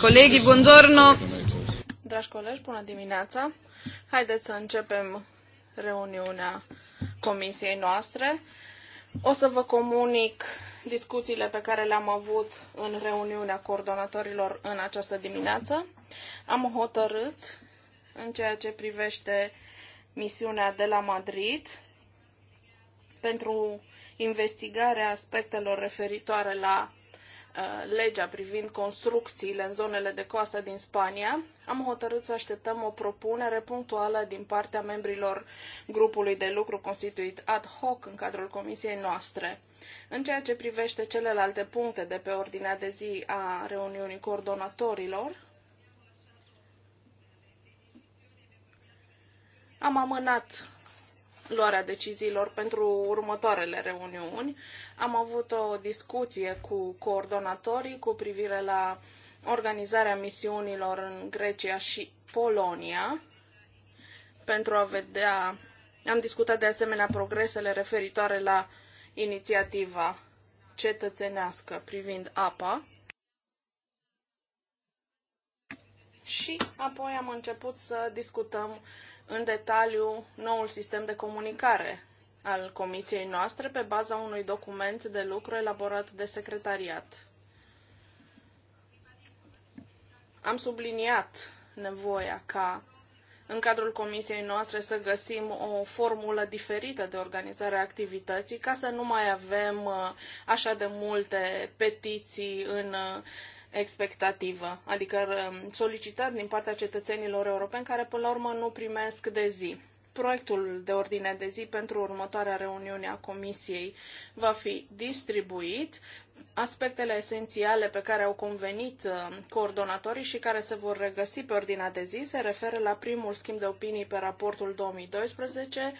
Colegii, buongiorno. Dragi colegi, bună dimineața. Haideți să începem reuniunea comisiei noastre. O să vă comunic discuțiile pe care le-am avut în reuniunea coordonatorilor în această dimineață. Am hotărât în ceea ce privește misiunea de la Madrid pentru investigarea aspectelor referitoare la uh, legea privind construcțiile în zonele de coastă din Spania, am hotărât să așteptăm o propunere punctuală din partea membrilor grupului de lucru constituit ad hoc în cadrul comisiei noastre. În ceea ce privește celelalte puncte de pe ordinea de zi a reuniunii coordonatorilor, am amânat luarea deciziilor pentru următoarele reuniuni. Am avut o discuție cu coordonatorii cu privire la organizarea misiunilor în Grecia și Polonia pentru a vedea. Am discutat de asemenea progresele referitoare la inițiativa cetățenească privind apa. Și apoi am început să discutăm în detaliu noul sistem de comunicare al comisiei noastre pe baza unui document de lucru elaborat de secretariat. Am subliniat nevoia ca în cadrul comisiei noastre să găsim o formulă diferită de organizare a activității ca să nu mai avem uh, așa de multe petiții în expectativă, adică um, solicitări din partea cetățenilor europeni care până la urmă nu primesc de zi. Proiectul de ordine de zi pentru următoarea reuniune a Comisiei va fi distribuit. Aspectele esențiale pe care au convenit uh, coordonatorii și care se vor regăsi pe ordinea de zi se referă la primul schimb de opinii pe raportul 2012,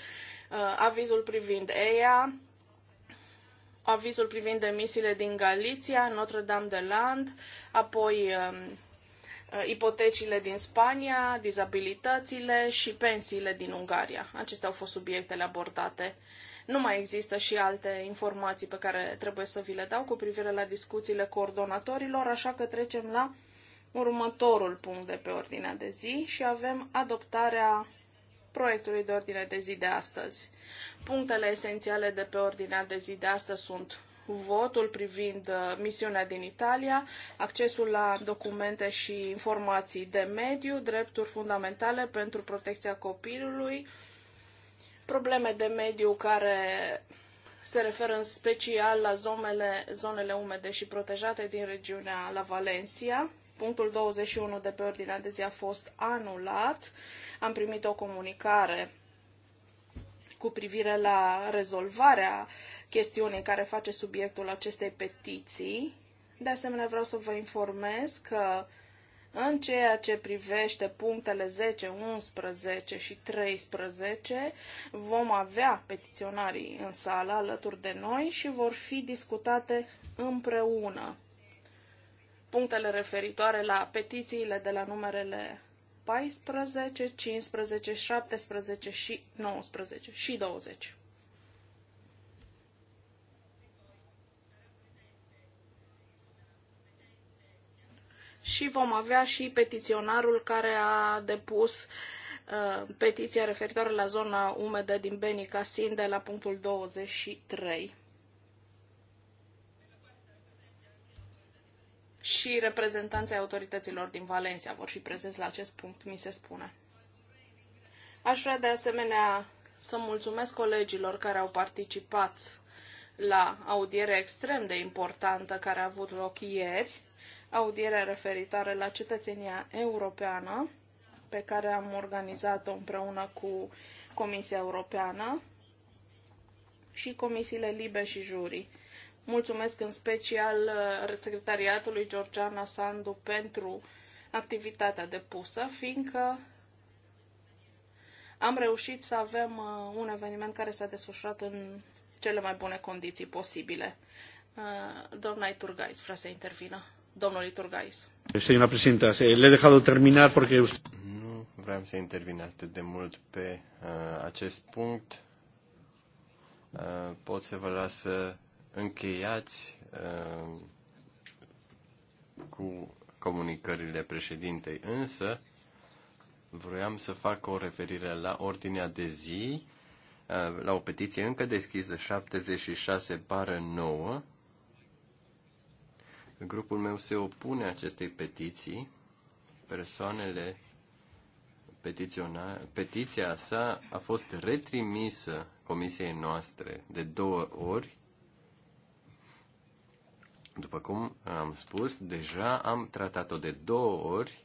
uh, avizul privind EIA, avizul privind emisiile din Galicia, Notre-Dame-de-Land, apoi um, uh, ipotecile din Spania, dizabilitățile și pensiile din Ungaria. Acestea au fost subiectele abordate. Nu mai există și alte informații pe care trebuie să vi le dau cu privire la discuțiile coordonatorilor, așa că trecem la următorul punct de pe ordinea de zi și avem adoptarea proiectului de ordine de zi de astăzi. Punctele esențiale de pe ordinea de zi de astăzi sunt votul privind uh, misiunea din Italia, accesul la documente și informații de mediu, drepturi fundamentale pentru protecția copilului, probleme de mediu care se referă în special la zonele, zonele umede și protejate din regiunea la Valencia. Punctul 21 de pe ordinea de zi a fost anulat. Am primit o comunicare cu privire la rezolvarea chestiunii care face subiectul acestei petiții. De asemenea, vreau să vă informez că în ceea ce privește punctele 10, 11 și 13, vom avea petiționarii în sală alături de noi și vor fi discutate împreună. Punctele referitoare la petițiile de la numerele 14, 15, 17 și 19 și 20. Și vom avea și petiționarul care a depus uh, petiția referitoare la zona umedă din Benicassin de la punctul 23. și reprezentanții autorităților din Valencia vor fi prezenți la acest punct, mi se spune. Aș vrea de asemenea să mulțumesc colegilor care au participat la audiere extrem de importantă care a avut loc ieri, audierea referitoare la cetățenia europeană, pe care am organizat-o împreună cu Comisia Europeană și comisiile Libe și Jurii. Mulțumesc în special uh, secretariatului Georgiana Sandu pentru activitatea depusă, fiindcă am reușit să avem uh, un eveniment care s-a desfășurat în cele mai bune condiții posibile. Uh, doamna Iturgais vrea să intervină. Domnul Iturgais. Señora presidenta, le he dejado terminar porque usted... Nu vreau să intervin atât de mult pe uh, acest punct. Uh, pot să vă las să încheiați uh, cu comunicările președintei, însă vroiam să fac o referire la ordinea de zi, uh, la o petiție încă deschisă 76 bară 9. Grupul meu se opune acestei petiții. Persoanele petiționa, petiția sa a fost retrimisă comisiei noastre de două ori după cum am spus, deja am tratat-o de două ori,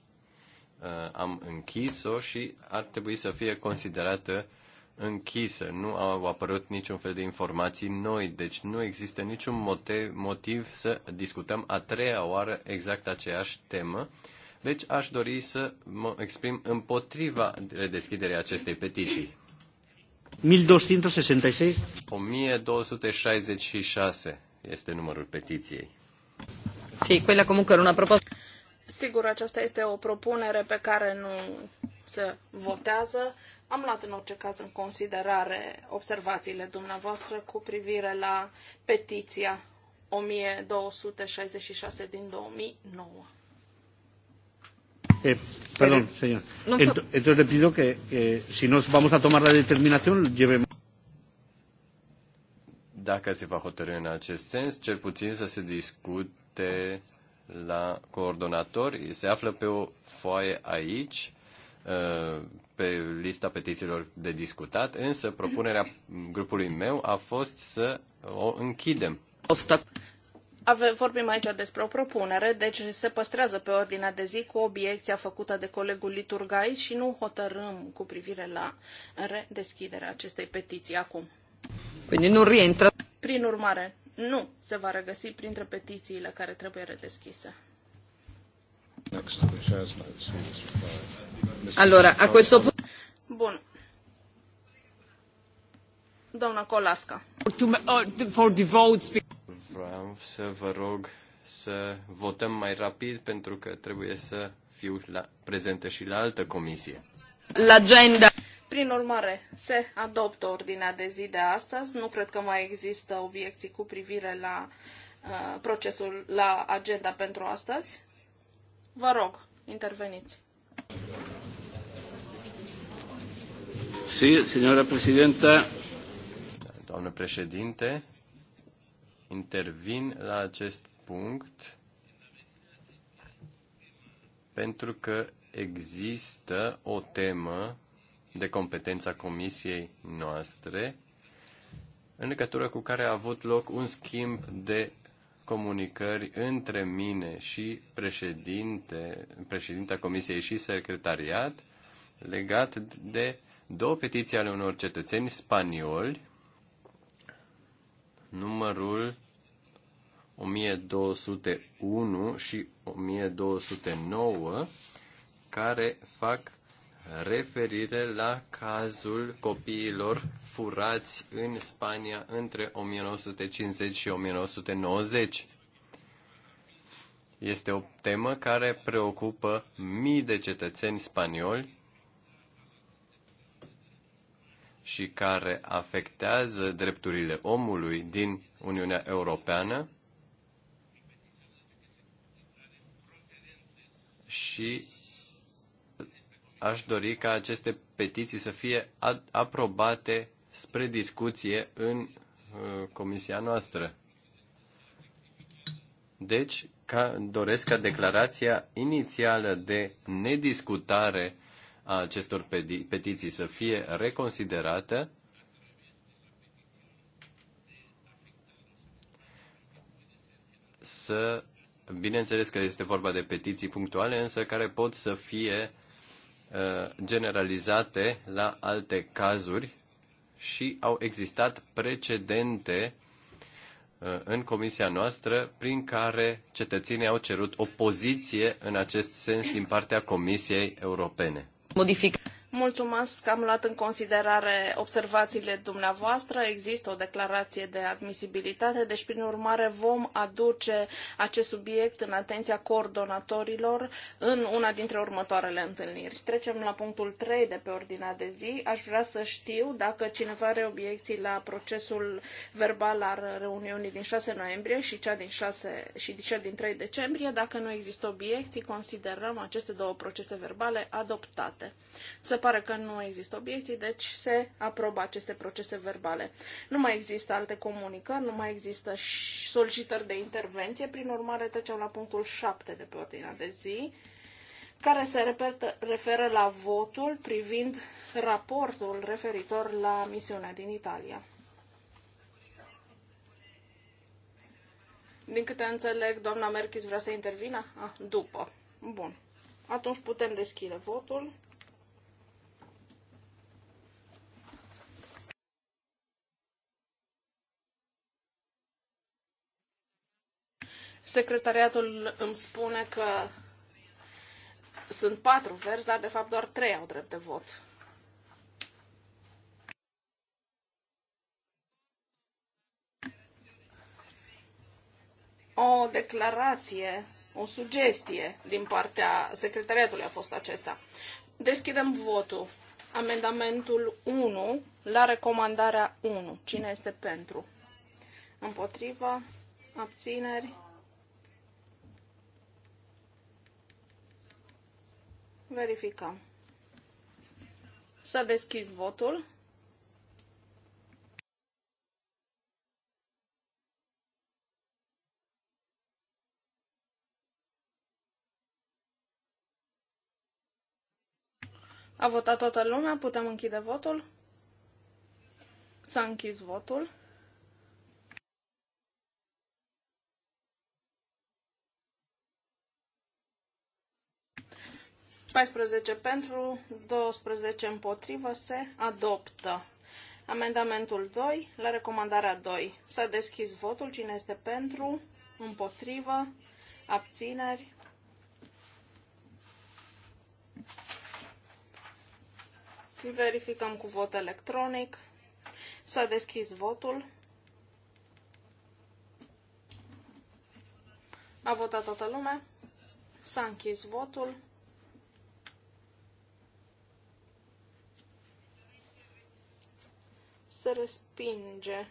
uh, am închis-o și ar trebui să fie considerată închisă. Nu au apărut niciun fel de informații noi, deci nu există niciun motiv, să discutăm a treia oară exact aceeași temă. Deci aș dori să mă exprim împotriva redeschiderii acestei petiții. 1266. 1266 este numărul petiției. Sì, quella comunque era una proposta. Sigur, aceasta este o propunere pe care nu se votează. Am luat în orice caz în considerare observațiile dumneavoastră cu privire la petiția 1266 din 2009. Eh, perdón, señor. Entonces le pido que, eh, si nos vamos a tomar la determinación, llevemos dacă se va hotărâ în acest sens, cel puțin să se discute la coordonatori. Se află pe o foaie aici, uh, pe lista petițiilor de discutat, însă propunerea grupului meu a fost să o închidem. Ave, vorbim aici despre o propunere, deci se păstrează pe ordinea de zi cu obiecția făcută de colegul liturgai și nu hotărâm cu privire la redeschiderea acestei petiții acum. Quindi nu rientră. Prin urmare, nu se va regăsi printre petițiile care trebuie redeschise. Allora, a questo punto... Bun. Doamna Colasca. For the votes. Vreau să vă rog să votăm mai rapid pentru că trebuie să fiu la, prezentă și la altă comisie. L'agenda. Prin urmare, se adoptă ordinea de zi de astăzi. Nu cred că mai există obiecții cu privire la uh, procesul, la agenda pentru astăzi. Vă rog, interveniți. Sí, señora presidenta. Doamnă președinte, intervin la acest punct pentru că există o temă de competența comisiei noastre, în legătură cu care a avut loc un schimb de comunicări între mine și președinte, președinta comisiei și secretariat legat de două petiții ale unor cetățeni spanioli, numărul 1201 și 1209, care fac referire la cazul copiilor furați în Spania între 1950 și 1990. Este o temă care preocupă mii de cetățeni spanioli și care afectează drepturile omului din Uniunea Europeană și aș dori ca aceste petiții să fie aprobate spre discuție în uh, comisia noastră. Deci, ca, doresc ca declarația inițială de nediscutare a acestor petiții să fie reconsiderată să, bineînțeles că este vorba de petiții punctuale, însă care pot să fie Uh, generalizate la alte cazuri și au existat precedente uh, în comisia noastră prin care cetățenii au cerut o poziție în acest sens din partea Comisiei Europene. Modific. Mulțumesc că am luat în considerare observațiile dumneavoastră. Există o declarație de admisibilitate, deci prin urmare vom aduce acest subiect în atenția coordonatorilor în una dintre următoarele întâlniri. Trecem la punctul 3 de pe ordinea de zi. Aș vrea să știu dacă cineva are obiecții la procesul verbal al reuniunii din 6 noiembrie și cea din, 6, și cea din 3 decembrie. Dacă nu există obiecții, considerăm aceste două procese verbale adoptate. Să pare că nu există obiecții, deci se aprobă aceste procese verbale. Nu mai există alte comunicări, nu mai există solicitări de intervenție, prin urmare trecem la punctul 7 de pe ordinea de zi, care se referă la votul privind raportul referitor la misiunea din Italia. Din câte înțeleg, doamna Merchis vrea să intervină? Ah, după. Bun. Atunci putem deschide votul. Secretariatul îmi spune că sunt patru verzi, dar de fapt doar trei au drept de vot. O declarație, o sugestie din partea secretariatului a fost acesta. Deschidem votul. Amendamentul 1 la recomandarea 1. Cine este pentru? Împotrivă? Abțineri? Verificăm. Să deschis votul. A votat toată lumea, putem închide votul. S-a închis votul. 14 pentru, 12 împotrivă, se adoptă. Amendamentul 2, la recomandarea 2. S-a deschis votul. Cine este pentru? Împotrivă? Abțineri? Verificăm cu vot electronic. S-a deschis votul. A votat toată lumea. S-a închis votul. se respinge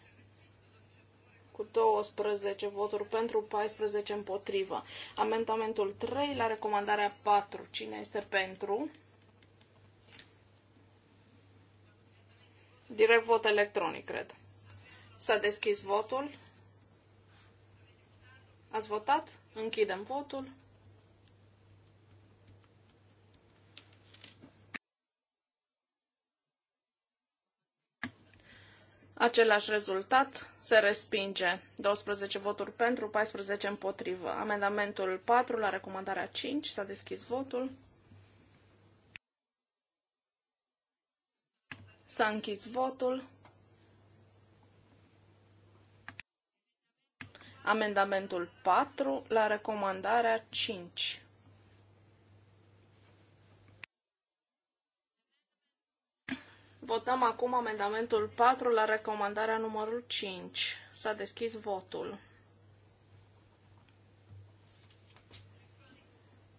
cu 12 voturi pentru, 14 împotrivă. Amendamentul 3 la recomandarea 4. Cine este pentru? Direct vot electronic, cred. S-a deschis votul. Ați votat? Închidem votul. Același rezultat se respinge. 12 voturi pentru, 14 împotrivă. Amendamentul 4 la recomandarea 5 s-a deschis votul. S-a închis votul. Amendamentul 4 la recomandarea 5. Votăm acum amendamentul 4 la recomandarea numărul 5. S-a deschis votul.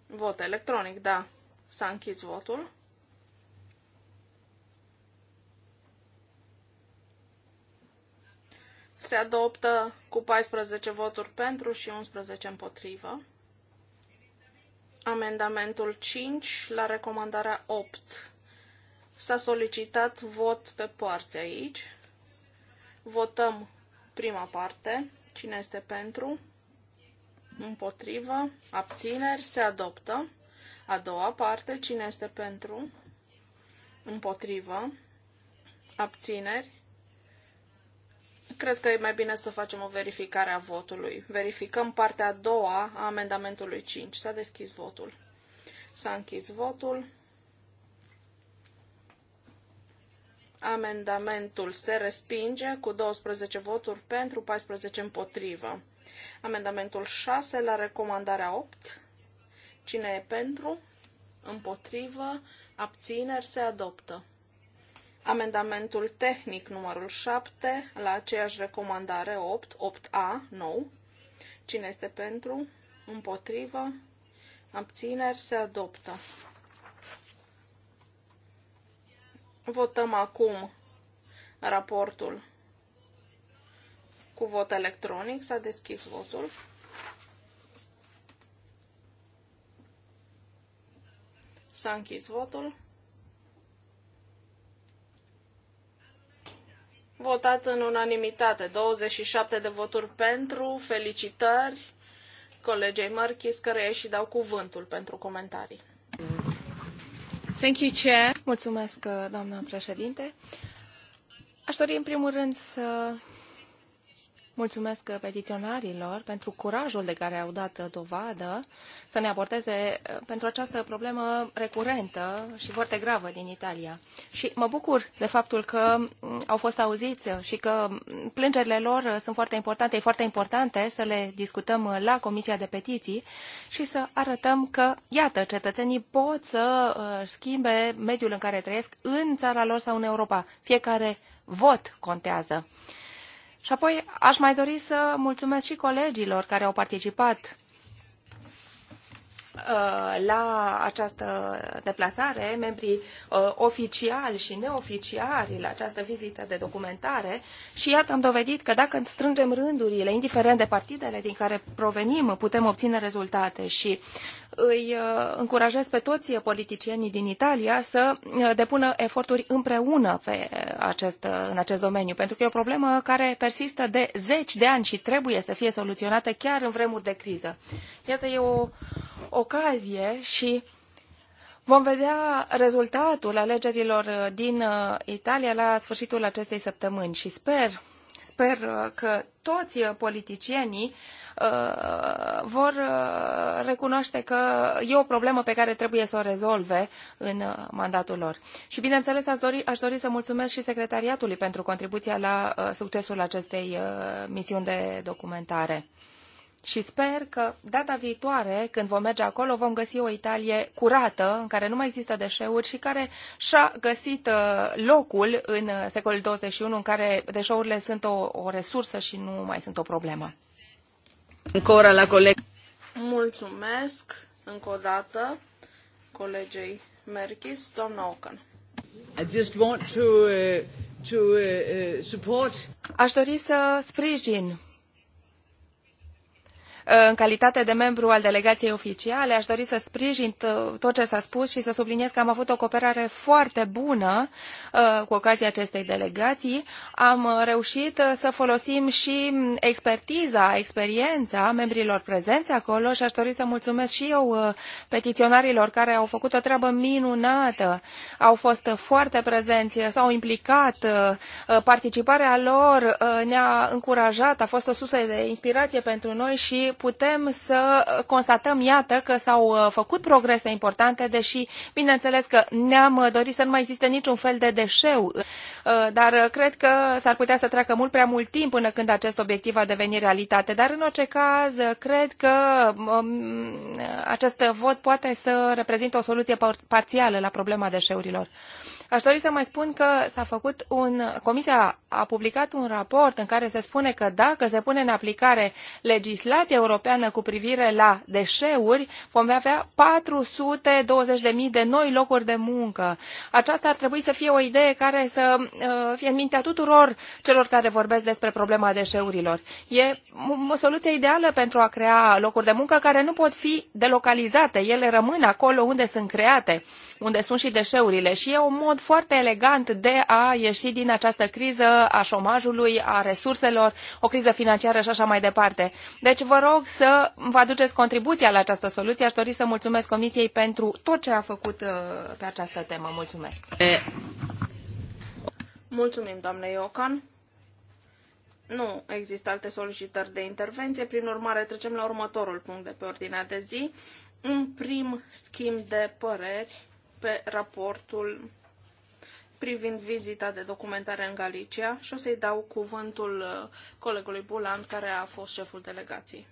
Vot electronic, da. S-a închis votul. Se adoptă cu 14 voturi pentru și 11 împotrivă. Amendamentul 5 la recomandarea 8. S-a solicitat vot pe părți aici. Votăm prima parte. Cine este pentru? Împotrivă? Abțineri? Se adoptă. A doua parte. Cine este pentru? Împotrivă? Abțineri? Cred că e mai bine să facem o verificare a votului. Verificăm partea a doua a amendamentului 5. S-a deschis votul. S-a închis votul. Amendamentul se respinge cu 12 voturi pentru, 14 împotrivă. Amendamentul 6 la recomandarea 8. Cine e pentru? Împotrivă? Abțineri? Se adoptă. Amendamentul tehnic numărul 7 la aceeași recomandare 8, 8A, nou. Cine este pentru? Împotrivă? Abțineri? Se adoptă. Votăm acum raportul cu vot electronic. S-a deschis votul. S-a închis votul. Votat în unanimitate, 27 de voturi pentru, felicitări colegei Mărchis, care și dau cuvântul pentru comentarii. Thank you, Chair. Mulțumesc, doamna președinte. Aș dori, în primul rând, să Mulțumesc uh, petiționarilor pentru curajul de care au dat uh, dovadă să ne abordeze uh, pentru această problemă recurentă și foarte gravă din Italia. Și mă bucur de faptul că mm, au fost auziți și că mm, plângerile lor sunt foarte importante. E foarte importante să le discutăm la Comisia de Petiții și să arătăm că, iată, cetățenii pot să schimbe mediul în care trăiesc în țara lor sau în Europa. Fiecare vot contează. Și apoi aș mai dori să mulțumesc și colegilor care au participat Uh, la această deplasare, membrii uh, oficiali și neoficiali la această vizită de documentare și iată am dovedit că dacă strângem rândurile, indiferent de partidele din care provenim, putem obține rezultate și îi uh, încurajez pe toți politicienii din Italia să depună eforturi împreună pe acest, în acest domeniu, pentru că e o problemă care persistă de zeci de ani și trebuie să fie soluționată chiar în vremuri de criză. Iată, e o, o ocazie și vom vedea rezultatul alegerilor din uh, Italia la sfârșitul acestei săptămâni și sper sper uh, că toți uh, politicienii vor recunoaște că e o problemă pe care trebuie să o rezolve în mandatul lor. Și bineînțeles aș dori, aș dori să mulțumesc și secretariatului pentru contribuția la succesul acestei misiuni de documentare și sper că data viitoare, când vom merge acolo, vom găsi o Italie curată, în care nu mai există deșeuri și care și-a găsit uh, locul în uh, secolul 21, în care deșeurile sunt o, o resursă și nu mai sunt o problemă. Încora la coleg. Mulțumesc încă o dată colegei Merkis, doamna Ocan. I just want to, uh, to uh, uh support. Aș dori să sprijin în calitate de membru al delegației oficiale, aș dori să sprijin tot ce s-a spus și să subliniez că am avut o cooperare foarte bună uh, cu ocazia acestei delegații. Am uh, reușit uh, să folosim și mm, expertiza, experiența membrilor prezenți acolo și aș dori să mulțumesc și eu petiționarilor care au făcut o treabă minunată, au fost foarte prezenți, s-au implicat, participarea lor ne-a încurajat, a fost o sursă de inspirație pentru noi și putem să constatăm, iată, că s-au uh, făcut progrese importante, deși, bineînțeles că ne-am uh, dorit să nu mai existe niciun fel de deșeu, uh, dar cred că s-ar putea să treacă mult prea mult timp până când acest obiectiv va deveni realitate. Dar, în orice caz, cred că um, um, acest vot poate să reprezinte o soluție parțială la problema deșeurilor. Aș dori să mai spun că s-a făcut un... Comisia a publicat un raport în care se spune că dacă se pune în aplicare legislația europeană cu privire la deșeuri, vom avea 420.000 de noi locuri de muncă. Aceasta ar trebui să fie o idee care să uh, fie în mintea tuturor celor care vorbesc despre problema deșeurilor. E o soluție ideală pentru a crea locuri de muncă care nu pot fi delocalizate. Ele rămân acolo unde sunt create, unde sunt și deșeurile. Și e un mod foarte elegant de a ieși din această criză a șomajului, a resurselor, o criză financiară și așa mai departe. Deci vă rog rog să vă aduceți contribuția la această soluție. Aș dori să mulțumesc Comisiei pentru tot ce a făcut uh, pe această temă. Mulțumesc! Mulțumim, doamne Iocan! Nu există alte solicitări de intervenție, prin urmare trecem la următorul punct de pe ordinea de zi. Un prim schimb de păreri pe raportul privind vizita de documentare în Galicia și o să-i dau cuvântul uh, colegului Buland, care a fost șeful delegației.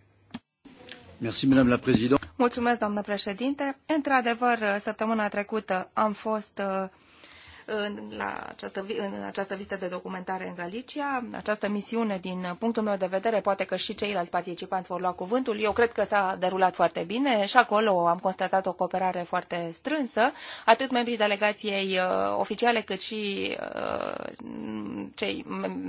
Mulțumesc, doamnă președinte. Într-adevăr, săptămâna trecută am fost uh, în, la această, în această vizită de documentare în Galicia. Această misiune, din punctul meu de vedere, poate că și ceilalți participanți vor lua cuvântul. Eu cred că s-a derulat foarte bine și acolo am constatat o cooperare foarte strânsă, atât membrii delegației uh, oficiale cât și uh, cei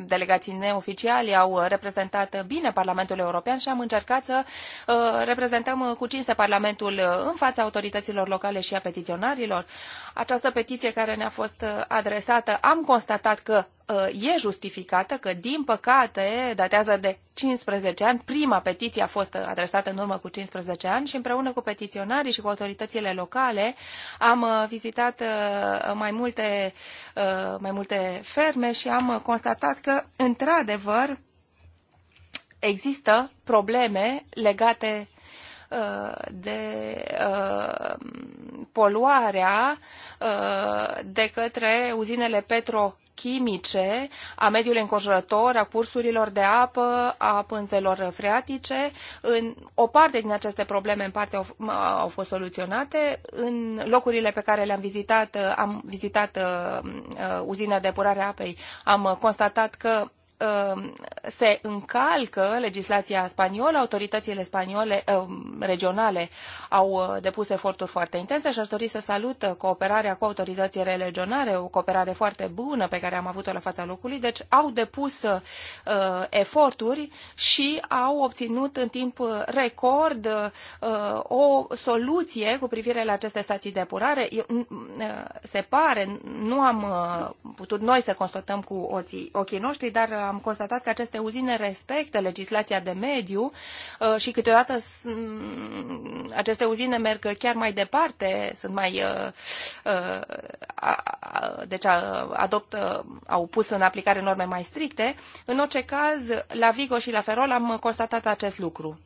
delegații neoficiali au reprezentat bine Parlamentul European și am încercat să uh, reprezentăm cu cinste Parlamentul în fața autorităților locale și a petiționarilor. Această petiție care ne-a fost adresată am constatat că uh, e justificată, că din păcate datează de 15 ani. Prima petiție a fost uh, adresată în urmă cu 15 ani și împreună cu petiționarii și cu autoritățile locale am uh, vizitat mai multe, mai multe ferme și am constatat că, într-adevăr, există probleme legate de uh, poluarea uh, de către uzinele petro chimice, a mediului înconjurător, a cursurilor de apă, a pânzelor freatice. În, o parte din aceste probleme în parte au, au fost soluționate. În locurile pe care le-am vizitat, am vizitat uh, uh uzina de apurare a apei, am constatat că Um, se încalcă legislația spaniolă, autoritățile spaniole um, regionale au uh, depus eforturi foarte intense și aș dori să salut uh, cooperarea cu autoritățile regionale, o cooperare foarte bună pe care am avut-o la fața locului, deci au depus uh, eforturi și au obținut în timp record o soluție cu privire la aceste stații de epurare. Se pare, nu am putut noi să constatăm cu ochii noștri, dar am constatat că aceste uzine respectă legislația de mediu uh, și câteodată mm, aceste uzine merg chiar mai departe, sunt mai uh, uh, deci adoptă, au pus în aplicare norme mai stricte. În orice caz, la Vigo și la Ferol am constatat acest lucru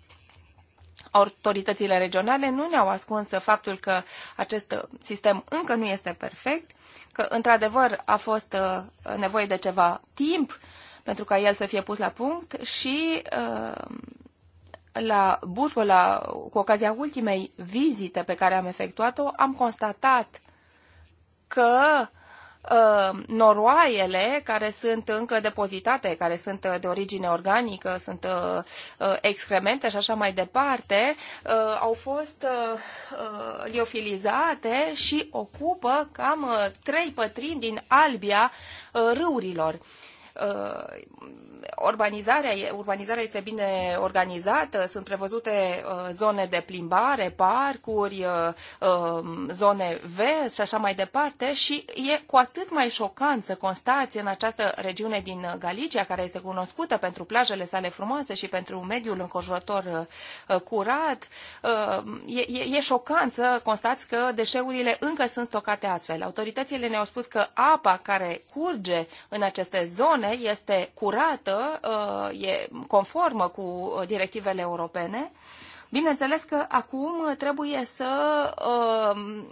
autoritățile regionale nu ne-au ascuns faptul că acest sistem încă nu este perfect, că într-adevăr a fost nevoie de ceva timp pentru ca el să fie pus la punct și uh, la Burgo, la, cu ocazia ultimei vizite pe care am efectuat-o, am constatat că uh, noroaiele care sunt încă depozitate, care sunt uh, de origine organică, sunt excremente și așa mai departe, au fost liofilizate și ocupă cam trei pătrimi din albia râurilor. Uh, urbanizarea, urbanizarea este bine organizată, sunt prevăzute uh, zone de plimbare, parcuri, uh, um, zone verzi și așa mai departe și e cu atât mai șocant să constați în această regiune din Galicia, care este cunoscută pentru plajele sale frumoase și pentru mediul înconjurător curat, e, e, e șocant să constați că deșeurile încă sunt stocate astfel. Autoritățile ne-au spus că apa care curge în aceste zone propune este curată, uh, e conformă cu uh, directivele europene, bineînțeles că acum trebuie să uh,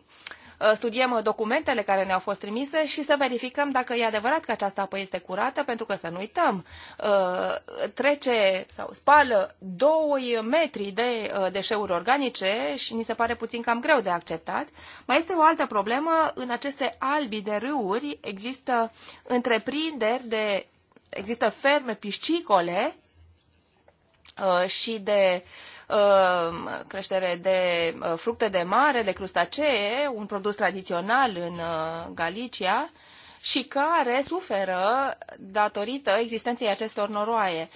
Uh, studiem documentele care ne-au fost trimise și să verificăm dacă e adevărat că această apă este curată, pentru că să nu uităm, uh, trece sau spală 2 metri de uh, deșeuri organice și ni se pare puțin cam greu de acceptat. Mai este o altă problemă, în aceste albi de râuri există întreprinderi de există ferme piscicole și de uh, Uh, creștere de uh, fructe de mare, de crustacee, un produs tradițional în uh, Galicia și care suferă datorită existenței acestor noroaie.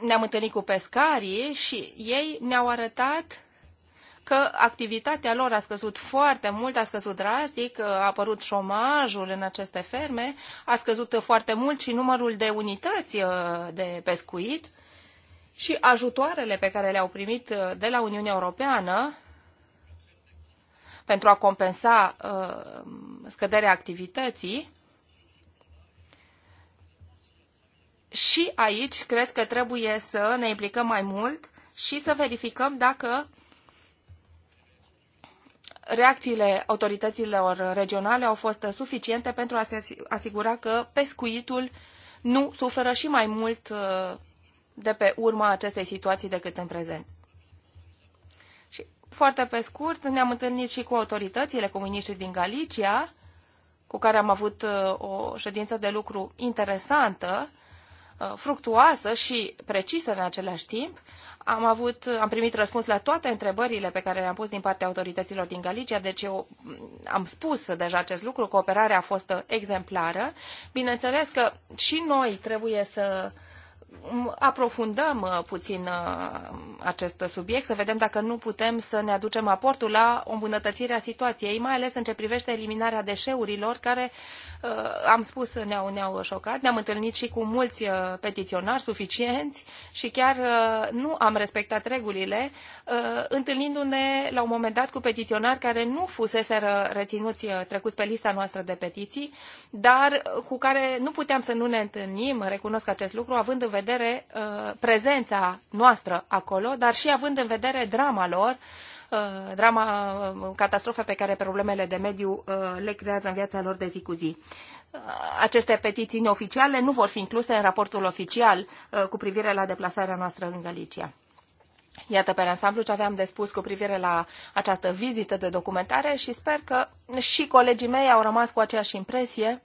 Ne-am întâlnit cu pescarii și ei ne-au arătat că activitatea lor a scăzut foarte mult, a scăzut drastic, a apărut șomajul în aceste ferme, a scăzut foarte mult și numărul de unități de pescuit și ajutoarele pe care le-au primit uh, de la Uniunea Europeană pentru a compensa uh, scăderea activității. Și aici cred că trebuie să ne implicăm mai mult și să verificăm dacă reacțiile autorităților regionale au fost suficiente pentru a se asigura că pescuitul nu suferă și mai mult uh, de pe urma acestei situații decât în prezent. Și foarte pe scurt, ne-am întâlnit și cu autoritățile, cu miniștrii din Galicia, cu care am avut uh, o ședință de lucru interesantă, uh, fructuoasă și precisă în același timp. Am, avut, uh, am primit răspuns la toate întrebările pe care le-am pus din partea autorităților din Galicia, deci eu mm, am spus deja acest lucru, cooperarea a fost exemplară. Bineînțeles că și noi trebuie să uh, aprofundăm uh, puțin uh, acest subiect, să vedem dacă nu putem să ne aducem aportul la o îmbunătățire a situației, mai ales în ce privește eliminarea deșeurilor, care, uh, am spus, ne-au, ne-au șocat. Ne-am întâlnit și cu mulți petiționari suficienți și chiar nu am respectat regulile, întâlnindu-ne la un moment dat cu petiționari care nu fusese reținuți trecuți pe lista noastră de petiții, dar cu care nu puteam să nu ne întâlnim, recunosc acest lucru, având în vedere uh, prezența noastră acolo, dar și având în vedere drama lor, uh, drama, uh, catastrofe pe care problemele de mediu le creează în viața lor de zi cu zi. Aceste petiții neoficiale nu vor fi incluse în raportul oficial cu privire la deplasarea noastră în Galicia. Iată pe ansamblu ce aveam de spus cu privire la această vizită de documentare și sper că și colegii mei au rămas cu aceeași impresie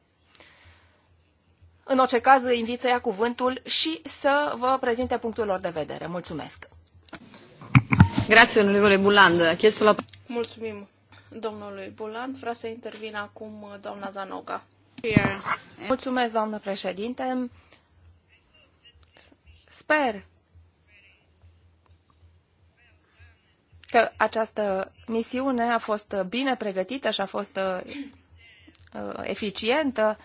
în orice caz, îi invit să ia cuvântul și să vă prezinte punctul lor de vedere. Mulțumesc! Grazie, onorevole Buland. la... Mulțumim domnului Buland. Vreau să intervină acum uh, doamna Zanoga. Mulțumesc, doamnă președinte. Sper că această misiune a fost bine pregătită și a fost uh, uh, eficientă.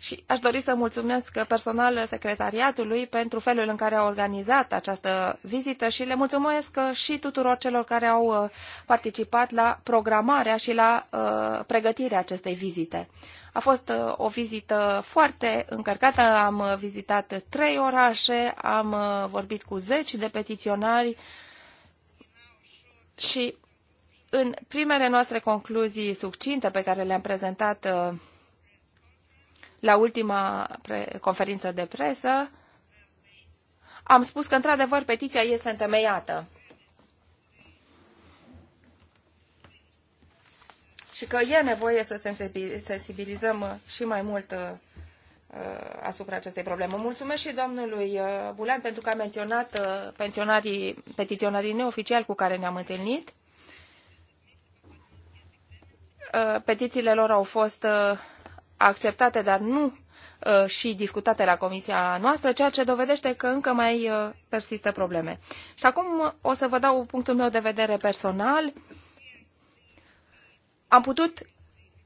Și aș dori să mulțumesc personal secretariatului pentru felul în care a organizat această vizită și le mulțumesc și tuturor celor care au uh, participat la programarea și la uh, pregătirea acestei vizite. A fost uh, o vizită foarte încărcată, am vizitat trei orașe, am uh, vorbit cu zeci de petiționari și în primele noastre concluzii succinte pe care le-am prezentat uh, la ultima conferință de presă, am spus că, într-adevăr, petiția este întemeiată. Și că e nevoie să sensibilizăm și mai mult uh, asupra acestei probleme. Mulțumesc și domnului uh, Bulan pentru că a menționat uh, pensionarii, petiționarii neoficiali cu care ne-am întâlnit. Petițiile lor au fost acceptate, dar nu uh, și discutate la comisia noastră, ceea ce dovedește că încă mai uh, persistă probleme. Și acum uh, o să vă dau punctul meu de vedere personal. Am putut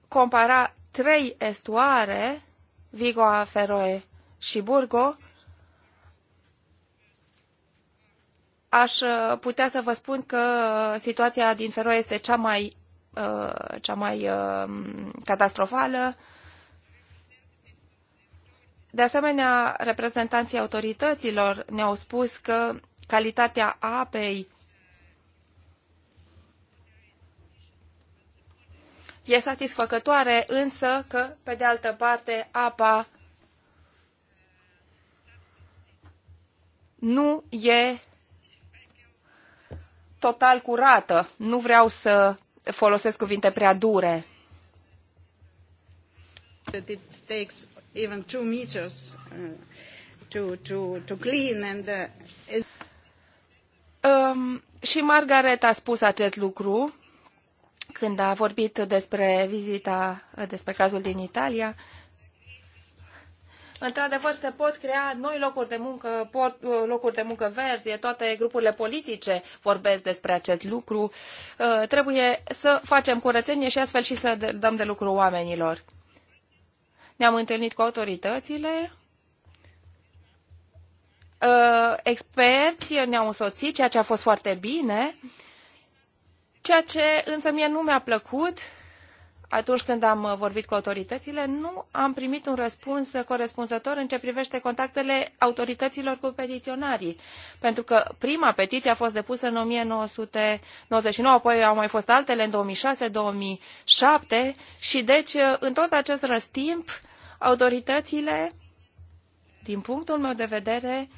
compara trei estuare, Vigo, Feroe și Burgo. Aș putea să vă spun că situația din Feroe este cea mai, cea mai catastrofală de asemenea, reprezentanții autorităților ne-au spus că calitatea apei e satisfăcătoare, însă că, pe de altă parte, apa nu e total curată. Nu vreau să folosesc cuvinte prea dure. It takes even two meters uh, to, to, to clean and uh, is... um, și Margaret a spus acest lucru când a vorbit despre vizita, despre cazul din Italia. Într-adevăr, se pot crea noi locuri de muncă, pot, uh, locuri de muncă verzi, toate grupurile politice vorbesc despre acest lucru. Uh, trebuie să facem curățenie și astfel și să dăm de lucru oamenilor ne-am întâlnit cu autoritățile, ă, experți ne-au însoțit, ceea ce a fost foarte bine. Ceea ce însă mie nu mi-a plăcut atunci când am uh, vorbit cu autoritățile, nu am primit un răspuns corespunzător în ce privește contactele autorităților cu petiționarii. Pentru că prima petiție a fost depusă în 1999, apoi au mai fost altele în 2006-2007 și deci uh, în tot acest răstimp autoritățile, din punctul meu de vedere,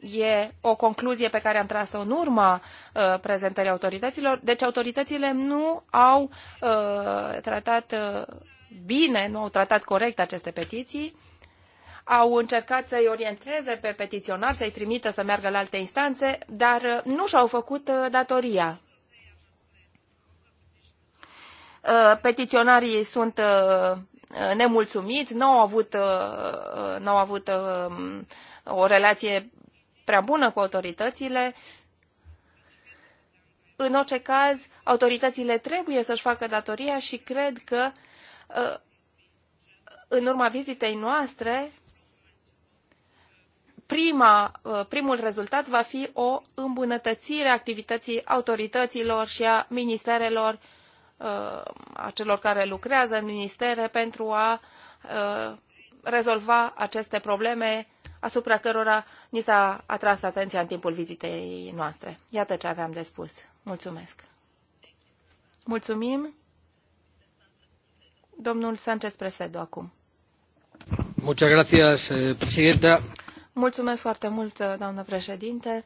e o concluzie pe care am tras-o în urma uh, prezentării autorităților. Deci autoritățile nu au uh, tratat uh, bine, nu au tratat corect aceste petiții, au încercat să-i orienteze pe petiționar, să-i trimită să meargă la alte instanțe, dar uh, nu și-au făcut uh, datoria. Uh, petiționarii sunt nemulțumiți, nu au avut, n-au avut o relație prea bună cu autoritățile. În orice caz, autoritățile trebuie să-și facă datoria și cred că uh, în urma vizitei noastre, prima, uh, primul rezultat va fi o îmbunătățire a activității autorităților și a ministerelor, uh, a celor care lucrează în ministere pentru a rezolva aceste probleme asupra cărora ni s-a atras atenția în timpul vizitei noastre. Iată ce aveam de spus. Mulțumesc. Mulțumim. Domnul Sanchez Presedo acum. Muchas gracias, eh, presidenta. Mulțumesc foarte mult, doamnă președinte.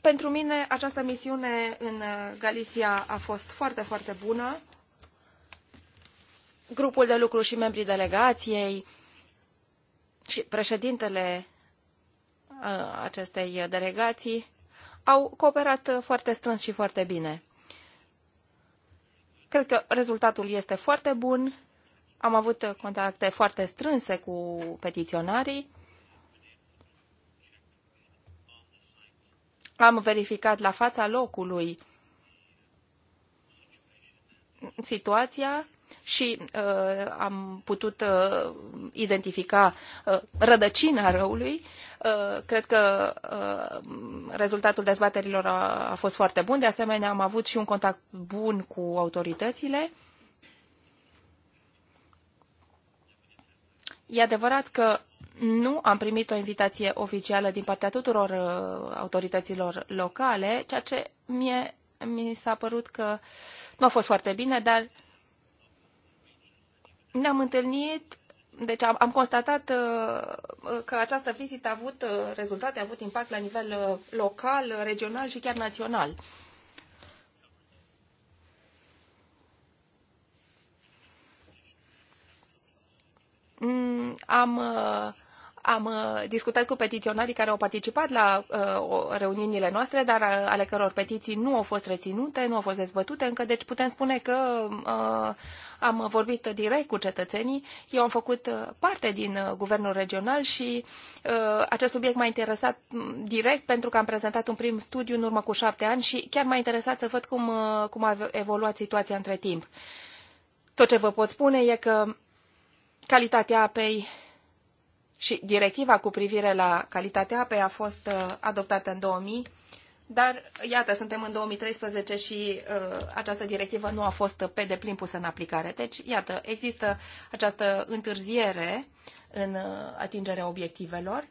Pentru mine, această misiune în Galicia a fost foarte, foarte bună grupul de lucru și membrii delegației și președintele acestei delegații au cooperat foarte strâns și foarte bine. Cred că rezultatul este foarte bun. Am avut contacte foarte strânse cu petiționarii. Am verificat la fața locului situația și uh, am putut uh, identifica uh, rădăcina răului. Uh, cred că uh, rezultatul dezbaterilor a, a fost foarte bun. De asemenea, am avut și un contact bun cu autoritățile. E adevărat că nu am primit o invitație oficială din partea tuturor uh, autorităților locale, ceea ce mie mi s-a părut că nu a fost foarte bine, dar uh, ne-am întâlnit, deci am, am constatat uh, uh, că această vizită a avut uh, rezultate, a avut impact la nivel local, regional și chiar național. Mm, am am uh, discutat cu petiționarii care au participat la uh, reuniunile noastre, dar uh, ale căror petiții nu au fost reținute, nu au fost dezbătute încă, deci putem spune că am vorbit direct cu cetățenii. Eu am făcut parte din guvernul regional și acest subiect m-a interesat mm, direct pentru că am prezentat un prim studiu în urmă cu șapte ani și chiar m-a interesat să văd cum, cum a evoluat situația între timp. Tot ce vă pot spune e că calitatea apei și directiva cu privire la calitatea apei a fost uh, adoptată în 2000, dar iată, suntem în 2013 și uh, această directivă nu a fost pe deplin pusă în aplicare. Deci, iată, există această întârziere în uh, atingerea obiectivelor.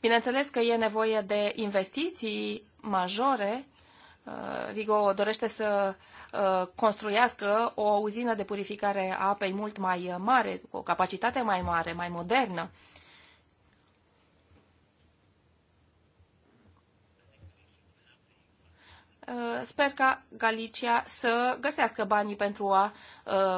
Bineînțeles că e nevoie de investiții majore Vigo uh, dorește să uh, construiască o uzină de purificare a apei mult mai mare, cu o capacitate mai mare, mai modernă. Uh, sper ca Galicia să găsească banii pentru a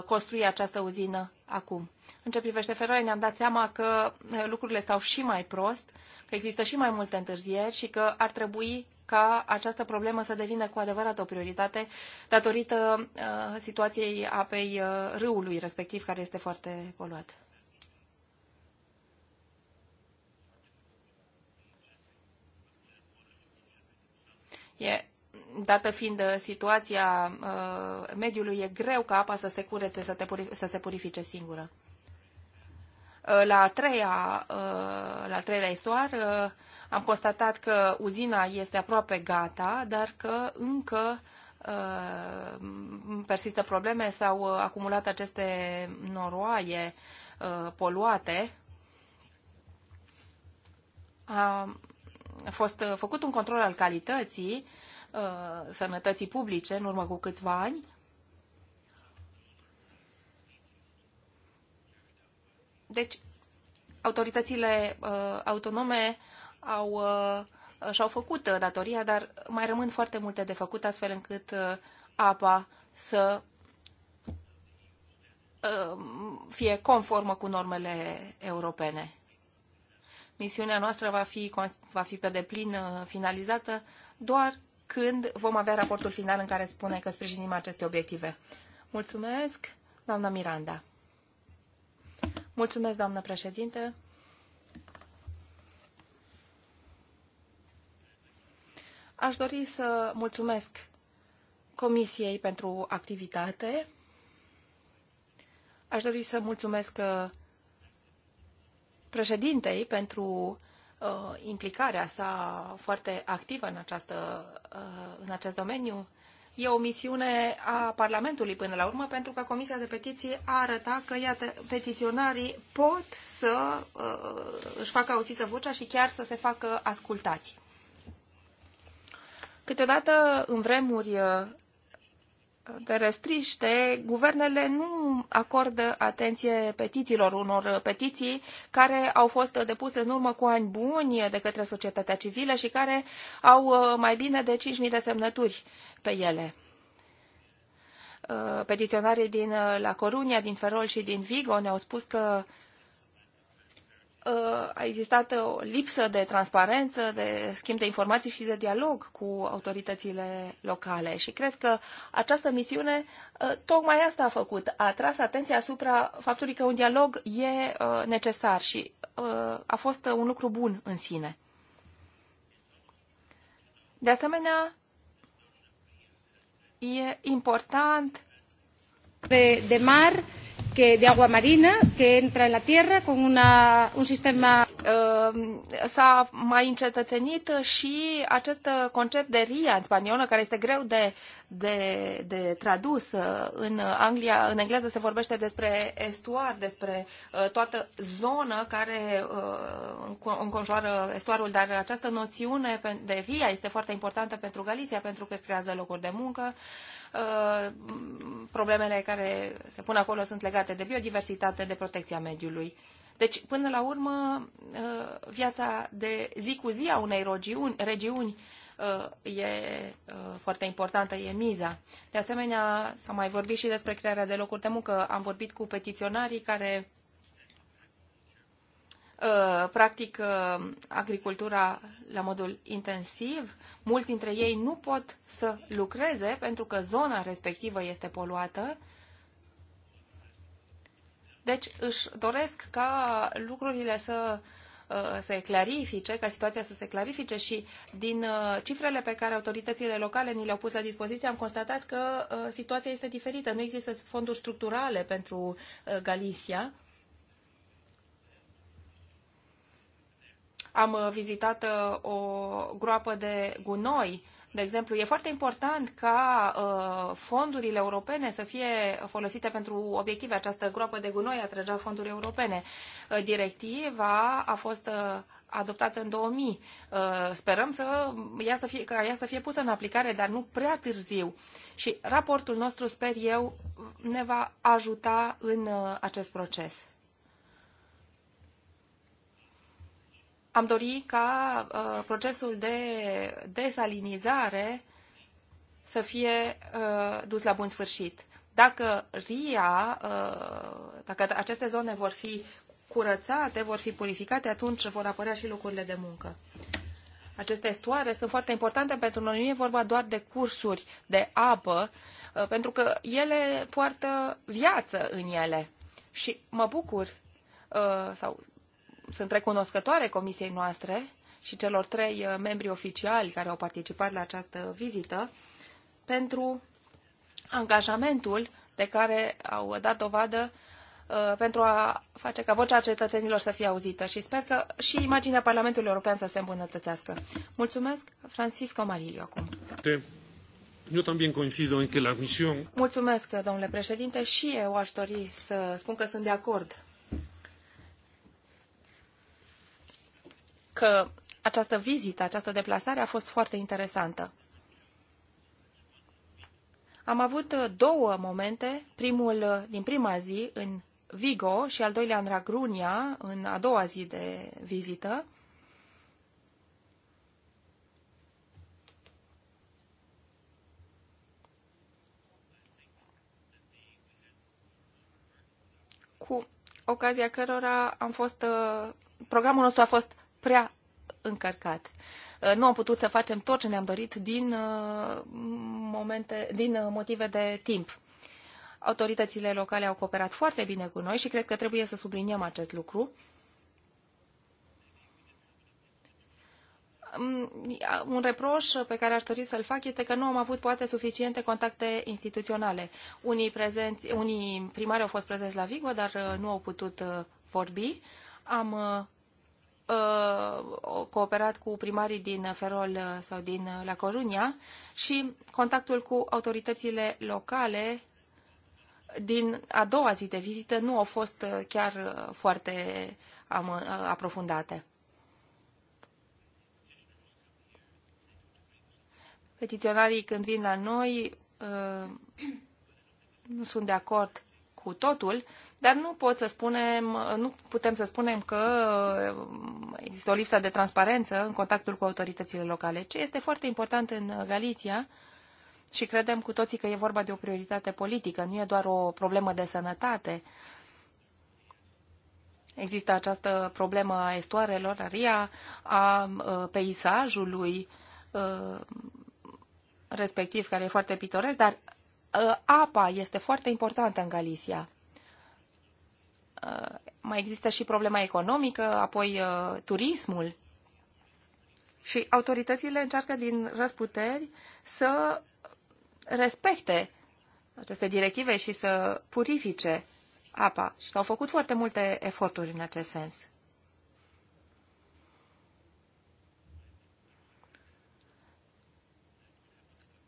construi această uzină acum. În ce privește feroi, ne-am dat seama că lucrurile stau și mai prost, că există și mai multe întârzieri și că ar trebui ca această problemă să devină cu adevărat o prioritate datorită uh, situației apei uh, râului respectiv, care este foarte poluat. E, dată fiind uh, situația uh, mediului, e greu ca apa să se curețe, să, te puri, să se purifice singură. Uh, la a treia, uh, la a treilea isoar uh, am constatat că uzina este aproape gata, dar că încă persistă probleme, s-au acumulat aceste noroaie poluate. A fost făcut un control al calității sănătății publice în urmă cu câțiva ani Deci, autoritățile uh, autonome au, uh, și-au făcut uh, datoria, dar mai rămân foarte multe de făcut, astfel încât uh, apa să uh, fie conformă cu normele europene. Misiunea noastră va fi, va fi pe deplin uh, finalizată doar când vom avea raportul final în care spune că sprijinim aceste obiective. Mulțumesc, doamna Miranda. Mulțumesc, doamnă președinte. Aș dori să mulțumesc Comisiei pentru activitate. Aș dori să mulțumesc uh, președintei pentru uh, implicarea sa foarte activă în, această, uh, în acest domeniu e o misiune a Parlamentului până la urmă, pentru că Comisia de Petiții a arătat că, iată, petiționarii pot să uh, își facă auzită vocea și chiar să se facă ascultați. Câteodată, în vremuri uh, de restriște, guvernele nu acordă atenție petițiilor unor petiții care au fost depuse în urmă cu ani buni de către societatea civilă și care au uh, mai bine de 5.000 de semnături pe ele. Uh, petiționarii din uh, La Corunia, din Ferol și din Vigo ne-au spus că Uh, a existat o lipsă de transparență, de schimb de informații și de dialog cu autoritățile locale. Și cred că această misiune uh, tocmai asta a făcut, a tras atenția asupra faptului că un dialog e uh, necesar și a fost un lucru bun în sine. De asemenea, e important de, de mar que, de agua marina que entra en la tierra con una, un sistema... S-a mai încetățenit și acest concept de ria în spaniolă, care este greu de, de, de tradus. Uh, în Anglia, în engleză se vorbește despre estuar, despre uh, toată zonă care uh, înconjoară estuarul, dar această noțiune de ria este foarte importantă pentru Galicia, pentru că creează locuri de muncă. Uh, problemele care se pun acolo sunt legate de biodiversitate, de protecția mediului. Deci, până la urmă, uh, viața de zi cu zi a unei regiuni, regiuni uh, e foarte importantă, e miza. De asemenea, s-a mai vorbit și despre crearea de locuri de muncă. Am vorbit cu petiționarii care Uh, practic uh, agricultura la modul intensiv, mulți dintre ei nu pot să lucreze pentru că zona respectivă este poluată. Deci își doresc ca lucrurile să uh, se clarifice, ca situația să se clarifice și din cifrele pe care autoritățile locale ni le-au pus la dispoziție am constatat că situația este diferită. Nu există fonduri structurale pentru Galicia Am uh, vizitat uh, o groapă de gunoi. De exemplu, e foarte important ca uh, fondurile europene să fie folosite pentru obiective. Această groapă de gunoi atragea fonduri europene. Directiva a fost adoptată în 2000. Sperăm să ea să fie, ca ea să fie pusă în aplicare, dar nu prea târziu. Și raportul nostru, sper eu, ne va ajuta în acest proces. am dori ca uh, procesul de desalinizare să fie uh, dus la bun sfârșit. Dacă RIA, uh, dacă aceste zone vor fi curățate, vor fi purificate, atunci vor apărea și locurile de muncă. Aceste estuare sunt foarte importante pentru noi. Nu e vorba doar de cursuri de apă, uh, pentru că ele poartă viață în ele. Și mă bucur, uh, sau sunt recunoscătoare comisiei noastre și celor trei uh, membri oficiali care au participat la această vizită pentru angajamentul de care au dat dovadă uh, pentru a face ca vocea cetățenilor să fie auzită și sper că și imaginea Parlamentului European să se îmbunătățească. Mulțumesc, Francisco Marilio, acum. Eu también coincido en que la misión... Mulțumesc, domnule președinte, și eu aș dori să spun că sunt de acord că această vizită, această deplasare a fost foarte interesantă. Am avut două momente, primul din prima zi în Vigo și al doilea în Ragrunia, în a doua zi de vizită. Cu ocazia cărora am fost programul nostru a fost prea încărcat. Uh, nu am putut să facem tot ce ne-am dorit din, uh, momente, din uh, motive de timp. Autoritățile locale au cooperat foarte bine cu noi și cred că trebuie să subliniem acest lucru. Mm, un reproș pe care aș dori să-l fac este că nu am avut poate suficiente contacte instituționale. Unii, prezenți, unii primari au fost prezenți la Vigo, dar nu au putut vorbi. Am Uh, cooperat cu primarii din Ferol uh, sau din uh, La Corunia și contactul cu autoritățile locale din a doua zi de vizită nu au fost chiar foarte aprofundate. Petiționarii când vin la noi nu sunt de acord cu totul, dar nu pot să spunem, nu putem să spunem că uh, există o lipsă de transparență în contactul cu autoritățile locale. Ce este foarte important în Galiția, și credem cu toții că e vorba de o prioritate politică, nu e doar o problemă de sănătate. Există această problemă a estoarelor, a ria, a uh, peisajului, uh, respectiv, care e foarte pitoresc, dar apa este foarte importantă în Galicia. Uh, mai există și problema economică, apoi uh, turismul. Și autoritățile încearcă din răsputeri să respecte aceste directive și să purifice apa. Și s-au făcut foarte multe eforturi în acest sens.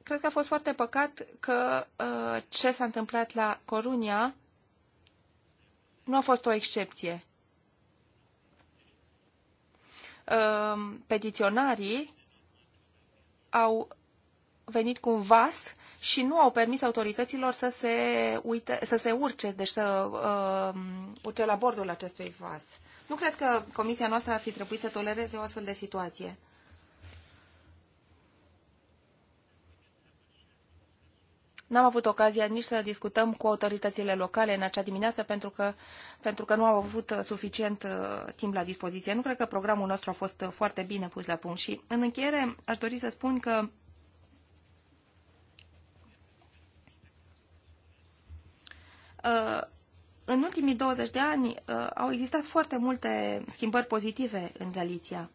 Cred că a fost foarte păcat că uh, ce s-a întâmplat la Corunia nu a fost o excepție. Ehm, petiționarii au venit cu un vas și nu au permis autorităților să se, uite, să se urce, deci să uh, urce la bordul acestui vas. Nu cred că comisia noastră ar fi trebuit să tolereze o astfel de situație. N-am avut ocazia nici să discutăm cu autoritățile locale în acea dimineață pentru că, pentru că nu am avut uh, suficient uh, timp la dispoziție. Nu cred că programul nostru a fost uh, foarte bine pus la punct și în încheiere aș dori să spun că în ultimii 20 de ani au existat foarte multe schimbări pozitive în Galiția.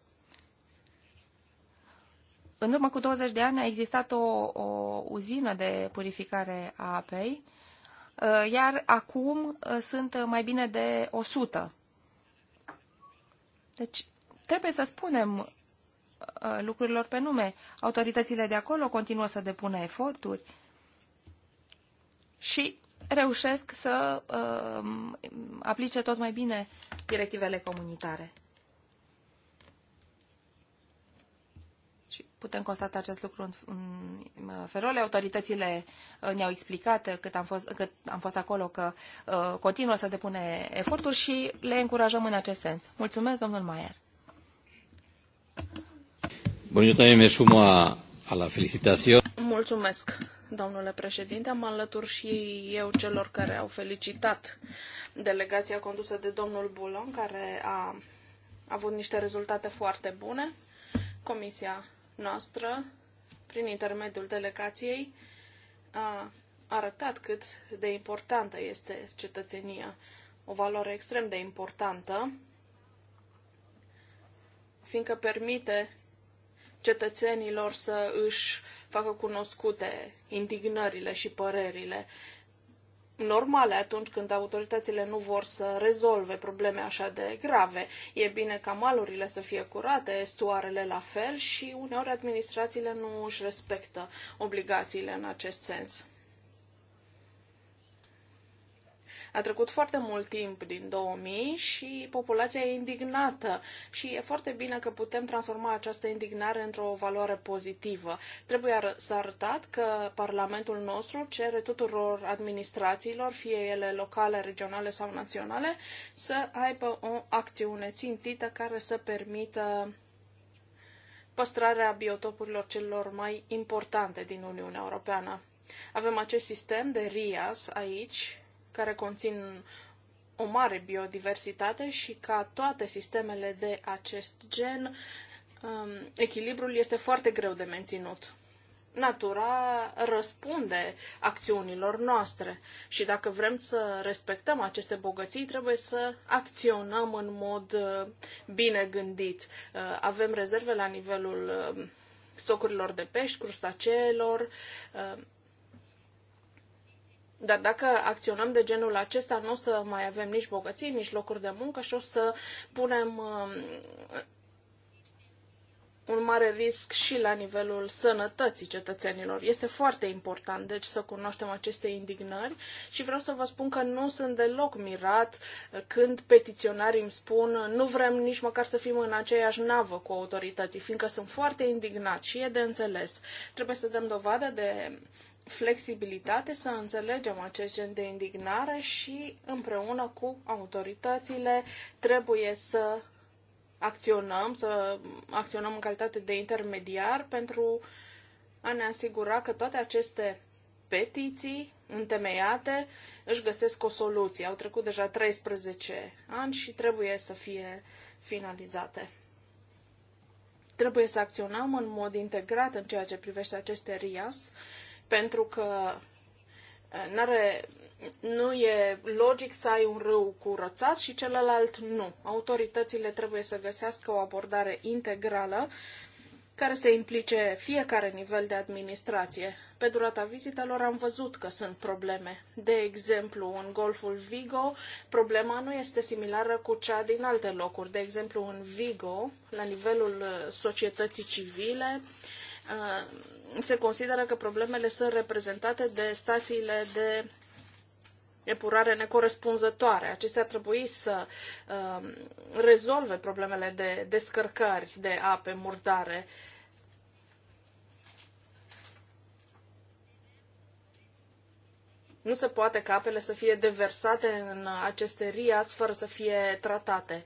În urmă cu 20 de ani a existat o, o uzină de purificare a apei, uh, iar acum uh, sunt uh, mai bine de 100. Deci trebuie să spunem lucrurilor pe nume. Autoritățile de acolo continuă să depună eforturi și reușesc să uh, aplice tot mai bine directivele comunitare. putem constata acest lucru în, în Ferole. Autoritățile uh, ne-au explicat cât am fost, cât am fost acolo că uh, continuă să depune eforturi și le încurajăm în acest sens. Mulțumesc, domnul Maier. Bun, eu también a, a la felicitación. Mulțumesc, domnule președinte. Am alătur și eu celor care au felicitat delegația condusă de domnul Bulon, care a avut niște rezultate foarte bune. Comisia noastră, prin intermediul delegației, a arătat cât de importantă este cetățenia, o valoare extrem de importantă, fiindcă permite cetățenilor să își facă cunoscute indignările și părerile normale atunci când autoritățile nu vor să rezolve probleme așa de grave. E bine ca malurile să fie curate, estuarele la fel și uneori administrațiile nu își respectă obligațiile în acest sens. A trecut foarte mult timp din 2000 și populația e indignată și e foarte bine că putem transforma această indignare într-o valoare pozitivă. Trebuie să arătat că Parlamentul nostru cere tuturor administrațiilor, fie ele locale, regionale sau naționale, să aibă o acțiune țintită care să permită păstrarea biotopurilor celor mai importante din Uniunea Europeană. Avem acest sistem de RIAS aici, care conțin o mare biodiversitate și ca toate sistemele de acest gen, um, echilibrul este foarte greu de menținut. Natura răspunde acțiunilor noastre și dacă vrem să respectăm aceste bogății, trebuie să acționăm în mod uh, bine gândit. Uh, avem rezerve la nivelul uh, stocurilor de pești, crustaceelor, dar dacă acționăm de genul acesta, nu o să mai avem nici bogății, nici locuri de muncă și o să punem um, un mare risc și la nivelul sănătății cetățenilor. Este foarte important, deci, să cunoaștem aceste indignări și vreau să vă spun că nu sunt deloc mirat când petiționarii îmi spun nu vrem nici măcar să fim în aceeași navă cu autorității, fiindcă sunt foarte indignat și e de înțeles. Trebuie să dăm dovadă de flexibilitate, să înțelegem acest gen de indignare și împreună cu autoritățile trebuie să acționăm, să acționăm în calitate de intermediar pentru a ne asigura că toate aceste petiții întemeiate își găsesc o soluție. Au trecut deja 13 ani și trebuie să fie finalizate. Trebuie să acționăm în mod integrat în ceea ce privește aceste RIAS pentru că uh, n-are, nu e logic să ai un râu curățat și celălalt nu. Autoritățile trebuie să găsească o abordare integrală care să implice fiecare nivel de administrație. Pe durata vizitelor am văzut că sunt probleme. De exemplu, în Golful Vigo, problema nu este similară cu cea din alte locuri. De exemplu, în Vigo, la nivelul uh, societății civile, uh, se consideră că problemele sunt reprezentate de stațiile de epurare necorespunzătoare. Acestea ar trebui să uh, rezolve problemele de descărcări de ape murdare. Nu se poate ca apele să fie deversate în aceste rias fără să fie tratate.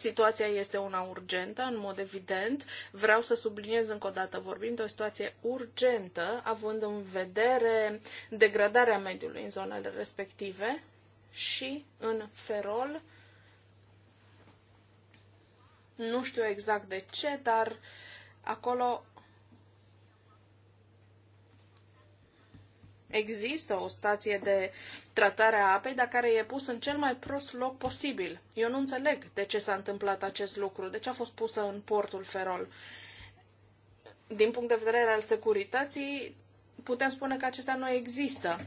Situația este una urgentă, în mod evident. Vreau să subliniez încă o dată, vorbim de o situație urgentă, având în vedere degradarea mediului în zonele respective și în ferol. Nu știu exact de ce, dar acolo Există o stație de tratare a apei, dar care e pus în cel mai prost loc posibil. Eu nu înțeleg de ce s-a întâmplat acest lucru, de ce a fost pusă în portul Ferol. Din punct de vedere al securității, putem spune că acesta nu există.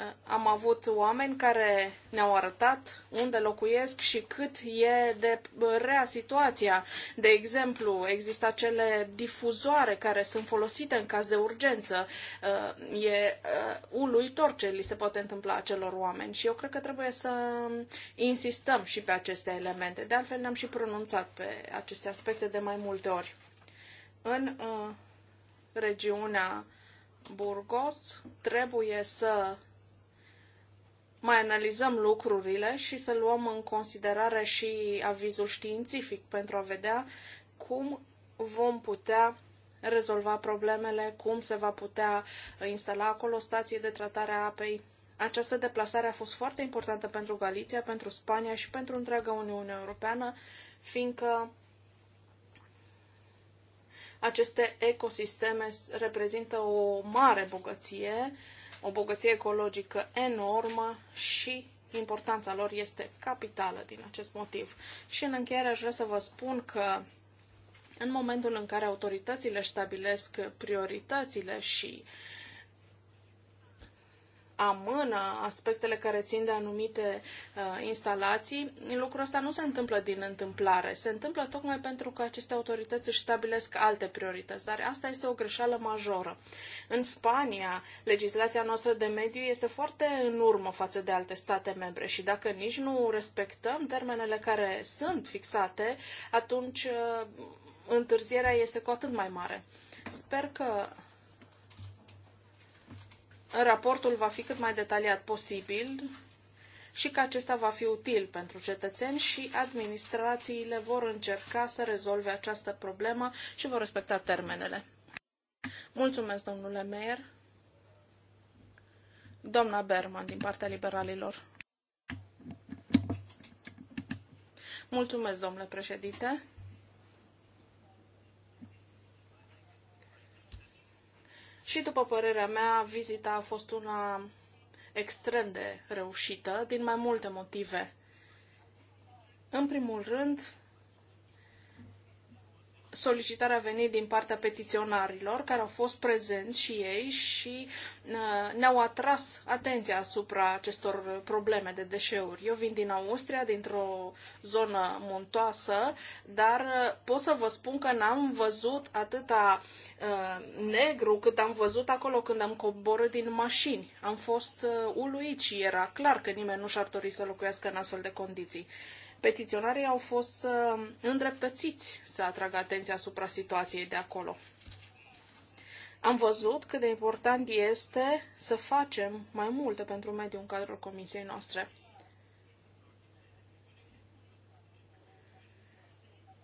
Eh, am avut oameni care ne-au arătat unde locuiesc și cât e de rea situația. De exemplu, există acele difuzoare care sunt folosite în caz de urgență. Eh, e eh, uluitor ce li se poate întâmpla acelor oameni și eu cred că trebuie să insistăm și pe aceste elemente. De altfel, ne-am și pronunțat pe aceste aspecte de mai multe ori. În regiunea Burgos trebuie să mai analizăm lucrurile și să luăm în considerare și avizul științific pentru a vedea cum vom putea rezolva problemele, cum se va putea instala acolo stație de tratare a apei. Această deplasare a fost foarte importantă pentru Galiția, pentru Spania și pentru întreaga Uniune Europeană, fiindcă aceste ecosisteme reprezintă o mare bogăție o bogăție ecologică enormă și importanța lor este capitală din acest motiv. Și în încheiere aș vrea să vă spun că în momentul în care autoritățile stabilesc prioritățile și uh, amână aspectele care țin de anumite uh, instalații, lucrul ăsta nu se întâmplă din întâmplare. Se întâmplă tocmai pentru că aceste autorități își stabilesc alte priorități, dar asta este o greșeală majoră. În Spania, legislația noastră de mediu este foarte în urmă față de alte state membre și dacă nici nu respectăm termenele care sunt fixate, atunci uh, întârzierea este cu atât mai mare. Sper că raportul va fi cât mai detaliat posibil și că acesta va fi util pentru cetățeni și administrațiile vor încerca să rezolve această problemă și vor respecta termenele. Mulțumesc, domnule Meier. Doamna Berman, din partea liberalilor. Mulțumesc, domnule președinte. Și, după părerea mea, vizita a fost una extrem de reușită, din mai multe motive. În primul rând, solicitarea a venit din partea petiționarilor care au fost prezenți și ei și uh, ne-au atras atenția asupra acestor probleme de deșeuri. Eu vin din Austria, dintr-o zonă muntoasă, dar uh, pot să vă spun că n-am văzut atâta uh, negru cât am văzut acolo când am coborât din mașini. Am fost uluit și era clar că nimeni nu și-ar dori să locuiască în astfel de condiții. Petiționarii au fost uh, îndreptățiți să atragă atenția asupra situației de acolo. Am văzut cât de important este să facem mai multe pentru mediul în cadrul comisiei noastre.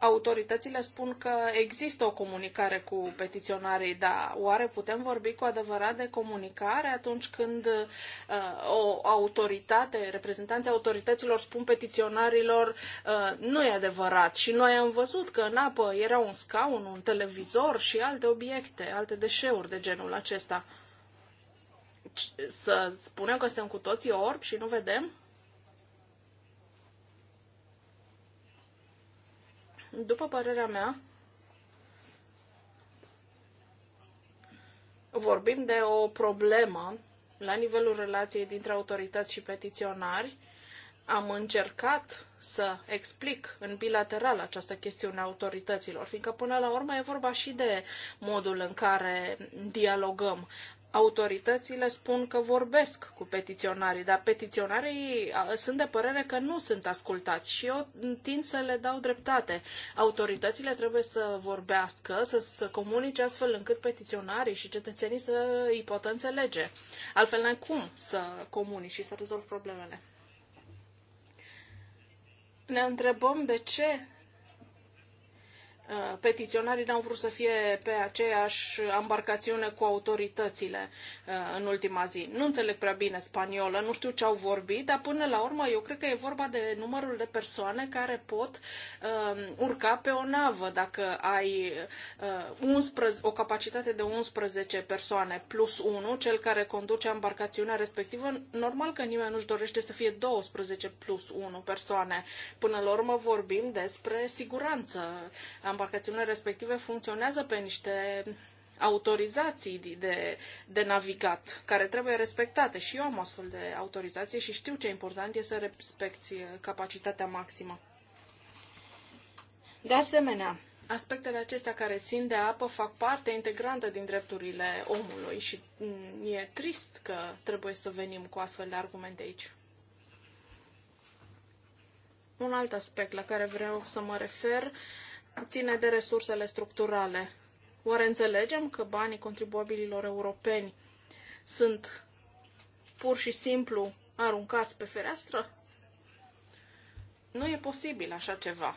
autoritățile spun că există o comunicare cu petiționarii, dar oare putem vorbi cu adevărat de comunicare atunci când uh, o autoritate, reprezentanții autorităților spun petiționarilor uh, nu e adevărat și noi am văzut că în apă era un scaun, un televizor și alte obiecte, alte deșeuri de genul acesta. să spunem că suntem cu toții orbi și nu vedem? După părerea mea, vorbim de o problemă la nivelul relației dintre autorități și petiționari. Am încercat să explic în bilateral această chestiune a autorităților, fiindcă până la urmă e vorba și de modul în care dialogăm autoritățile spun că vorbesc cu petiționarii, dar petiționarii sunt de părere că nu sunt ascultați și eu tind să le dau dreptate. Autoritățile trebuie să vorbească, să, să comunice astfel încât petiționarii și cetățenii să îi poată înțelege. Altfel n-ai cum să comunici și să rezolvi problemele. Ne întrebăm de ce Uh, petiționarii n-au vrut să fie pe aceeași embarcațiune cu autoritățile uh, în ultima zi. Nu înțeleg prea bine spaniolă, nu știu ce au vorbit, dar până la urmă eu cred că e vorba de numărul de persoane care pot uh, urca pe o navă. Dacă ai uh, 11, o capacitate de 11 persoane plus 1, cel care conduce embarcațiunea respectivă, normal că nimeni nu-și dorește să fie 12 plus 1 persoane. Până la urmă vorbim despre siguranță embarcațiunile respective funcționează pe niște autorizații de, de navigat care trebuie respectate și eu am astfel de autorizație și știu ce important e să respecti uh, capacitatea maximă. De asemenea, aspectele acestea care țin de apă fac parte integrantă din drepturile omului și mm, e trist că trebuie să venim cu astfel de argumente aici. Un alt aspect la care vreau să mă refer ține de resursele structurale. Oare înțelegem că banii contribuabililor europeni sunt pur și simplu aruncați pe fereastră? Nu e posibil așa ceva.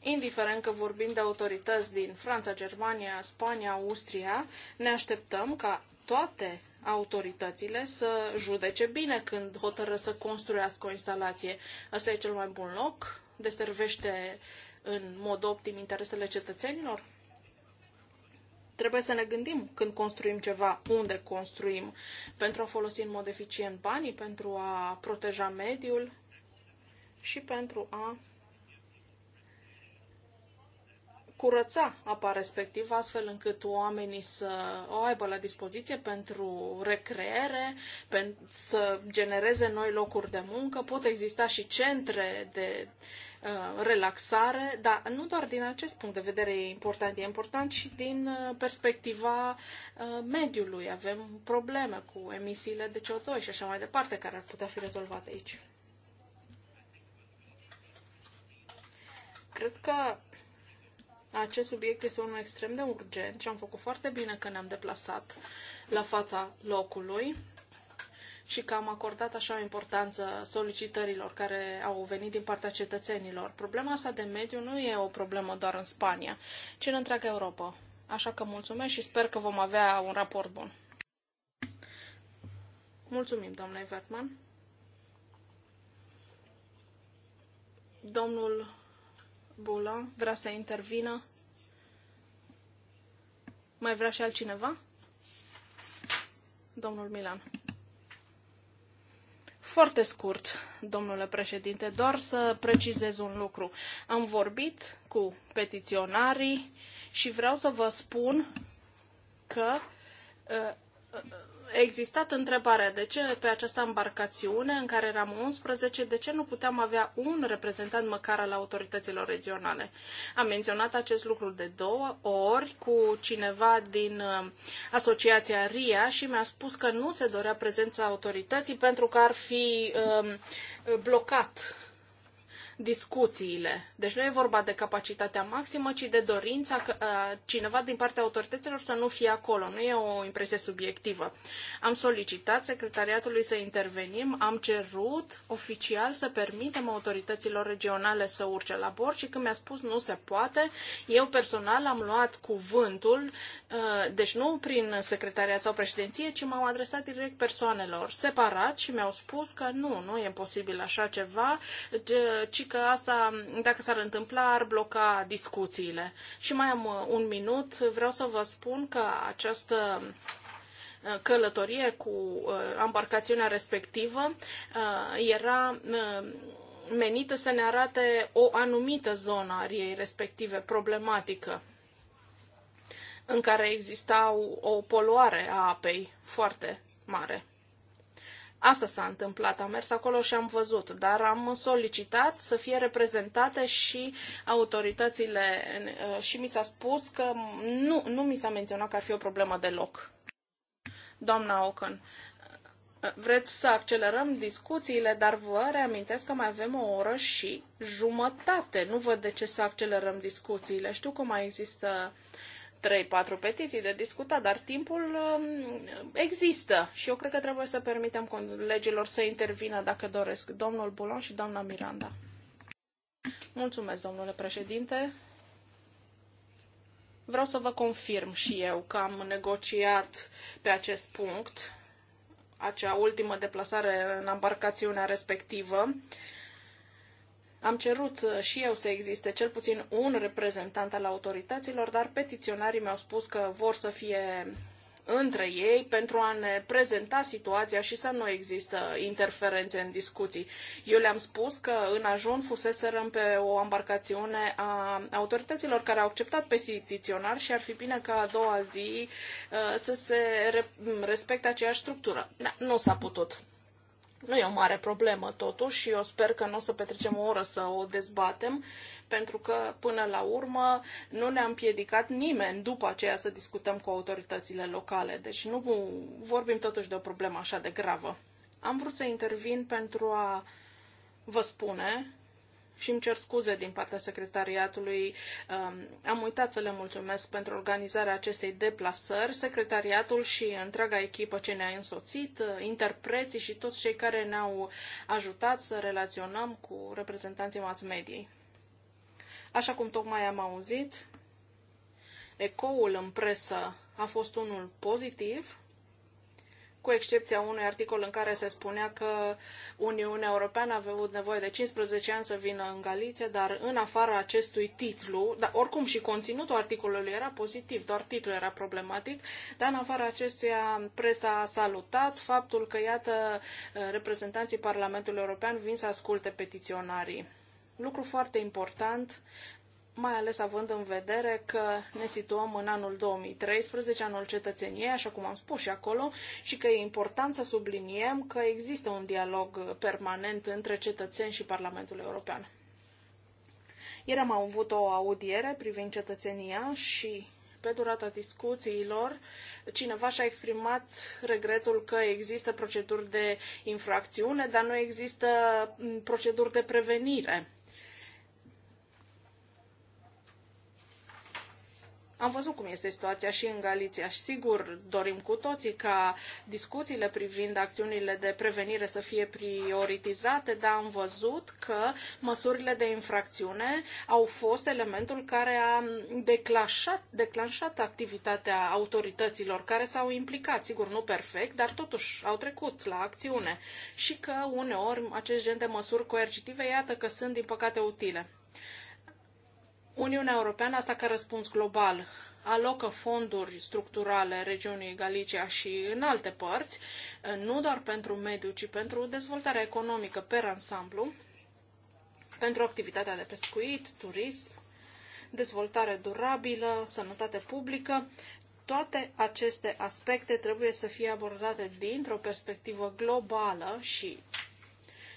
Indiferent că vorbim de autorități din Franța, Germania, Spania, Austria, ne așteptăm ca toate autoritățile să judece bine când hotără să construiască o instalație. Asta e cel mai bun loc deservește în mod optim interesele cetățenilor? Trebuie să ne gândim când construim ceva, unde construim, pentru a folosi în mod eficient banii, pentru a proteja mediul și pentru a curăța apa respectivă, astfel încât oamenii să o aibă la dispoziție pentru recreere, pentru să genereze noi locuri de muncă. Pot exista și centre de uh, relaxare, dar nu doar din acest punct de vedere e important, e important și din uh, perspectiva uh, mediului. Avem probleme cu emisiile de CO2 și așa mai departe, care ar putea fi rezolvate aici. Cred că acest subiect este unul extrem de urgent și am făcut foarte bine că ne-am deplasat la fața locului și că am acordat așa o importanță solicitărilor care au venit din partea cetățenilor. Problema asta de mediu nu e o problemă doar în Spania, ci în întreaga Europa. Așa că mulțumesc și sper că vom avea un raport bun. Mulțumim, domnule Vertman. Domnul Bula vrea să intervină. Mai vrea și altcineva? Domnul Milan. Foarte scurt, domnule președinte, doar să precizez un lucru. Am vorbit cu petiționarii și vreau să vă spun că uh, uh, existat întrebarea de ce pe această embarcațiune în care eram 11, de ce nu puteam avea un reprezentant măcar al autorităților regionale. Am menționat acest lucru de două ori cu cineva din uh, asociația RIA și mi-a spus că nu se dorea prezența autorității pentru că ar fi um, blocat discuțiile. Deci nu e vorba de capacitatea maximă, ci de dorința că cineva din partea autorităților să nu fie acolo. Nu e o impresie subiectivă. Am solicitat secretariatului să intervenim, am cerut oficial să permitem autorităților regionale să urce la bord și când mi-a spus nu se poate, eu personal am luat cuvântul Uh, deci nu prin secretariat sau președinție, ci m-au adresat direct persoanelor, separat și mi-au spus că nu, nu e posibil așa ceva, ci că asta, dacă s-ar întâmpla, ar bloca discuțiile. Și mai am uh, un minut, vreau să vă spun că această uh, călătorie cu embarcațiunea respectivă era menită să ne arate o anumită zonă a riei respective problematică în care exista o poluare a apei foarte mare. Asta s-a întâmplat. Am mers acolo și am văzut, dar am solicitat să fie reprezentate și autoritățile uh, și mi s-a spus că nu, nu mi s-a menționat că ar fi o problemă deloc. Doamna Ocan, uh, vreți să accelerăm discuțiile, dar vă reamintesc că mai avem o oră și jumătate. Nu văd de ce să accelerăm discuțiile. Știu că mai există uh, 3-4 petiții de discutat, dar timpul um, există și eu cred că trebuie să permitem colegilor să intervină dacă doresc. Domnul Bulon și doamna Miranda. Mulțumesc, domnule președinte. Vreau să vă confirm și eu că am negociat pe acest punct acea ultimă deplasare în embarcațiunea respectivă am cerut uh, și eu să existe cel puțin un reprezentant al autorităților, dar petiționarii mi-au spus că vor să fie între ei pentru a ne prezenta situația și să nu există interferențe în discuții. Eu le-am spus că în ajun fuseserăm pe o embarcațiune a autorităților care au acceptat petiționar și ar fi bine ca a doua zi uh, să se respecte aceeași structură. Da, nu s-a putut. Nu e o mare problemă totuși și eu sper că nu o să petrecem o oră să o dezbatem, pentru că până la urmă nu ne-a împiedicat nimeni după aceea să discutăm cu autoritățile locale. Deci nu vorbim totuși de o problemă așa de gravă. Am vrut să intervin pentru a vă spune și îmi cer scuze din partea secretariatului. Um, am uitat să le mulțumesc pentru organizarea acestei deplasări. Secretariatul și întreaga echipă ce ne-a însoțit, uh, interpreții și toți cei care ne-au ajutat să relaționăm cu reprezentanții mass mediei. Așa cum tocmai am auzit, ecoul în presă a fost unul pozitiv, cu excepția unui articol în care se spunea că Uniunea Europeană a avut nevoie de 15 ani să vină în Galiție, dar în afara acestui titlu, dar oricum și conținutul articolului era pozitiv, doar titlul era problematic, dar în afara acestuia presa a salutat faptul că, iată, reprezentanții Parlamentului European vin să asculte petiționarii lucru foarte important mai ales având în vedere că ne situăm în anul 2013, anul cetățeniei, așa cum am spus și acolo, și că e important să subliniem că există un dialog permanent între cetățeni și Parlamentul European. Ieri am avut o audiere privind cetățenia și pe durata discuțiilor, cineva și-a exprimat regretul că există proceduri de infracțiune, dar nu există mm, proceduri de prevenire Am văzut cum este situația și în Galiția și sigur dorim cu toții ca discuțiile privind acțiunile de prevenire să fie prioritizate, dar am văzut că măsurile de infracțiune au fost elementul care a declanșat, declanșat activitatea autorităților care s-au implicat, sigur nu perfect, dar totuși au trecut la acțiune și că uneori acest gen de măsuri coercitive iată că sunt din păcate utile. Uniunea Europeană, asta ca răspuns global, alocă fonduri structurale regiunii Galicia și în alte părți, nu doar pentru mediu, ci pentru dezvoltarea economică per ansamblu, pentru activitatea de pescuit, turism, dezvoltare durabilă, sănătate publică. Toate aceste aspecte trebuie să fie abordate dintr-o perspectivă globală și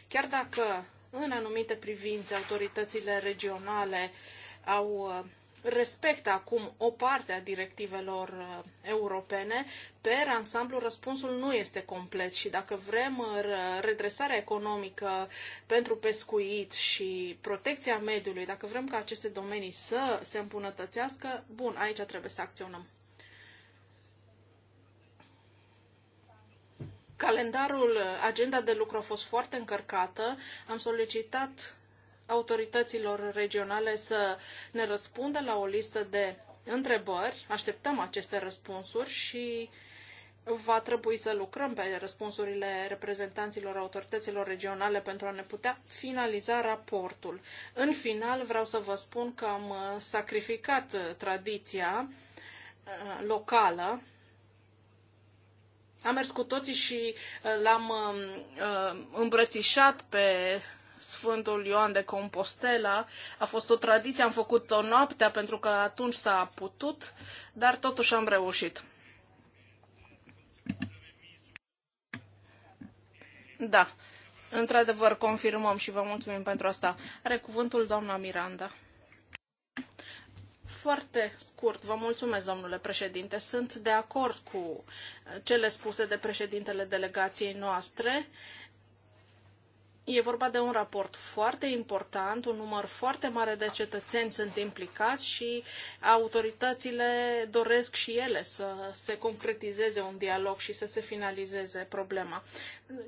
chiar dacă în anumite privințe autoritățile regionale uh, au uh, respectă acum o parte a directivelor uh, europene, per ansamblu răspunsul nu este complet și dacă vrem uh, redresarea economică pentru pescuit și protecția mediului, dacă vrem ca aceste domenii să se îmbunătățească, bun, aici trebuie să acționăm. Calendarul, agenda de lucru a fost foarte încărcată. Am solicitat autorităților regionale să ne răspundă la o listă de întrebări. Așteptăm aceste răspunsuri și va trebui să lucrăm pe răspunsurile reprezentanților autorităților regionale pentru a ne putea finaliza raportul. În final, vreau să vă spun că am uh, sacrificat uh, tradiția uh, locală. Am mers cu toții și l-am um, îmbrățișat pe Sfântul Ioan de Compostela. A fost o tradiție, am făcut-o noaptea pentru că atunci s-a putut, dar totuși am reușit. Da, într-adevăr, confirmăm și vă mulțumim pentru asta. Are cuvântul doamna Miranda. Foarte scurt, vă mulțumesc, domnule președinte. Sunt de acord cu cele spuse de președintele delegației noastre. Uh, E vorba de un raport foarte important, un număr foarte mare de cetățeni sunt implicați și autoritățile doresc și ele să se concretizeze un dialog și să se finalizeze problema.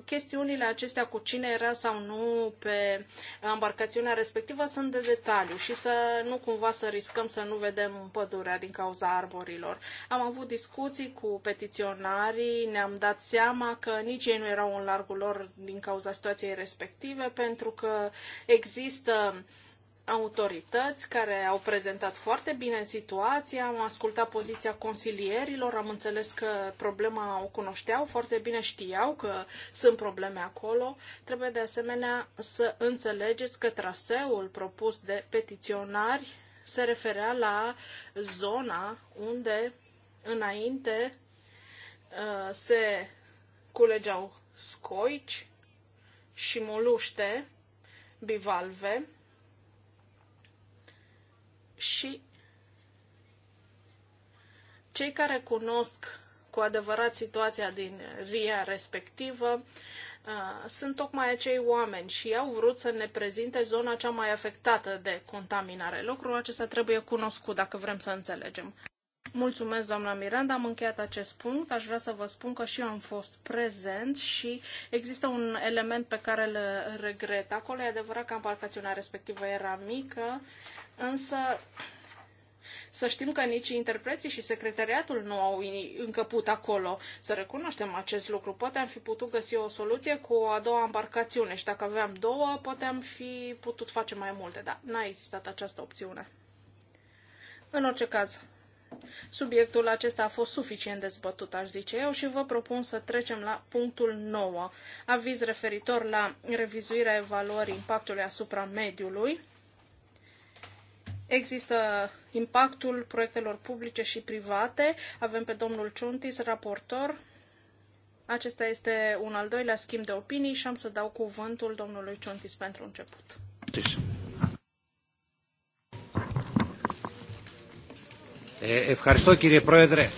Chestiunile acestea cu cine era sau nu pe embarcațiunea respectivă sunt de detaliu și să nu cumva să riscăm să nu vedem pădurea din cauza arborilor. Am avut discuții cu petiționarii, ne-am dat seama că nici ei nu erau în largul lor din cauza situației respective respective pentru că există autorități care au prezentat foarte bine situația, am ascultat poziția consilierilor, am înțeles că problema o cunoșteau foarte bine, știau că sunt probleme acolo. Trebuie de asemenea să înțelegeți că traseul propus de petiționari se referea la zona unde înainte uh, se culegeau scoici și moluște bivalve și cei care cunosc cu adevărat situația din RIA respectivă uh, sunt tocmai acei oameni și au vrut să ne prezinte zona cea mai afectată de contaminare. Lucrul acesta trebuie cunoscut dacă vrem să înțelegem. Mulțumesc, doamna Miranda. Am încheiat acest punct. Aș vrea să vă spun că și eu am fost prezent și există un element pe care îl regret. Acolo e adevărat că embarcațiunea respectivă era mică, însă să știm că nici interpreții și secretariatul nu au încăput acolo. Să recunoaștem acest lucru. Poate am fi putut găsi o soluție cu a doua embarcațiune și dacă aveam două, poate am fi putut face mai multe, dar n-a existat această opțiune. În orice caz, Subiectul acesta a fost suficient dezbătut, aș zice eu, și vă propun să trecem la punctul 9, aviz referitor la revizuirea evaluării impactului asupra mediului. Există impactul proiectelor publice și private. Avem pe domnul Ciuntis, raportor. Acesta este un al doilea schimb de opinii și am să dau cuvântul domnului Ciuntis pentru început. Deci. Ε, eh, ευχαριστώ κύριε Πρόεδρε.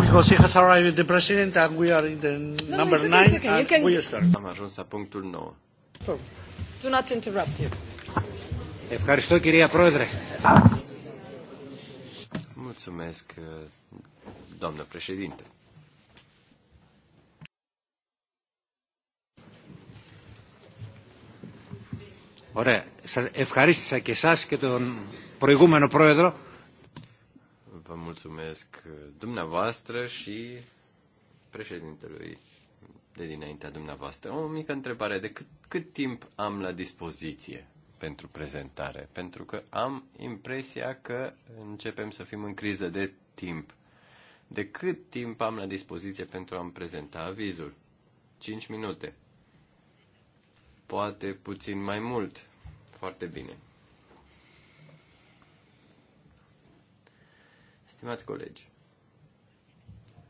because he has arrived the president and we are in the no, number it's okay, nine it's okay. and you can... we start. Am ajuns la punctul 9. Do not interrupt you. Ευχαριστώ κυρία Πρόεδρε. Mulțumesc, doamnă președinte. Ωραία. Σας ευχαρίστησα και εσάς και τον προηγούμενο πρόεδρο. Vă mulțumesc dumneavoastră și președintelui de dinaintea dumneavoastră. O mică întrebare. De cât, cât timp am la dispoziție pentru prezentare? Pentru că am impresia că începem să fim în criză de timp. De cât timp am la dispoziție pentru a-mi prezenta avizul? 5 minute poate puțin mai mult. Foarte bine. Stimați colegi,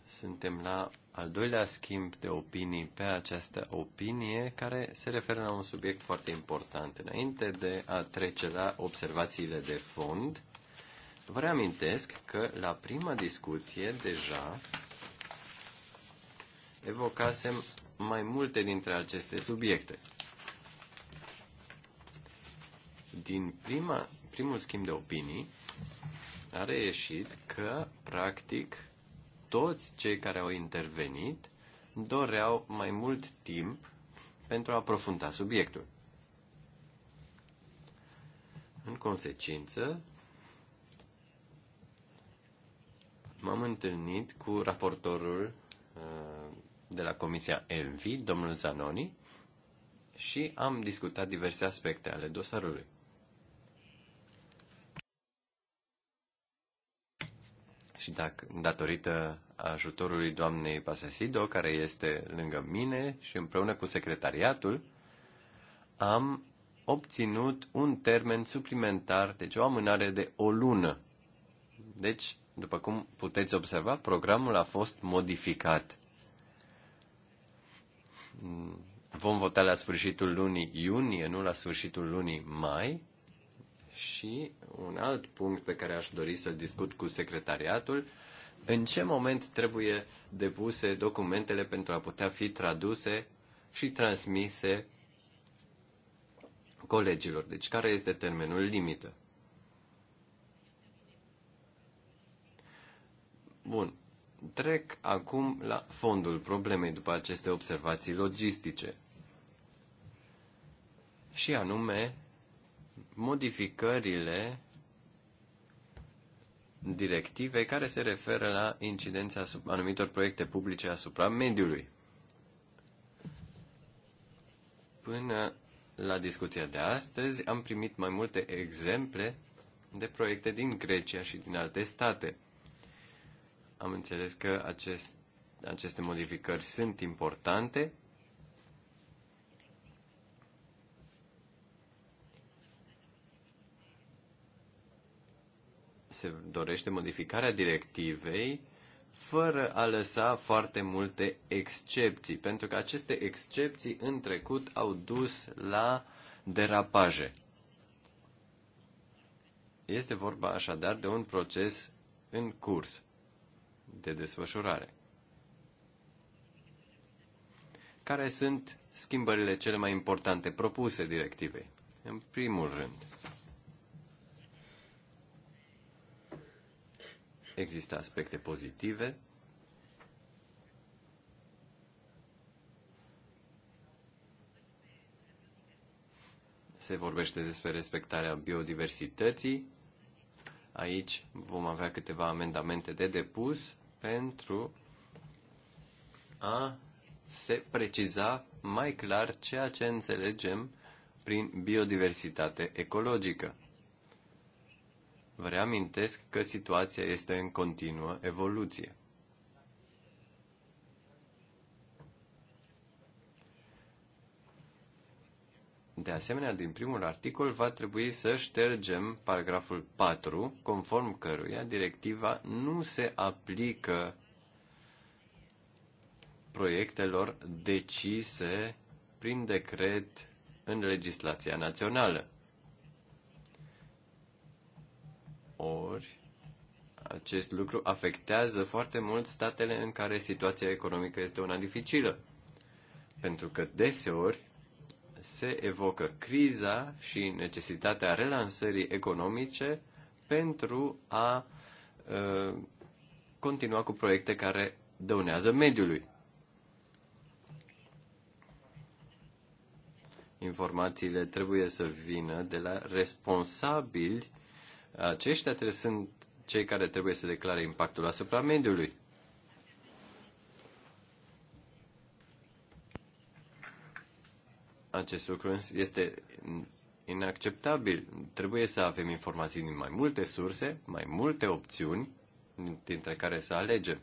suntem la al doilea schimb de opinii pe această opinie care se referă la un subiect foarte important. Înainte de a trece la observațiile de fond, vă reamintesc că la prima discuție deja evocasem mai multe dintre aceste subiecte. Din prima, primul schimb de opinii a reieșit că, practic, toți cei care au intervenit doreau mai mult timp pentru a aprofunda subiectul. În consecință, m-am întâlnit cu raportorul uh, de la Comisia ENVI, domnul Zanoni, și am discutat diverse aspecte ale dosarului. Și dacă, datorită ajutorului doamnei Pasasido, care este lângă mine și împreună cu secretariatul, am obținut un termen suplimentar, deci o amânare de o lună. Deci, după cum puteți observa, programul a fost modificat. Vom vota la sfârșitul lunii iunie, nu la sfârșitul lunii mai, și un alt punct pe care aș dori să-l discut cu secretariatul, în ce moment trebuie depuse documentele pentru a putea fi traduse și transmise colegilor. Deci care este termenul limită? Bun. Trec acum la fondul problemei după aceste observații logistice. Și anume, modificările directivei care se referă la incidența anumitor proiecte publice asupra mediului. Până la discuția de astăzi am primit mai multe exemple de proiecte din Grecia și din alte state. Am înțeles că acest, aceste modificări sunt importante se dorește modificarea directivei fără a lăsa foarte multe excepții, pentru că aceste excepții în trecut au dus la derapaje. Este vorba așadar de un proces în curs de desfășurare. Care sunt schimbările cele mai importante propuse directivei? În primul rând, Există aspecte pozitive. Se vorbește despre respectarea biodiversității. Aici vom avea câteva amendamente de depus pentru a se preciza mai clar ceea ce înțelegem prin biodiversitate ecologică. Vă reamintesc că situația este în continuă evoluție. De asemenea, din primul articol va trebui să ștergem paragraful 4, conform căruia directiva nu se aplică proiectelor decise prin decret în legislația națională. ori acest lucru afectează foarte mult statele în care situația economică este una dificilă. Pentru că deseori se evocă criza și necesitatea relansării economice pentru a uh, continua cu proiecte care dăunează mediului. Informațiile trebuie să vină de la responsabili aceștia sunt cei care trebuie să declare impactul asupra mediului. Acest lucru este inacceptabil. Trebuie să avem informații din mai multe surse, mai multe opțiuni, dintre care să alegem.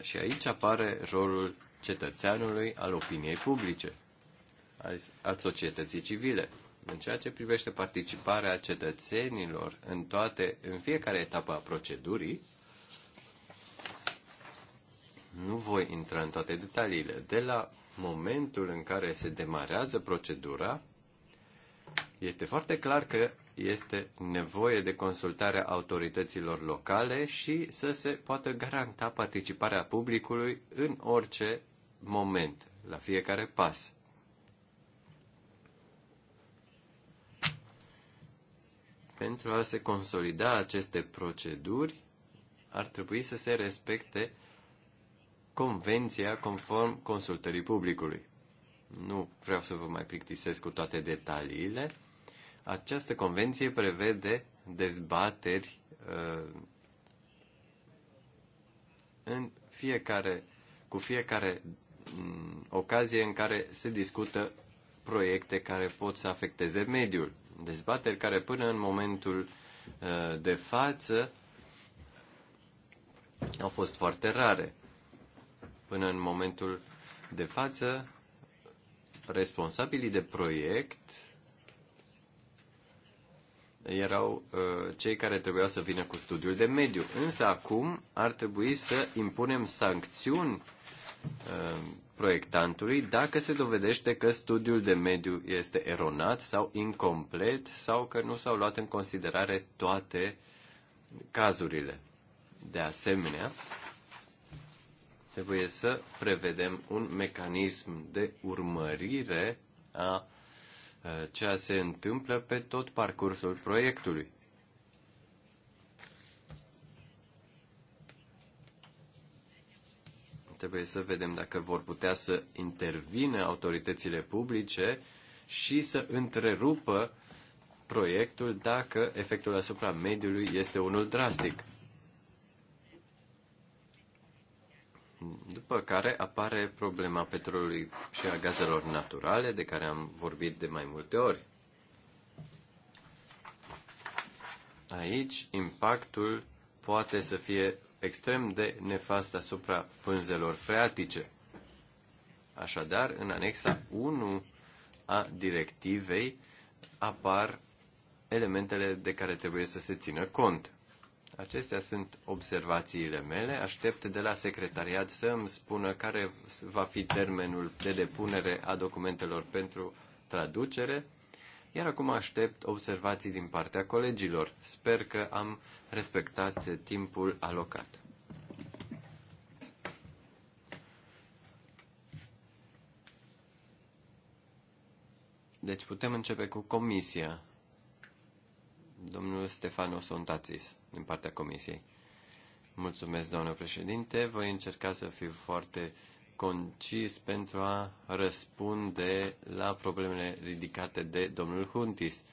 Și aici apare rolul cetățeanului al opiniei publice, al societății civile. În ceea ce privește participarea cetățenilor în toate, în fiecare etapă a procedurii, nu voi intra în toate detaliile. De la momentul în care se demarează procedura, este foarte clar că este nevoie de consultarea autorităților locale și să se poată garanta participarea publicului în orice moment, la fiecare pas. pentru a se consolida aceste proceduri, ar trebui să se respecte convenția conform consultării publicului. Nu vreau să vă mai plictisesc cu toate detaliile. Această convenție prevede dezbateri uh, în fiecare, cu fiecare um, ocazie în care se discută proiecte care pot să afecteze mediul dezbateri care până în momentul uh, de față au fost foarte rare. Până în momentul de față, responsabilii de proiect erau uh, cei care trebuiau să vină cu studiul de mediu. Însă acum ar trebui să impunem sancțiuni uh, proiectantului dacă se dovedește că studiul de mediu este eronat sau incomplet sau că nu s-au luat în considerare toate cazurile. De asemenea, trebuie să prevedem un mecanism de urmărire a ceea ce se întâmplă pe tot parcursul proiectului. Trebuie să vedem dacă vor putea să intervină autoritățile publice și să întrerupă proiectul dacă efectul asupra mediului este unul drastic. După care apare problema petrolului și a gazelor naturale, de care am vorbit de mai multe ori. Aici impactul poate să fie extrem de nefast asupra pânzelor freatice. Așadar, în anexa 1 a directivei apar elementele de care trebuie să se țină cont. Acestea sunt observațiile mele. Aștept de la secretariat să îmi spună care va fi termenul de depunere a documentelor pentru traducere iar acum aștept observații din partea colegilor. Sper că am respectat timpul alocat. Deci putem începe cu comisia. Domnul Stefano Sontatis, din partea comisiei. Mulțumesc, domnule președinte. Voi încerca să fiu foarte uh, concis pentru a răspunde la problemele ridicate de domnul Huntis.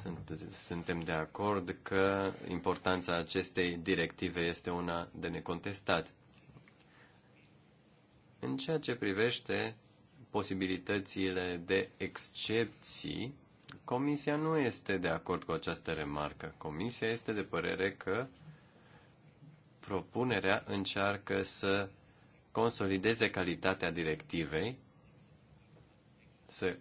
Sunt, suntem de acord că importanța acestei directive este una de necontestat. În ceea ce privește posibilitățile de excepții, Comisia nu este de acord cu această remarcă. Comisia este de părere că propunerea încearcă să consolideze calitatea directivei, să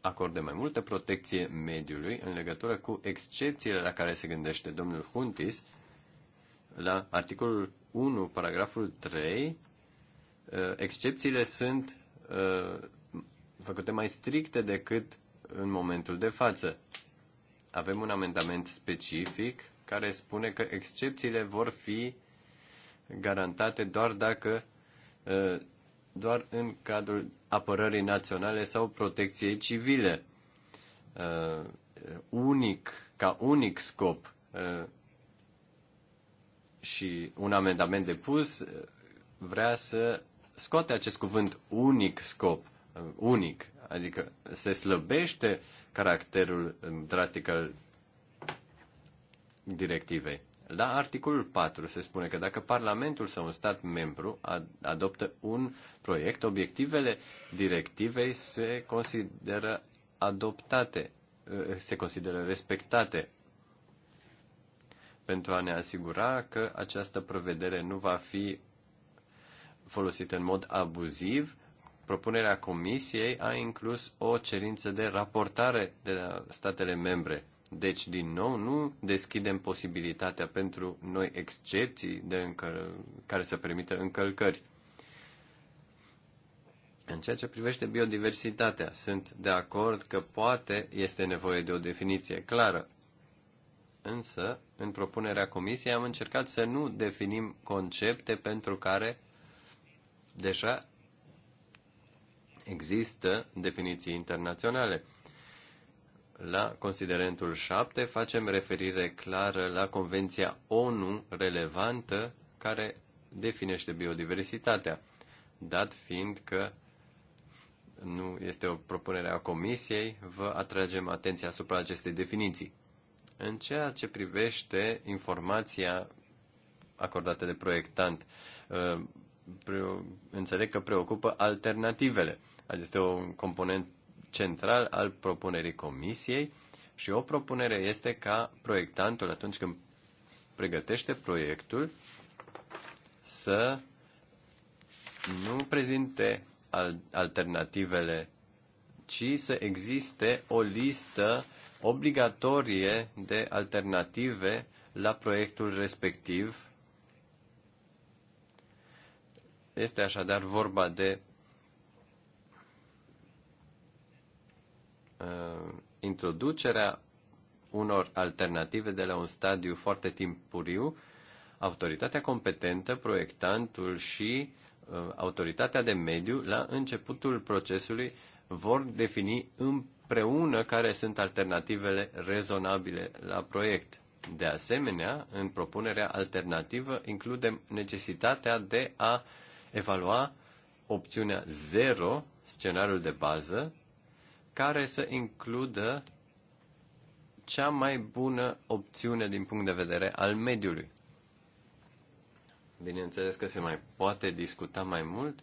acorde mai multă protecție mediului în legătură cu excepțiile la care se gândește domnul Huntis la articolul 1, paragraful 3, uh, excepțiile sunt uh, făcute mai stricte decât în momentul de față. Avem un amendament specific care spune că excepțiile vor fi garantate doar dacă doar în cadrul apărării naționale sau protecției civile. Unic, ca unic scop și un amendament depus vrea să scoate acest cuvânt unic scop, unic, adică se slăbește caracterul drastic al directivei. La articolul 4 se spune că dacă Parlamentul sau un stat membru adoptă un proiect, obiectivele directivei se consideră adoptate, eh, se consideră respectate pentru a ne asigura că această prevedere nu va fi folosită în mod abuziv. Propunerea Comisiei a inclus o cerință de raportare de la statele membre deci, din nou, nu deschidem posibilitatea pentru noi excepții de încăl- care să permită încălcări. În ceea ce privește biodiversitatea, sunt de acord că poate este nevoie de o definiție clară. Însă, în propunerea comisiei am încercat să nu definim concepte pentru care deja există definiții internaționale. La considerentul 7 facem referire clară la Convenția ONU relevantă care definește biodiversitatea, dat fiind că nu este o propunere a Comisiei, vă atragem atenția asupra acestei definiții. În ceea ce privește informația acordată de proiectant, uh, înțeleg că preocupă alternativele. Este o component, central al propunerii comisiei și o propunere este ca proiectantul, atunci când pregătește proiectul, să nu prezinte alternativele, ci să existe o listă obligatorie de alternative la proiectul respectiv. Este așadar vorba de uh, introducerea unor alternative de la un stadiu foarte timpuriu, autoritatea competentă, proiectantul și uh, autoritatea de mediu, la începutul procesului, vor defini împreună care sunt alternativele rezonabile la proiect. De asemenea, în propunerea alternativă includem necesitatea de a evalua opțiunea 0, scenariul de bază, care să includă cea mai bună opțiune din punct de vedere al mediului. Bineînțeles că se mai poate discuta mai mult,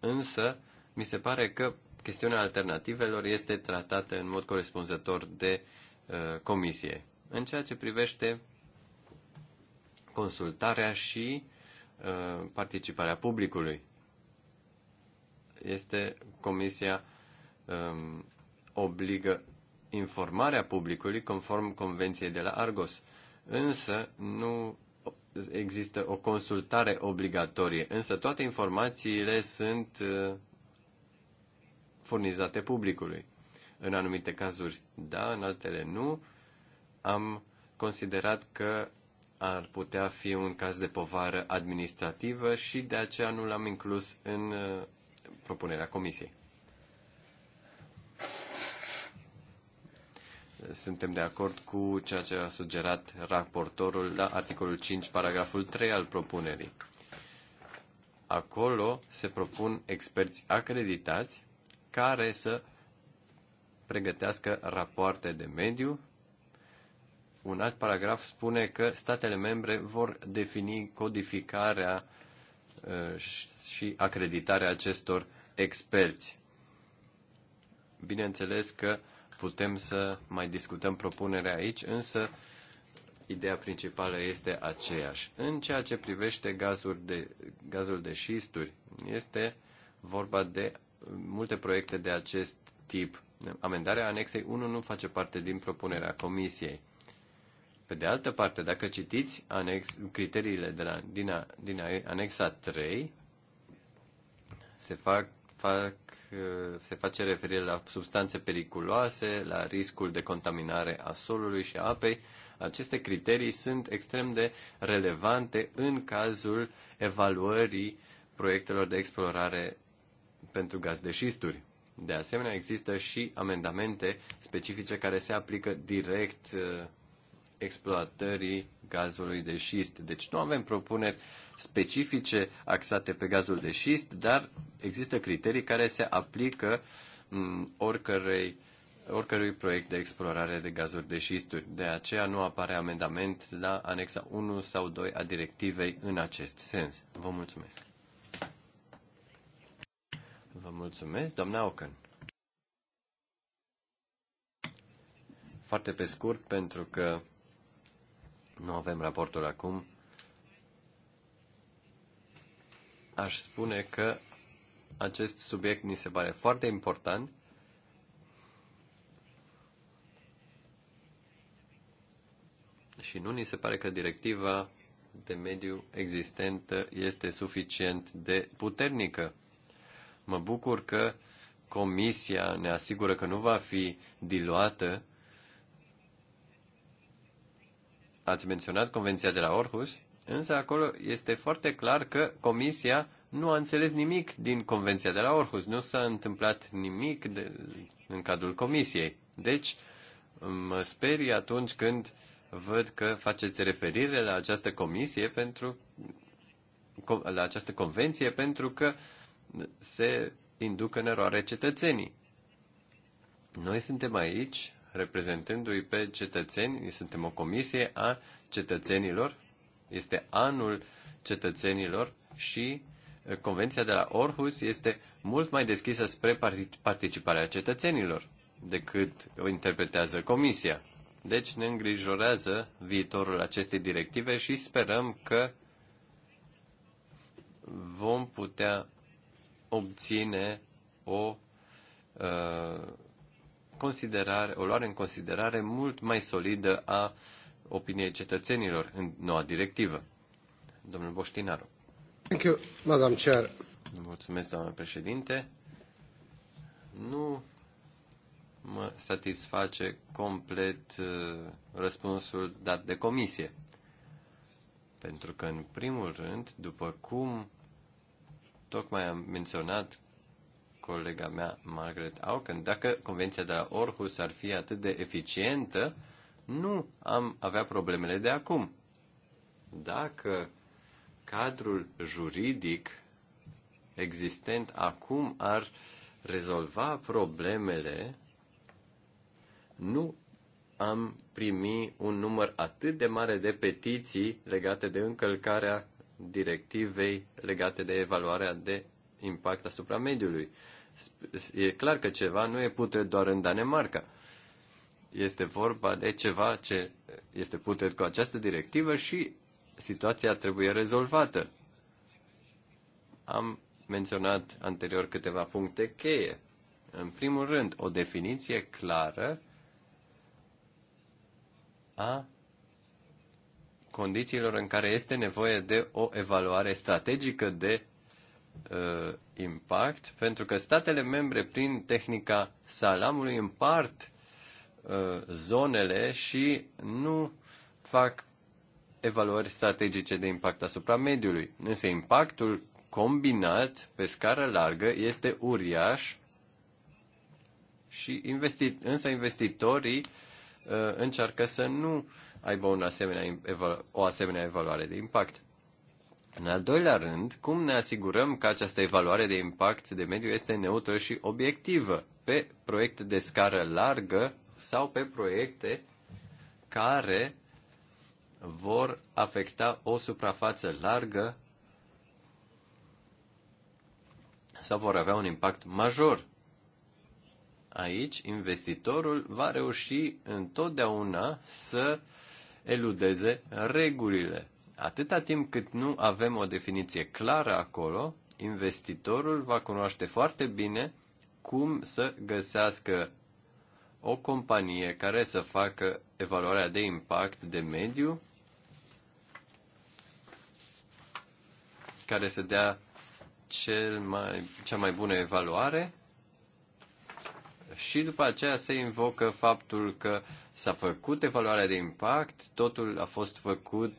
însă mi se pare că chestiunea alternativelor este tratată în mod corespunzător de uh, comisie. În ceea ce privește consultarea și uh, participarea publicului, este comisia uh, um, obligă informarea publicului conform Convenției de la Argos, însă nu există o consultare obligatorie, însă toate informațiile sunt uh, furnizate publicului. În anumite cazuri da, în altele nu. Am considerat că ar putea fi un caz de povară administrativă și de aceea nu l-am inclus în uh, propunerea comisiei. suntem de acord cu ceea ce a sugerat raportorul la articolul 5, paragraful 3 al propunerii. Acolo se propun experți acreditați care să pregătească rapoarte de mediu. Un alt paragraf spune că statele membre vor defini codificarea uh, și acreditarea acestor experți. Bineînțeles că uh, putem să mai discutăm propunerea aici, însă ideea principală este aceeași. În ceea ce privește gazul de, gazul de șisturi, este vorba de multe proiecte de acest tip. Amendarea anexei 1 nu face parte din propunerea comisiei. Pe de altă parte, dacă citiți anex, criteriile de la, din, a, din a, anexa 3, se fac fac, se face referire la substanțe periculoase, la riscul de contaminare a solului și a apei. Aceste criterii sunt extrem de relevante în cazul evaluării proiectelor de explorare pentru gaz de șisturi. De asemenea, există și amendamente specifice care se aplică direct eh, exploatării gazului de șist. Deci nu avem propuneri specifice axate pe gazul de șist, dar există criterii care se aplică mm, oricărei oricărui proiect de explorare de gazuri de șisturi. De aceea nu apare amendament la anexa 1 sau 2 a directivei în acest sens. Vă mulțumesc. Vă mulțumesc, doamna Ocan. Foarte pe scurt, pentru că nu avem raportul acum. Aș spune că acest subiect ni se pare foarte important. Și nu ni se pare că directiva de mediu existentă este suficient de puternică. Mă bucur că Comisia ne asigură că nu va fi diluată ați menționat Convenția de la Orhus, însă acolo este foarte clar că Comisia nu a înțeles nimic din Convenția de la Orhus. Nu s-a întâmplat nimic de, în cadrul Comisiei. Deci, mă sperii atunci când văd că faceți referire la această comisie pentru la această convenție pentru că se induc în eroare cetățenii. Noi suntem aici reprezentându-i pe cetățeni. Suntem o comisie a cetățenilor. Este anul cetățenilor și Convenția de la Orhus este mult mai deschisă spre participarea cetățenilor decât o interpretează Comisia. Deci ne îngrijorează viitorul acestei directive și sperăm că vom putea obține o uh, considerare, o luare în considerare mult mai solidă a opiniei cetățenilor în noua directivă. Domnul Boștinaru. Thank you, Madam Chair. Mulțumesc, doamnă președinte. Nu mă satisface complet uh, răspunsul dat de comisie. Pentru că, în primul rând, după cum tocmai am menționat colega mea, Margaret Auken, dacă convenția de la Orhus ar fi atât de eficientă, nu am avea problemele de acum. Dacă cadrul juridic existent acum ar rezolva problemele, nu am primi un număr atât de mare de petiții legate de încălcarea directivei legate de evaluarea de impact asupra mediului. E clar că ceva nu e putred doar în Danemarca. Este vorba de ceva ce este putred cu această directivă și situația trebuie rezolvată. Am menționat anterior câteva puncte cheie. În primul rând, o definiție clară a condițiilor în care este nevoie de o evaluare strategică de uh, impact, pentru că statele membre, prin tehnica salamului, împart uh, zonele și nu fac evaluări strategice de impact asupra mediului. Însă impactul combinat pe scară largă este uriaș și investi- însă investitorii uh, încearcă să nu aibă un asemenea, o asemenea evaluare de impact. În al doilea rând, cum ne asigurăm că această evaluare de impact de mediu este neutră și obiectivă pe proiecte de scară largă sau pe proiecte care vor afecta o suprafață largă sau vor avea un impact major. Aici, investitorul va reuși întotdeauna să eludeze regulile Atâta timp cât nu avem o definiție clară acolo, investitorul va cunoaște foarte bine cum să găsească o companie care să facă evaluarea de impact de mediu, care să dea cel mai, cea mai bună evaluare și după aceea se invocă faptul că s-a făcut evaluarea de impact, totul a fost făcut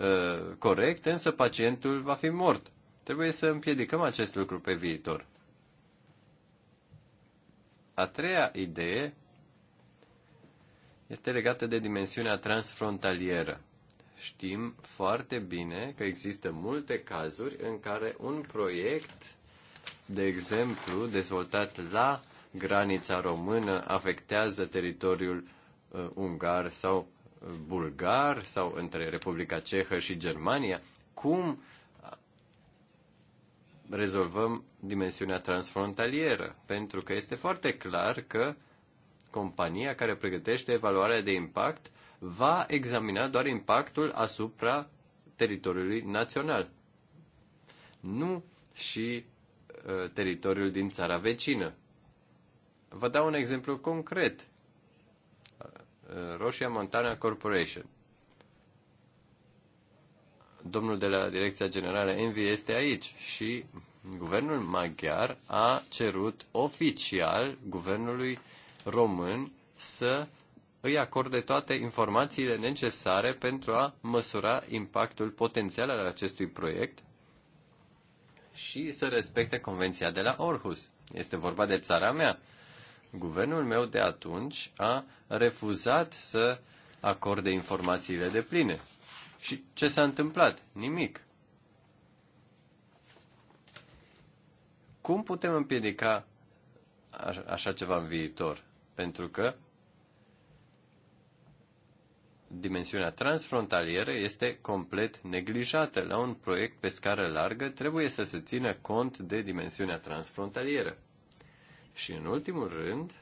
Uh, corect, însă pacientul va fi mort. Trebuie să împiedicăm acest lucru pe viitor. A treia idee este legată de dimensiunea transfrontalieră. Știm foarte bine că există multe cazuri în care un proiect, de exemplu, dezvoltat la granița română, afectează teritoriul uh, ungar sau bulgar sau între Republica Cehă și Germania? Cum rezolvăm dimensiunea transfrontalieră? Pentru că este foarte clar că compania care pregătește evaluarea de impact va examina doar impactul asupra teritoriului național, nu și uh, teritoriul din țara vecină. Vă dau un exemplu concret. Uh, Roșia Montana Corporation. Domnul de la Direcția Generală Envi este aici și guvernul maghiar a cerut oficial guvernului român să îi acorde toate informațiile necesare pentru a măsura impactul potențial al acestui proiect și să respecte convenția de la Orhus. Este vorba de țara mea Guvernul meu de atunci a refuzat să acorde informațiile de pline. Și ce s-a întâmplat? Nimic. Cum putem împiedica așa ceva în viitor? Pentru că dimensiunea transfrontalieră este complet neglijată. La un proiect pe scară largă trebuie să se țină cont de dimensiunea transfrontalieră. Și în ultimul rând,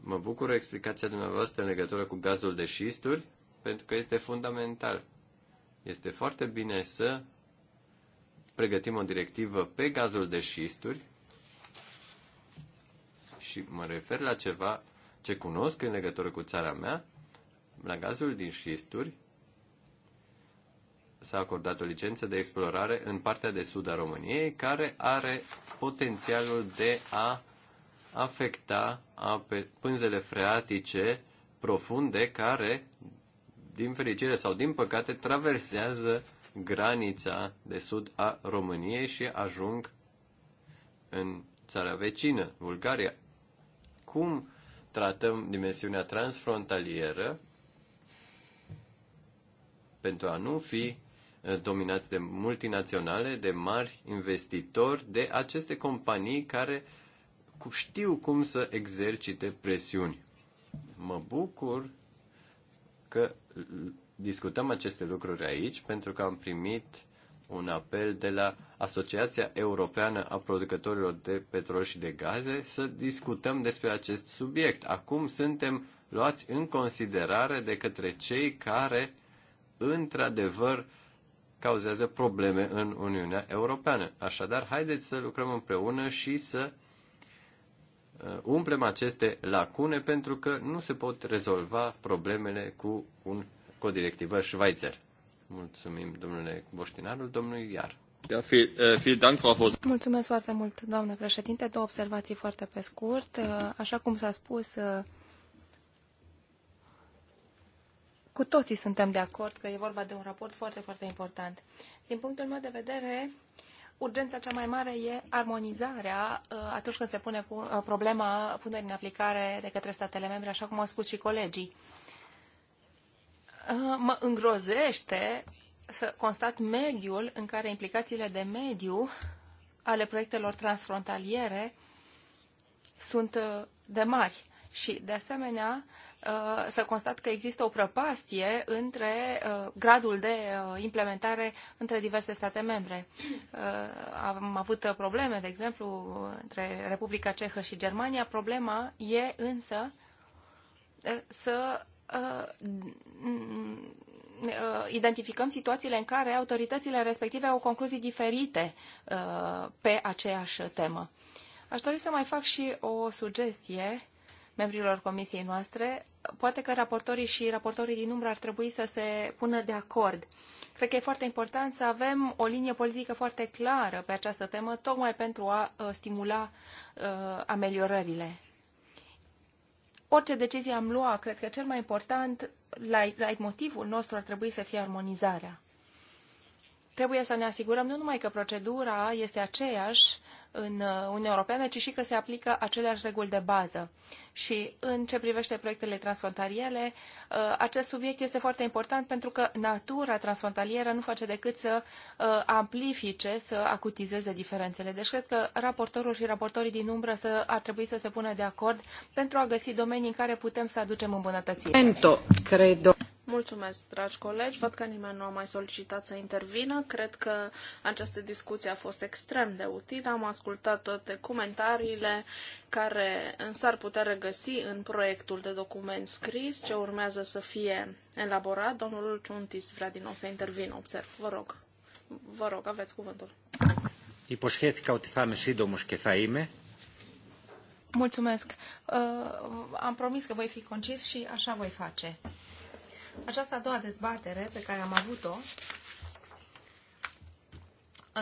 mă bucură explicația dumneavoastră în legătură cu gazul de șisturi, pentru că este fundamental. Este foarte bine să pregătim o directivă pe gazul de șisturi și mă refer la ceva ce cunosc în legătură cu țara mea, la gazul din șisturi s-a acordat o licență de explorare în partea de sud a României, care are potențialul de a afecta ape, pânzele freatice profunde care, din fericire sau din păcate, traversează granița de sud a României și ajung în țara vecină, Bulgaria. Cum tratăm dimensiunea transfrontalieră pentru a nu fi eh, dominați de multinaționale, de mari investitori, de aceste companii care uh, știu cum să exercite presiuni. Mă bucur că discutăm aceste lucruri aici pentru că am primit un apel de la Asociația Europeană a Producătorilor de Petrol și de Gaze să discutăm despre acest subiect. Acum suntem luați în considerare de către cei care, într-adevăr, cauzează probleme în Uniunea Europeană. Așadar, haideți să lucrăm împreună și să Uh, umplem aceste lacune pentru că nu se pot rezolva problemele cu un codirectivă Schweizer. Mulțumim, domnule Boștinaru, domnului Iar. Uh, Mulțumesc foarte mult, doamnă președinte. Două observații foarte pe scurt. Uh, așa cum s-a spus, cu toții suntem de acord că e vorba de un raport foarte, foarte important. Din punctul meu de vedere, urgența cea mai mare e armonizarea uh, atunci când se pune uh, problema punerii în aplicare de către statele membre, așa cum au spus și colegii. Uh, mă îngrozește să constat mediul în care implicațiile de mediu ale proiectelor transfrontaliere sunt de mari și, de asemenea, Uh, să constat că există o prăpastie între uh, gradul de uh, implementare între diverse state membre. Am avut probleme, de exemplu, între Republica Cehă și Germania. Problema e însă să identificăm situațiile în care autoritățile respective au concluzii diferite pe aceeași temă. Aș dori să mai fac și o sugestie membrilor comisiei noastre poate că raportorii și raportorii din umbră ar trebui să se pună de acord. Cred că e foarte important să avem o linie politică foarte clară pe această temă, tocmai pentru a uh, stimula uh, ameliorările. Orice decizie am luat, cred că cel mai important, la, la motivul nostru ar trebui să fie armonizarea. Trebuie să ne asigurăm nu numai că procedura este aceeași, în uh, Uniunea Europeană, ci și că se aplică aceleași reguli de bază. Și în ce privește proiectele transfrontaliere, uh, acest subiect este foarte important pentru că natura transfrontalieră nu face decât să uh, amplifice, să acutizeze diferențele. Deci cred că raportorul și raportorii din umbră să, ar trebui să se pună de acord pentru a găsi domenii în care putem să aducem îmbunătățiri. Cred. Mulțumesc, dragi colegi. Văd că nimeni nu a mai solicitat să intervină. Cred că această discuție a fost extrem de utilă. Am ascultat toate comentariile care s-ar putea regăsi în proiectul de document scris ce urmează să fie elaborat. Domnul Ciuntis vrea din nou să intervină. Observ. Vă rog. Vă rog, aveți cuvântul. Mulțumesc. Uh, am promis că voi fi concis și așa voi face. Această a doua dezbatere pe care am avut-o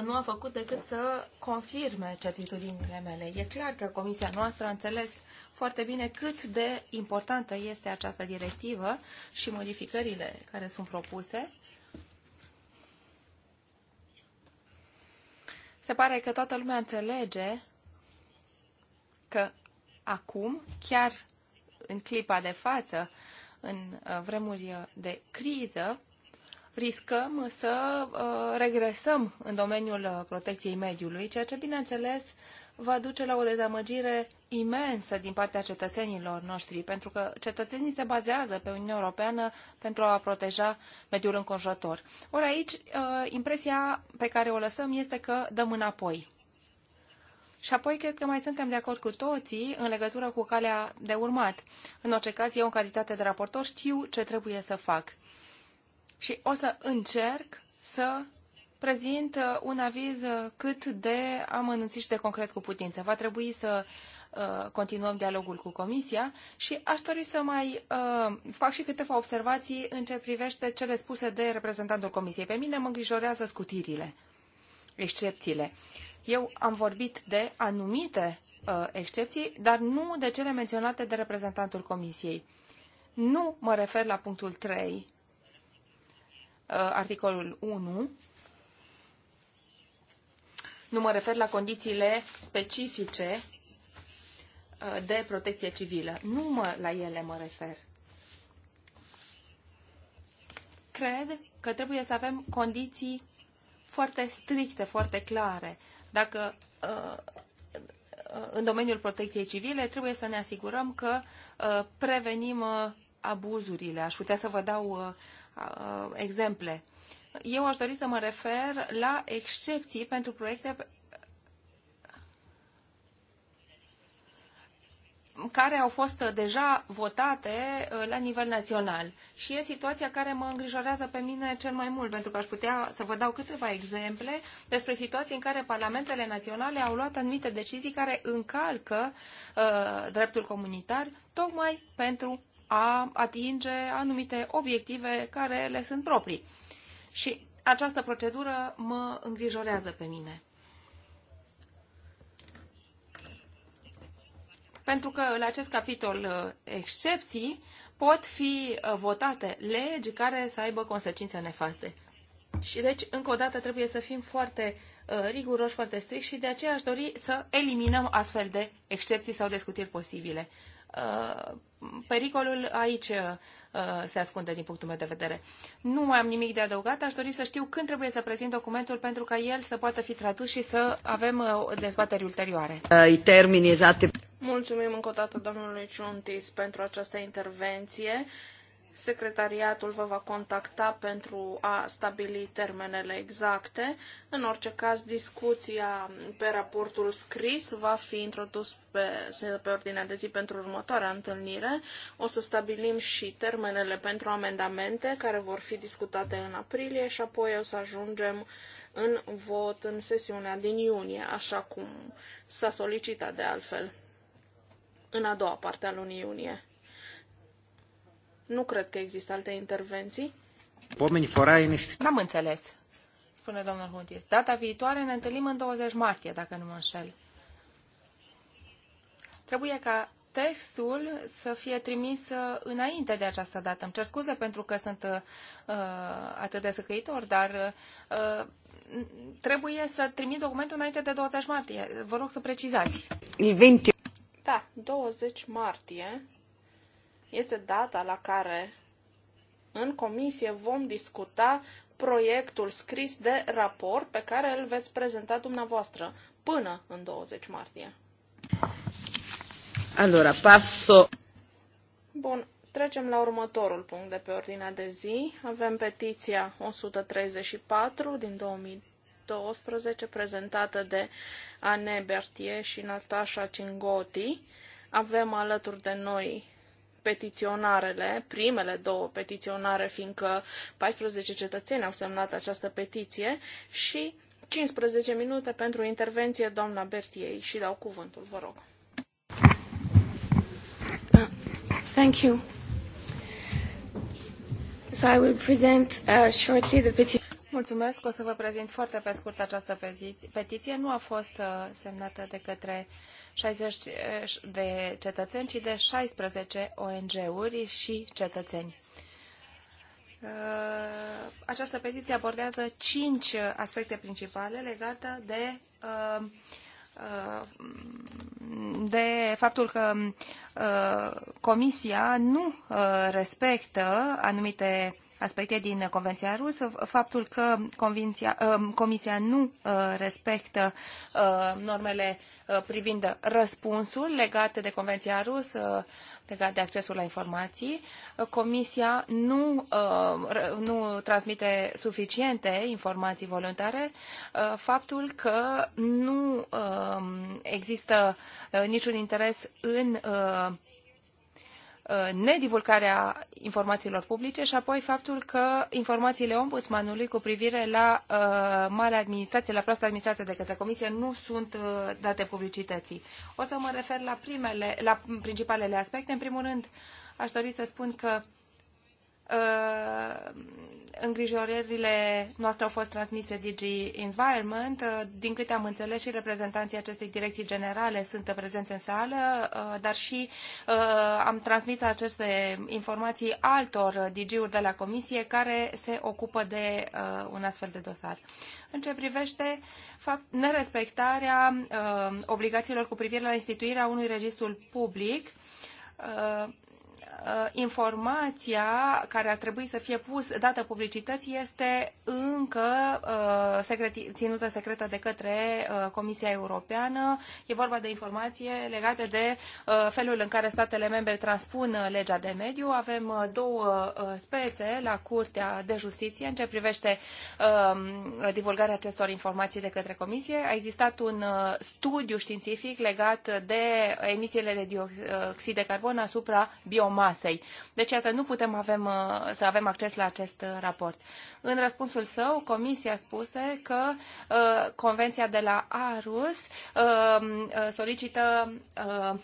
nu a făcut decât să confirme certitudinile mele. E clar că comisia noastră a înțeles foarte bine cât de importantă este această directivă și modificările care sunt propuse. Se pare că toată lumea înțelege că acum, chiar în clipa de față, în uh, vremuri uh, de criză, riscăm să uh, regresăm în domeniul protecției mediului, ceea ce, bineînțeles, va duce la o dezamăgire imensă din partea cetățenilor noștri, pentru că cetățenii se bazează pe Uniunea Europeană pentru a proteja mediul înconjurător. Ori aici, impresia pe care o lăsăm este că dăm înapoi. Și apoi cred că mai suntem de acord cu toții în legătură cu calea de urmat. În orice caz, eu în calitate de raportor știu ce trebuie să fac. Și o să încerc să prezint uh, un aviz uh, cât de amănunțit și de concret cu putință. Va trebui să uh, continuăm dialogul cu Comisia și aș dori să mai uh, fac și câteva observații în ce privește cele spuse de reprezentantul Comisiei. Pe mine mă îngrijorează scutirile, excepțiile. Uh, eu am vorbit de anumite uh, excepții, dar nu de cele menționate de reprezentantul Comisiei. Nu mă refer la punctul 3, uh, articolul 1, nu mă refer la condițiile specifice uh, de protecție civilă. Nu mă, la ele mă refer. Cred că trebuie să avem condiții foarte stricte, foarte clare. Dacă uh, în domeniul protecției civile trebuie să ne asigurăm că uh, prevenim uh, abuzurile. Aș putea să vă dau exemple. Eu aș dori să mă refer la excepții pentru proiecte care au fost deja votate uh, la nivel național. Și e situația care mă îngrijorează pe mine cel mai mult, pentru că aș putea să vă dau câteva exemple despre situații în care parlamentele naționale au luat anumite decizii care încalcă uh, dreptul comunitar, tocmai pentru a atinge anumite obiective care le sunt proprii. Și această procedură mă îngrijorează pe mine. pentru că în acest capitol uh, excepții pot fi uh, votate legi care să aibă consecințe nefaste. Și deci, încă o dată, trebuie să fim foarte uh, riguroși, foarte strict și de aceea aș dori să eliminăm astfel de excepții sau de scutiri posibile. Pericolul aici Uh, se ascunde din punctul meu de vedere. Nu mai am nimic de adăugat, aș dori să știu când trebuie să prezint documentul pentru ca el să poată fi tradus și să avem uh, dezbateri ulterioare. Uh, I termini exact. Mulțumim încă o dată domnului Ciuntis pentru această intervenție. Secretariatul vă va contacta pentru a stabili termenele exacte. În orice caz, discuția pe raportul scris va fi introdus pe, pe ordinea de zi pentru următoarea întâlnire. O să stabilim și termenele pentru amendamente care vor fi discutate în aprilie și apoi o să ajungem în vot în sesiunea din iunie, așa cum s-a solicitat de altfel în a doua parte a lunii iunie. Nu cred că există alte intervenții. N-am înțeles, spune domnul Huntis. Data viitoare ne întâlnim în 20 martie, dacă nu mă înșel. Trebuie ca textul să fie trimis uh, înainte de această dată. Îmi cer scuze pentru că sunt uh, atât de săcăitor, dar uh, trebuie să trimit documentul înainte de 20 martie. Vă rog să precizați. 20. Da, 20 martie este data la care în comisie vom discuta proiectul scris de raport pe care îl veți prezenta dumneavoastră până în 20 martie. Allora, passo. Bun, trecem la următorul punct de pe ordinea de zi. Avem petiția 134 din 2012 prezentată de Anne Bertie și Natasha Cingoti. Avem alături de noi petiționarele, primele două petiționare, fiindcă 14 cetățeni au semnat această petiție și 15 minute pentru intervenție, doamna Bertiei, și dau cuvântul, vă rog. Uh, thank you. So I will present uh, shortly the petition mulțumesc. O să vă prezint foarte pe scurt această petiție. Nu a fost uh, semnată de către 60 eh, de cetățeni, ci de 16 ONG-uri și cetățeni. Uh, această petiție abordează cinci aspecte principale legate de uh, de faptul că Comisia nu respectă anumite aspecte din Convenția Rusă, faptul că uh, Comisia nu uh, respectă uh, normele privind răspunsul legat de Convenția Rusă, legat de accesul la informații. Comisia nu, nu transmite suficiente informații voluntare, faptul că nu există niciun interes în Uh, nedivulcarea informațiilor publice și apoi faptul că informațiile ombudsmanului cu privire la uh, mare administrație, la proastă administrație de către comisie nu sunt uh, date publicității. O să mă refer la, primele, la principalele aspecte. În primul rând, aș dori să spun că îngrijorările noastre au fost transmise DG Environment. Uh, din câte am înțeles și reprezentanții acestei direcții generale sunt prezenți în sală, uh, dar și uh, am transmis aceste informații altor DG-uri de la Comisie care se ocupă de un astfel de dosar în ce privește nerespectarea obligațiilor cu privire la instituirea unui registru public. Uh, informația care ar trebui să fie pus dată publicității este încă uh, secreti, ținută secretă de către uh, Comisia Europeană. E vorba de informație legate de felul în care statele membre transpun legea de mediu. Avem două spețe la Curtea de Justiție în ce privește um, divulgarea acestor informații de către Comisie. A existat un studiu științific legat de emisiile de dioxid de carbon asupra biomasei masei. Deci, iată, nu putem avem, uh, să avem acces la acest uh, raport. În răspunsul său, Comisia spuse că uh, Convenția de la Arus uh, uh solicită uh,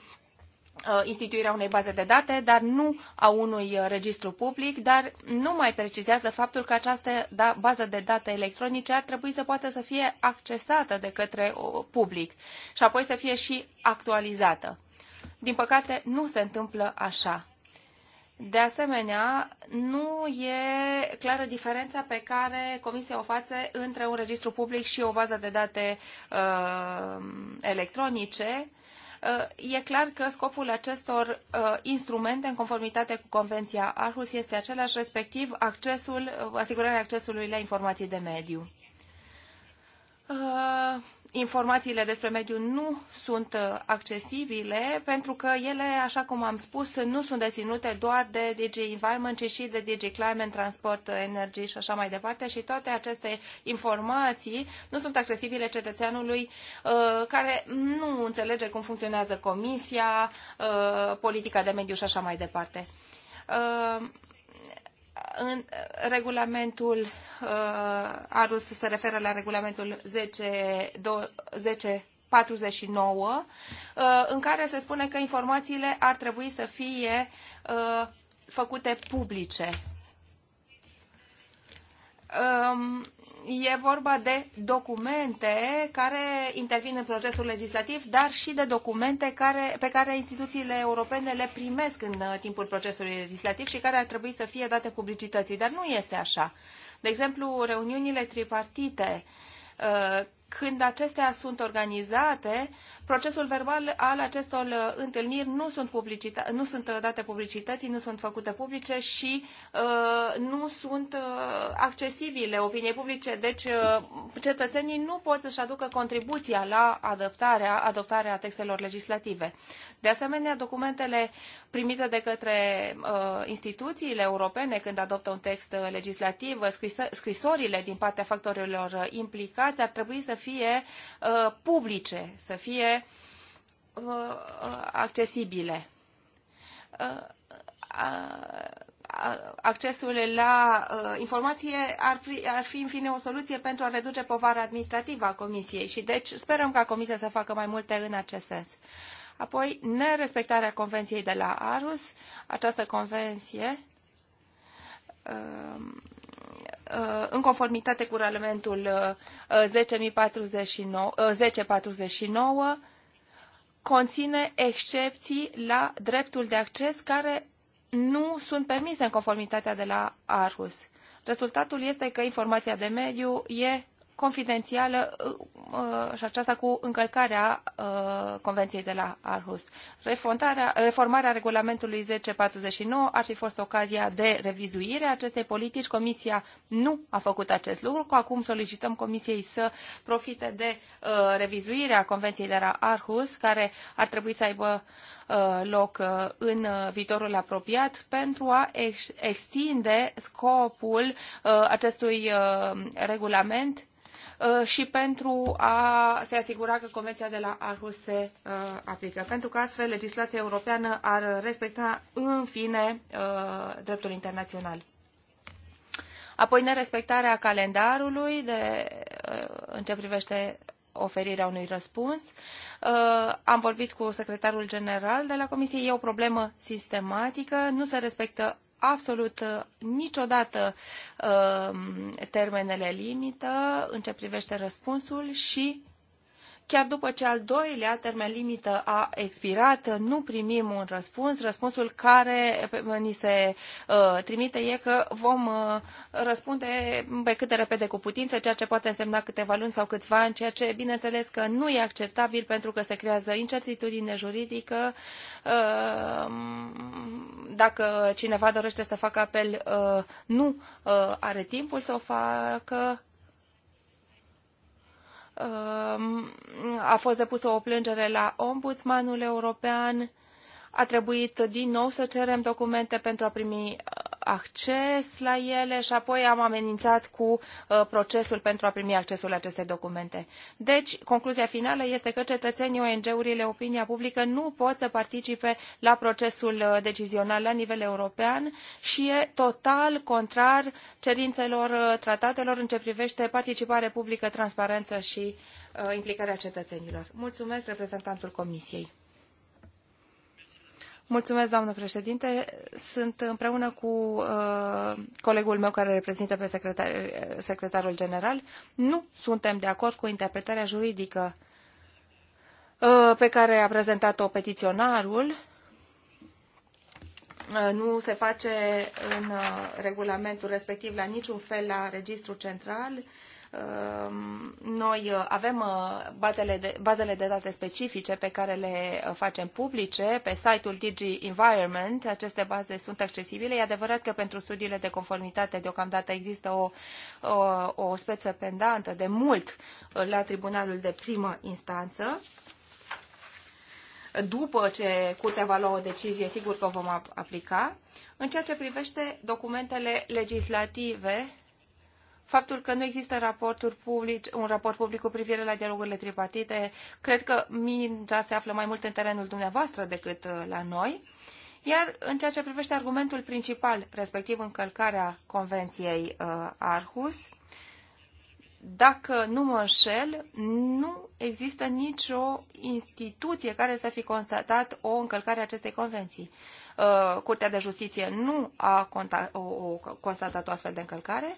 instituirea unei baze de date, dar nu a unui registru public, dar nu mai precizează faptul că această da, bază de date electronice ar trebui să poată să fie accesată de către public și apoi să fie și actualizată. Din păcate, nu se întâmplă așa. De asemenea, nu e clară diferența pe care Comisia o face între un registru public și o bază de date uh, electronice. Uh, e clar că scopul acestor uh, instrumente, în conformitate cu Convenția Arhus, este același, respectiv accesul, uh, asigurarea accesului la informații de mediu. Uh, informațiile despre mediu nu sunt uh, accesibile pentru că ele, așa cum am spus, nu sunt deținute doar de DG Environment, ci și de DG Climate, Transport, Energy și așa mai departe și toate aceste informații nu sunt accesibile cetățeanului uh, care nu înțelege cum funcționează comisia, uh, politica de mediu și așa mai departe în regulamentul uh, ARUS se referă la regulamentul 10, 10 49, în care se spune că informațiile ar trebui să fie uh, făcute publice. Um, e vorba de documente care intervin în procesul legislativ, dar și de documente care, pe care instituțiile europene le primesc în uh, timpul procesului legislativ și care ar trebui să fie date publicității. Dar nu este așa. De exemplu, reuniunile tripartite, uh, când acestea sunt organizate, Procesul verbal al acestor uh, întâlniri nu sunt, publicita- nu sunt uh, date publicității, nu sunt făcute publice și uh, nu sunt uh, accesibile opiniei publice, deci uh, cetățenii nu pot să-și aducă contribuția la adoptarea, adoptarea textelor legislative. De asemenea, documentele primite de către uh, instituțiile europene când adoptă un text uh, legislativ, scrisorile din partea factorilor implicați ar trebui să fie uh, publice, să fie Uh, uh, accesibile uh, accesul la uh, informație ar, pri, ar fi, în fine, o soluție pentru a reduce povara administrativă a Comisiei și, deci, sperăm ca Comisia să facă mai multe în acest sens. Apoi, nerespectarea Convenției de la Arus, această convenție uh, Uh, în conformitate cu regulamentul 1049, uh, uh, conține excepții la dreptul de acces care nu sunt permise în conformitatea de la Arhus. Rezultatul este că informația de mediu e confidențială uh, uh, și aceasta cu încălcarea uh, Convenției de la Arhus. Reformarea regulamentului 1049 ar fi fost ocazia de revizuire a acestei politici. Comisia nu a făcut acest lucru. Acum solicităm Comisiei să profite de revizuirea Convenției de la Arhus, care ar trebui să aibă loc în viitorul apropiat pentru a extinde scopul acestui regulament Uh, și pentru a se asigura că Convenția de la Arhus se uh, aplică. Pentru că astfel legislația europeană ar respecta în fine uh, dreptul internațional. Apoi nerespectarea calendarului de, în ce privește oferirea unui răspuns. Am vorbit cu secretarul general de la Comisie. E o problemă sistematică. Nu se respectă absolut uh, niciodată uh, termenele limită în ce privește răspunsul și Chiar după ce al doilea termen limită a expirat, nu primim un răspuns. Răspunsul care ni se uh, trimite e că vom uh, răspunde pe cât de repede cu putință, ceea ce poate însemna câteva luni sau câțiva ani, ceea ce bineînțeles că nu e acceptabil pentru că se creează incertitudine juridică. Uh, dacă cineva dorește să facă apel, uh, nu uh, are timpul să o facă Um, a fost depusă o plângere la Ombudsmanul European, a trebuit din nou să cerem documente pentru a primi uh, acces la ele și apoi am amenințat cu uh, procesul pentru a primi accesul la aceste documente. Deci, concluzia finală este că cetățenii, ONG-urile, opinia publică nu pot să participe la procesul uh, decizional la nivel european și e total contrar cerințelor uh, tratatelor în ce privește participare publică, transparență și implicarea cetățenilor. Mulțumesc reprezentantul Comisiei. Mulțumesc, doamnă președinte. Sunt împreună cu uh, colegul meu care reprezintă pe secretar, secretarul general. Nu suntem de acord cu interpretarea juridică uh, pe care a prezentat-o petiționarul. Uh, nu se face în uh, regulamentul respectiv la niciun fel la registru central Ehm, noi uh, avem uh, bazele de, bazele de date specifice pe care le uh, facem publice pe site-ul Digi Environment. Aceste baze sunt accesibile. E adevărat că pentru studiile de conformitate deocamdată există o, o, o speță pendantă de mult la Tribunalul de Primă Instanță după ce curtea va lua o decizie, sigur că o vom aplica. În ceea ce privește documentele legislative, faptul că nu există raporturi publici, un raport public cu privire la dialogurile tripartite, cred că mingea se află mai mult în terenul dumneavoastră decât uh, la noi. Iar în ceea ce privește argumentul principal, respectiv încălcarea Convenției uh, Arhus, dacă nu mă înșel, nu există nicio instituție care să fi constatat o încălcare a acestei convenții. Uh, Curtea de Justiție nu a constatat o astfel de încălcare.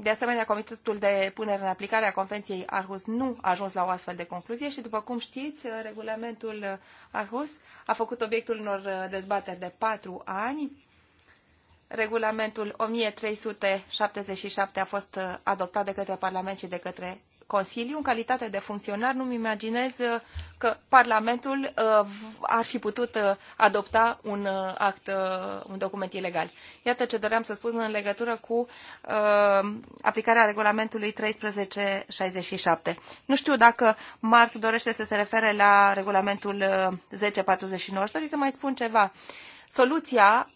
De asemenea, Comitetul de punere în aplicare a Convenției Arhus nu a ajuns la o astfel de concluzie și, după cum știți, regulamentul Arhus a făcut obiectul unor dezbateri de patru ani. Regulamentul 1377 a fost adoptat de către Parlament și de către Consiliu, în calitate de funcționar, nu-mi imaginez uh, că Parlamentul uh, ar fi putut uh, adopta un act, un document ilegal. Iată ce doream să spun în legătură cu aplicarea regulamentului 1367. Nu știu dacă Marc dorește să se refere la regulamentul 1049. Aș dori să mai spun ceva. Soluția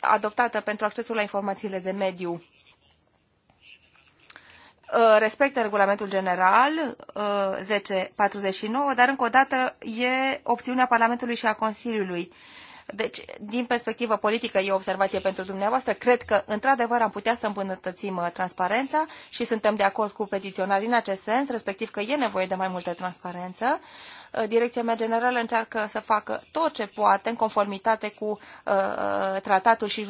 adoptată pentru accesul la informațiile de mediu Uh, respectă regulamentul general 1049, uh, dar încă o dată e opțiunea Parlamentului și a Consiliului. Deci, din perspectivă politică, e o observație pentru dumneavoastră. Cred că, într-adevăr, am putea să îmbunătățim uh, transparența și suntem de acord cu petiționarii în acest sens, respectiv că e nevoie de mai multă transparență. Direcția mea generală încearcă să facă tot ce poate în conformitate cu uh, tratatul și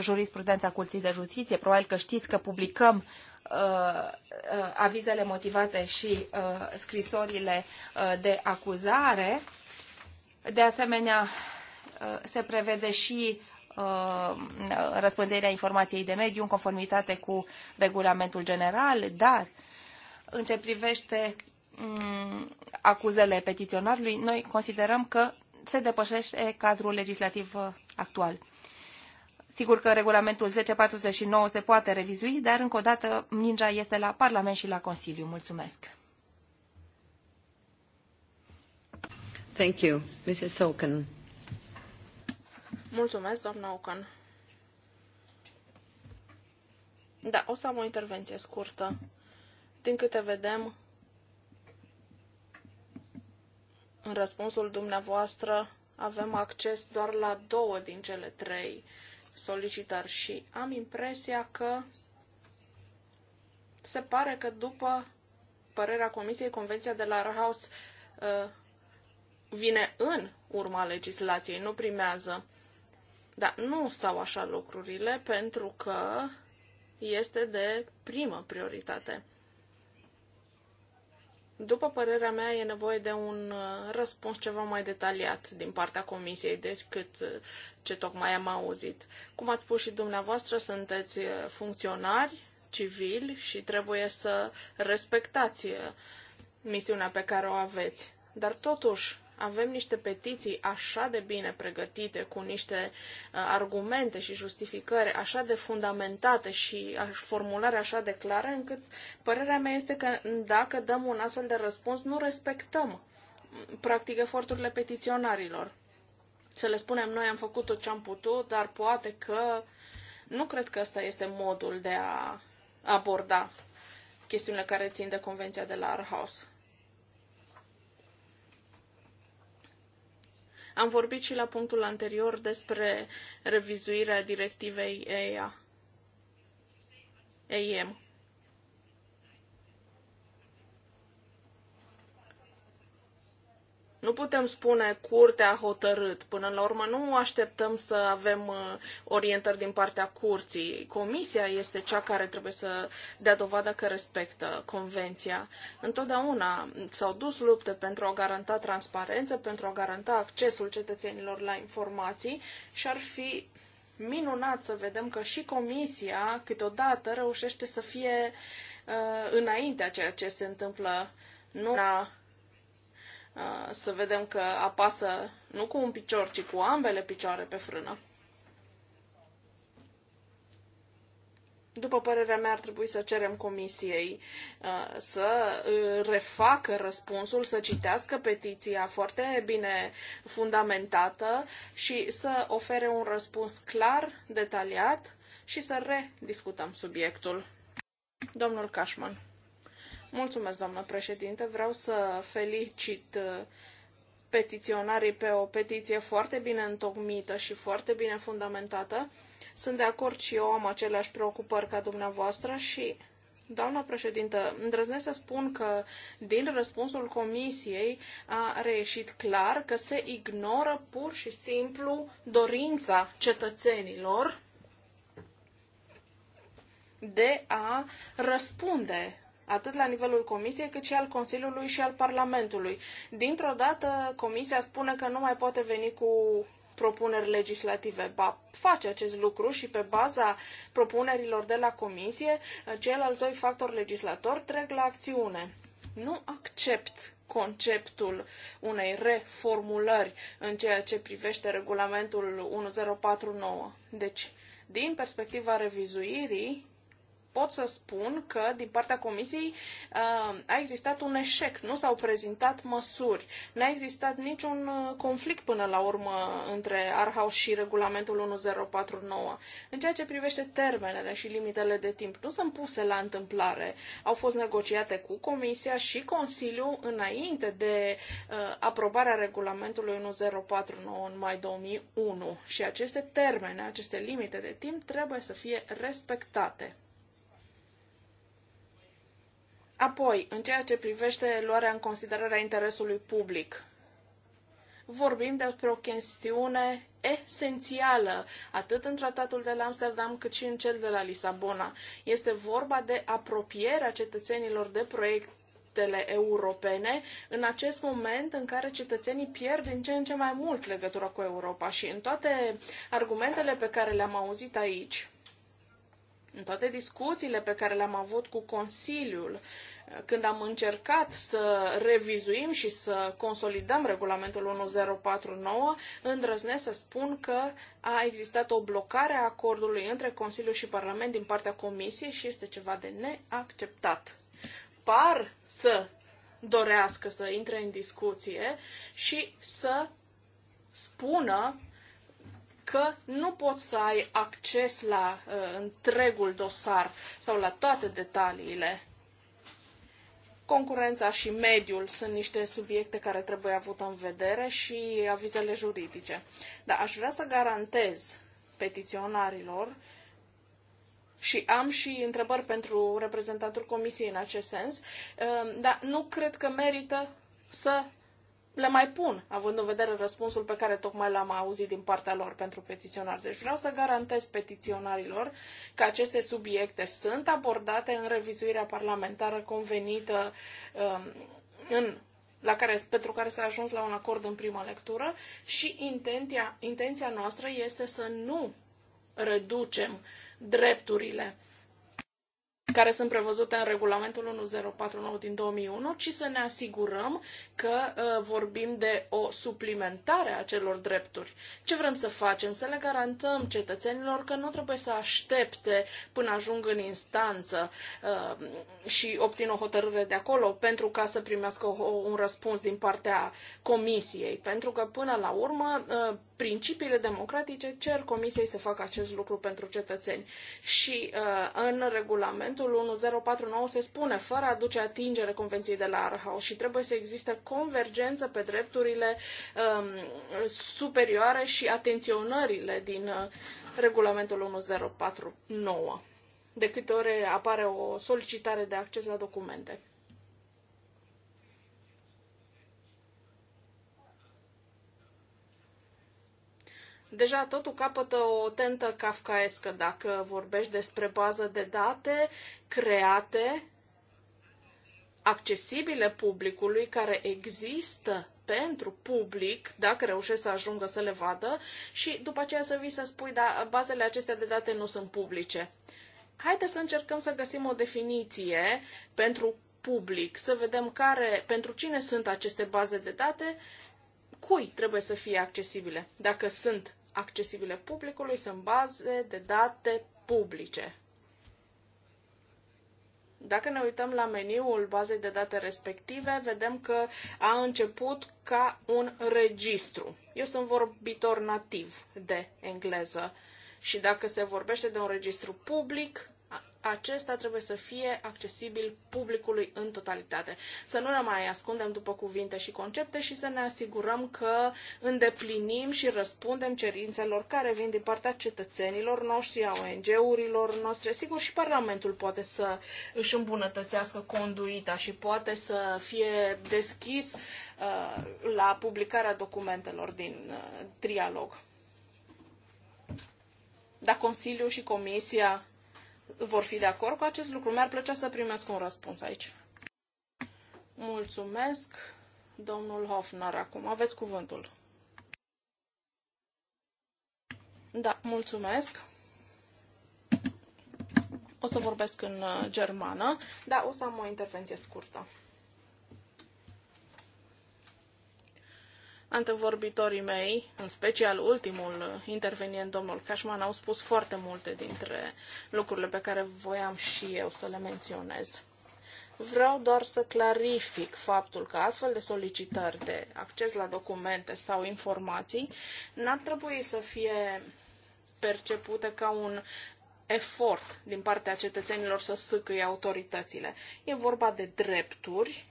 jurisprudența Curții de Justiție. Probabil că știți că publicăm Uh, uh, avizele motivate și uh, scrisorile de acuzare. De asemenea, se prevede și răspunderea informației de mediu în conformitate cu regulamentul general, dar în ce privește mm, acuzele petiționarului, noi considerăm că se depășește cadrul legislativ actual. Sigur că regulamentul 1049 se poate revizui, dar încă o dată mingea este la Parlament și la Consiliu. Mulțumesc. Thank you, Mrs. Mulțumesc, doamna Oaken. Da, o să am o intervenție scurtă. Din câte vedem, în răspunsul dumneavoastră avem acces doar la două din cele trei uh, solicitări și am impresia că se pare că după părerea Comisiei, Convenția de la Rahaus uh, vine în urma legislației, nu primează. Dar nu stau așa lucrurile pentru că este de primă prioritate. După părerea mea, e nevoie de un uh, răspuns ceva mai detaliat din partea comisiei decât uh, ce tocmai am auzit. Cum ați spus și dumneavoastră, sunteți uh, funcționari civili și trebuie să respectați misiunea pe care o aveți. Dar totuși, avem niște petiții așa de bine pregătite, cu niște uh, argumente și justificări așa de fundamentate și uh, formulare așa de clară, încât părerea mea este că dacă dăm un astfel de răspuns, nu respectăm mm, practic eforturile petiționarilor. Să le spunem, noi am făcut tot ce am putut, dar poate că nu cred că ăsta este modul de a aborda chestiunile care țin de Convenția de la Arhaus. Am vorbit și la punctul anterior despre revizuirea directivei EIA. EIM. Nu putem spune curtea a hotărât. Până la urmă nu așteptăm să avem uh, orientări din partea curții. Comisia este cea care trebuie să dea dovadă că respectă convenția. Întotdeauna s-au dus lupte pentru a garanta transparență, pentru a garanta accesul cetățenilor la informații și ar fi minunat să vedem că și comisia câteodată reușește să fie uh, înaintea ceea ce se întâmplă nu la Ah, să vedem că apasă nu cu un picior, ci cu ambele picioare pe frână. După părerea mea, ar trebui să cerem comisiei ah, să eh, refacă răspunsul, să citească petiția foarte bine fundamentată și să ofere un răspuns clar, detaliat și să rediscutăm subiectul. Domnul Cashman. Mulțumesc, doamnă președinte. Vreau să felicit uh, petiționarii pe o petiție foarte bine întocmită și foarte bine fundamentată. Sunt de acord și eu am aceleași preocupări ca dumneavoastră și doamnă președintă, îndrăznesc să spun că din răspunsul comisiei a reieșit clar că se ignoră pur și simplu dorința cetățenilor de a răspunde atât la nivelul Comisiei, cât și al Consiliului și al Parlamentului. Dintr-o dată, Comisia spune că nu mai poate veni cu propuneri legislative. Ba, face acest lucru și pe baza propunerilor de la Comisie, ceilalți doi factori legislatori trec la acțiune. Nu accept conceptul unei reformulări în ceea ce privește regulamentul 1049. Deci, din perspectiva revizuirii, pot să spun că din partea Comisiei uh, a existat un eșec, nu s-au prezentat măsuri, n-a existat niciun uh, conflict până la urmă între Arhaus și regulamentul 1049. În ceea ce privește termenele și limitele de timp, nu sunt puse la întâmplare, au fost negociate cu Comisia și Consiliul înainte de uh, aprobarea regulamentului 1049 în mai 2001 și aceste termene, aceste limite de timp trebuie să fie respectate. Apoi, în ceea ce privește luarea în considerare a interesului public, vorbim despre o chestiune esențială, atât în tratatul de la Amsterdam cât și în cel de la Lisabona. Este vorba de apropierea cetățenilor de proiectele europene în acest moment în care cetățenii pierd din ce în ce mai mult legătura cu Europa și în toate argumentele pe care le-am auzit aici în toate discuțiile pe care le-am avut cu Consiliul, când am încercat să revizuim și să consolidăm regulamentul 1049, îndrăznesc să spun că a existat o blocare a acordului între Consiliu și Parlament din partea Comisiei și este ceva de neacceptat. Par să dorească să intre în discuție și să spună că nu poți să ai acces la uh, întregul dosar sau la toate detaliile. Concurența și mediul sunt niște subiecte care trebuie avut în vedere și avizele juridice. Dar aș vrea să garantez petiționarilor și am și întrebări pentru reprezentantul Comisiei în acest sens, uh, dar nu cred că merită să le mai pun, având în vedere răspunsul pe care tocmai l-am auzit din partea lor pentru petiționari. Deci vreau să garantez petiționarilor că aceste subiecte sunt abordate în revizuirea parlamentară convenită um, în la care, pentru care s-a ajuns la un acord în prima lectură și intenția, intenția noastră este să nu reducem drepturile care sunt prevăzute în regulamentul 1049 din 2001, ci să ne asigurăm că uh, vorbim de o suplimentare a celor drepturi. Ce vrem să facem? Să le garantăm cetățenilor că nu trebuie să aștepte până ajung în instanță uh, și obțin o hotărâre de acolo pentru ca să primească o, un răspuns din partea comisiei. Pentru că, până la urmă, uh, principiile democratice cer comisiei să facă acest lucru pentru cetățeni. Și uh, în regulamentul amendamentul 1049 se spune, fără a aduce atingere Convenției de la Aarhus și trebuie să existe convergență pe drepturile um, superioare și atenționările din uh, regulamentul 1049 de câte ori apare o solicitare de acces la documente. deja totul capătă o tentă kafkaescă dacă vorbești despre bază de date create, accesibile publicului, care există pentru public, dacă reușești să ajungă să le vadă, și după aceea să vii să spui, da, bazele acestea de date nu sunt publice. Haideți să încercăm să găsim o definiție pentru public, să vedem care, pentru cine sunt aceste baze de date, cui trebuie să fie accesibile. Dacă sunt accesibile publicului sunt baze de date publice. Dacă ne uităm la meniul bazei de date respective, vedem că a început ca un registru. Eu sunt vorbitor nativ de engleză și dacă se vorbește de un registru public, acesta trebuie să fie accesibil publicului în totalitate. Să nu ne mai ascundem după cuvinte și concepte și să ne asigurăm că îndeplinim și răspundem cerințelor care vin din partea cetățenilor noștri, a ONG-urilor noastre. Sigur, și Parlamentul poate să își îmbunătățească conduita și poate să fie deschis uh, la publicarea documentelor din uh, trialog. Dar Consiliul și Comisia vor fi de acord cu acest lucru. Mi-ar plăcea să primesc un răspuns aici. Mulțumesc, domnul Hofnar Acum aveți cuvântul. Da, mulțumesc. O să vorbesc în uh, germană, dar o să am o intervenție scurtă. Antevorbitorii mei, în special ultimul intervenient, domnul Cașman, au spus foarte multe dintre lucrurile pe care voiam și eu să le menționez. Vreau doar să clarific faptul că astfel de solicitări de acces la documente sau informații n-ar trebui să fie percepute ca un efort din partea cetățenilor să sâcâie autoritățile. E vorba de drepturi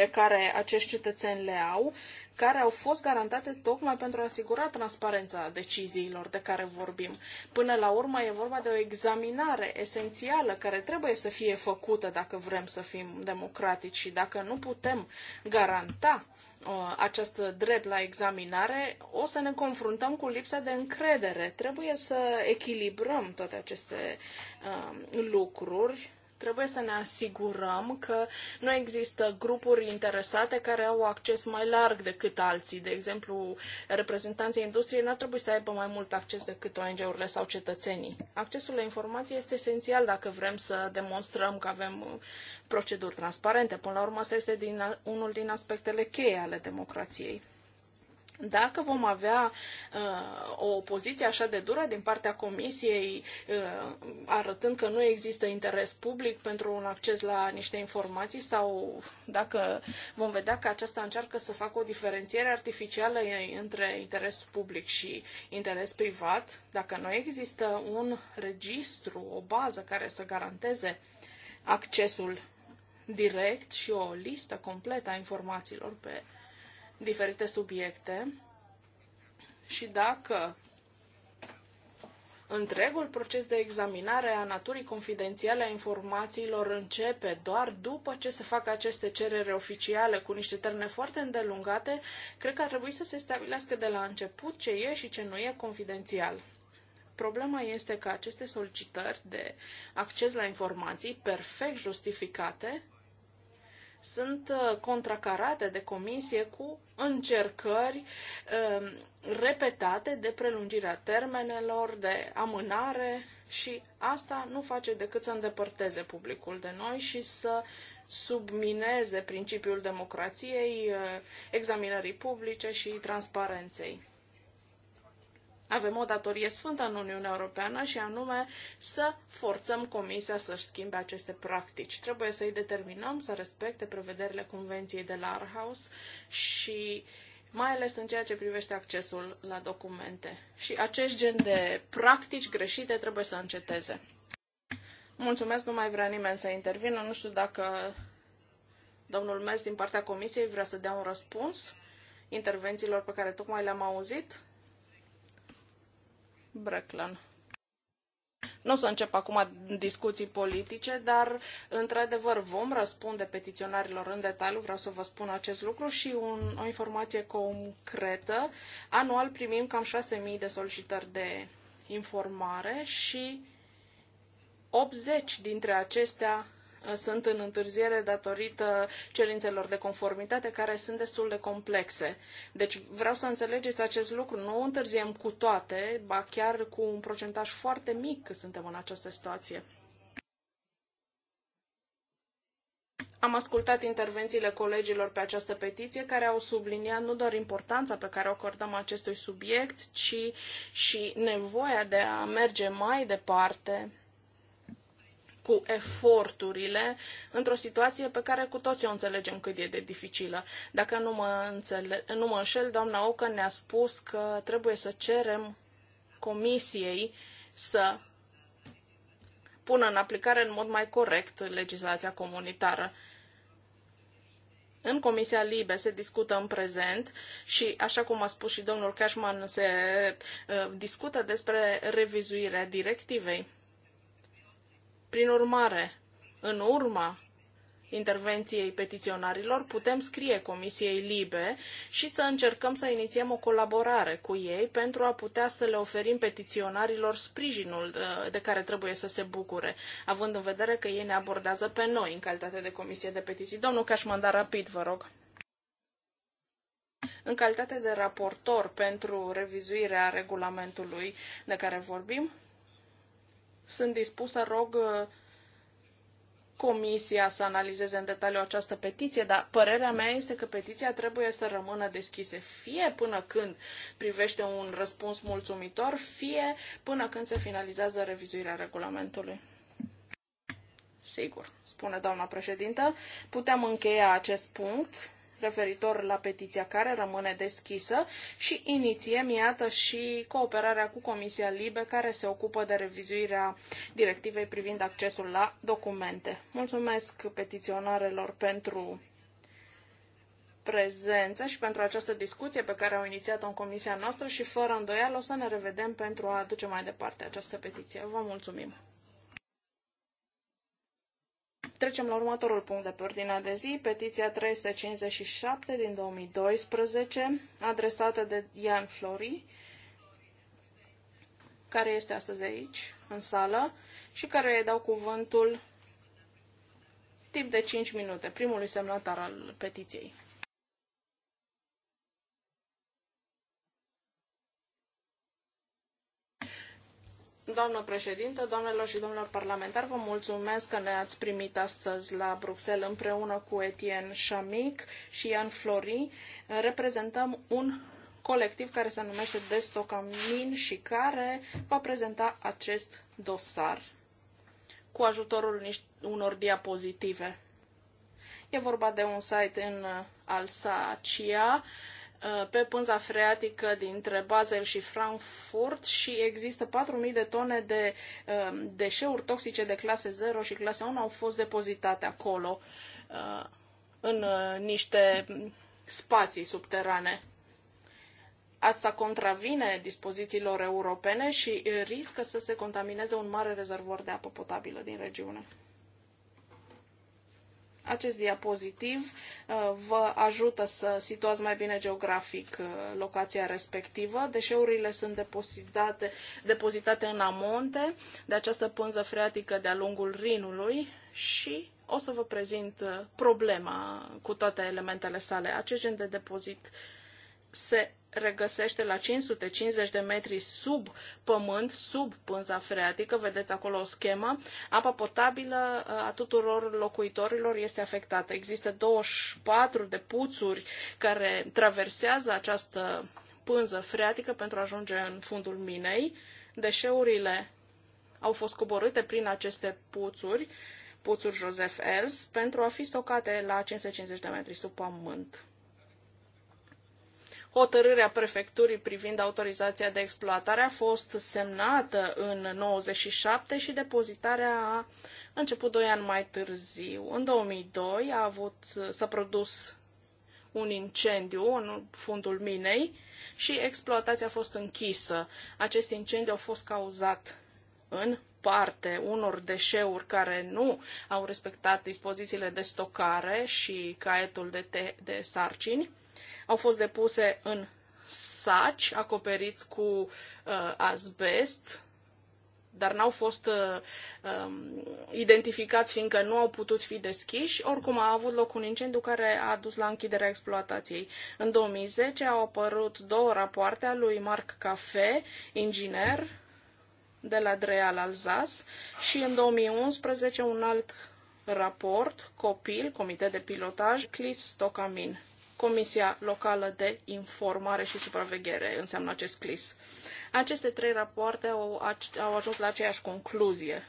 pe care acești cetățeni le au, care au fost garantate tocmai pentru a asigura transparența deciziilor de care vorbim. Până la urmă e vorba de o examinare esențială care trebuie să fie făcută dacă vrem să fim democratici și dacă nu putem garanta uh, această drept la examinare, o să ne confruntăm cu lipsa de încredere. Trebuie să echilibrăm toate aceste uh, lucruri Trebuie să ne asigurăm că nu există grupuri interesate care au acces mai larg decât alții. De exemplu, reprezentanții industriei nu ar trebui să aibă mai mult acces decât ONG-urile sau cetățenii. Accesul la informații este esențial dacă vrem să demonstrăm că avem uh, proceduri transparente. Până la urmă, asta este din, unul din aspectele cheie ale democrației. Dacă vom avea uh, o opoziție așa de dură din partea Comisiei, uh, arătând că nu există interes public pentru un acces la niște informații, sau dacă vom vedea că aceasta încearcă să facă o diferențiere artificială între interes public și interes privat, dacă nu există un registru, o bază care să garanteze accesul direct și o listă completă a informațiilor pe diferite subiecte și dacă întregul proces de examinare a naturii confidențiale a informațiilor începe doar după ce se fac aceste cereri oficiale cu niște termene foarte îndelungate, cred că ar trebui să se stabilească de la început ce e și ce nu e confidențial. Problema este că aceste solicitări de acces la informații perfect justificate sunt uh, contracarate de comisie cu încercări um, repetate de prelungirea termenelor, de amânare și asta nu face decât să îndepărteze publicul de noi și să submineze principiul democrației, uh, examinării publice și transparenței. Avem o datorie sfântă în Uniunea Europeană și anume să forțăm Comisia să-și schimbe aceste practici. Trebuie să-i determinăm să respecte prevederile Convenției de la Arhaus și mai ales în ceea ce privește accesul la documente. Și acest gen de practici greșite trebuie să înceteze. Mulțumesc, nu mai vrea nimeni să intervină. Nu știu dacă domnul Mers din partea Comisiei vrea să dea un răspuns intervențiilor pe care tocmai le-am auzit. Breclan. Nu o să încep acum discuții politice, dar, într-adevăr, vom răspunde petiționarilor în detaliu, vreau să vă spun acest lucru și un, o informație concretă. Anual primim cam 6.000 de solicitări de informare și 80 dintre acestea sunt în întârziere datorită cerințelor de conformitate care sunt destul de complexe. Deci vreau să înțelegeți acest lucru. Nu întârziem cu toate, ba chiar cu un procentaj foarte mic că suntem în această situație. Am ascultat intervențiile colegilor pe această petiție care au subliniat nu doar importanța pe care o acordăm acestui subiect, ci și nevoia de a merge mai departe cu eforturile într-o situație pe care cu toții o înțelegem cât e de dificilă. Dacă nu mă, înțele- nu mă înșel, doamna Ocă ne-a spus că trebuie să cerem comisiei să pună în aplicare în mod mai corect legislația comunitară în Comisia Libe se discută în prezent și, așa cum a spus și domnul Cashman, se uh, discută despre revizuirea directivei. Prin urmare, în urma intervenției petiționarilor, putem scrie Comisiei Libe și să încercăm să inițiem o colaborare cu ei pentru a putea să le oferim petiționarilor sprijinul uh, de care trebuie să se bucure, având în vedere că ei ne abordează pe noi în calitate de Comisie de Petiții. Domnul Cașmandar, rapid, vă rog. În calitate de raportor pentru revizuirea regulamentului de care vorbim, sunt dispus să rog uh, comisia să analizeze în detaliu această petiție, dar părerea mea este că petiția trebuie să rămână deschise fie până când privește un răspuns mulțumitor, fie până când se finalizează revizuirea regulamentului. Sigur, spune doamna președintă, putem încheia acest punct referitor la petiția care rămâne deschisă și inițiem, iată, și cooperarea cu Comisia Libe care se ocupă de revizuirea directivei privind accesul la documente. Mulțumesc petiționarelor pentru prezență și pentru această discuție pe care au inițiat-o în comisia noastră și fără îndoială o să ne revedem pentru a aduce mai departe această petiție. Vă mulțumim! Trecem la următorul punct de pe ordinea de zi, petiția 357 din 2012, adresată de Ian Flori, care este astăzi aici, în sală, și care îi dau cuvântul timp de 5 minute primului semnatar al petiției. Doamnă președintă, doamnelor și domnilor parlamentari, vă mulțumesc că ne-ați primit astăzi la Bruxelles împreună cu Etienne Chamic și Ian Flori. Reprezentăm un colectiv care se numește Destocamin și care va prezenta acest dosar cu ajutorul unor diapozitive. E vorba de un site în Alsacia, Uh, pe pânza freatică dintre Basel și Frankfurt și există 4.000 de tone de uh, deșeuri toxice de clase 0 și clase 1 au fost depozitate acolo uh, în niște spații subterane. Asta contravine dispozițiilor europene și riscă să se contamineze un mare rezervor de apă potabilă din regiune. Acest diapozitiv uh, vă ajută să situați mai bine geografic uh, locația respectivă. Deșeurile sunt depozitate, depozitate în amonte de această pânză freatică de-a lungul Rinului și o să vă prezint uh, problema cu toate elementele sale. Acest gen de depozit se regăsește la 550 de metri sub pământ, sub pânza freatică, vedeți acolo o schemă, apa potabilă uh, a tuturor locuitorilor este afectată. Există 24 de puțuri care traversează această pânză freatică pentru a ajunge în fundul minei. Deșeurile au fost coborâte prin aceste puțuri, puțuri Joseph Els, pentru a fi stocate la 550 de metri sub pământ. Hotărârea prefecturii privind autorizația de exploatare a fost semnată în 97 și depozitarea a început doi ani mai târziu. În 2002 a avut, s-a produs un incendiu în fundul minei și exploatația a fost închisă. Acest incendiu a fost cauzat în parte unor deșeuri care nu au respectat dispozițiile de stocare și caietul de, te- de sarcini. Au fost depuse în saci acoperiți cu uh, azbest, dar n-au fost uh, um, identificați fiindcă nu au putut fi deschiși. Oricum a avut loc un incendiu care a dus la închiderea exploatației. În 2010 au apărut două rapoarte a lui Marc Cafe, inginer, de la Dreal Alsace și în 2011 un alt raport, COPIL, Comitet de Pilotaj, Clis Stocamin, Comisia Locală de Informare și Supraveghere, înseamnă acest CLIS. Aceste trei rapoarte au, au ajuns la aceeași concluzie.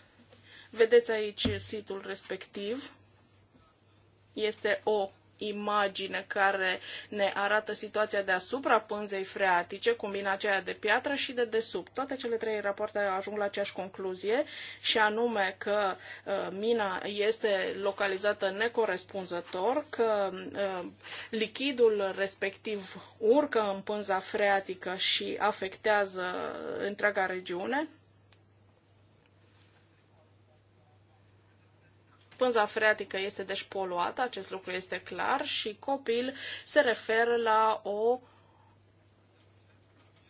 Vedeți aici situl respectiv. Este o imagine care ne arată situația deasupra pânzei freatice, combina aceea de piatră și de desubt. Toate cele trei rapoarte ajung la aceeași concluzie și anume că uh, mina este localizată necorespunzător, că uh, lichidul respectiv urcă în pânza freatică și afectează întreaga regiune Pânza freatică este deci poluată, acest lucru este clar, și copil se referă la o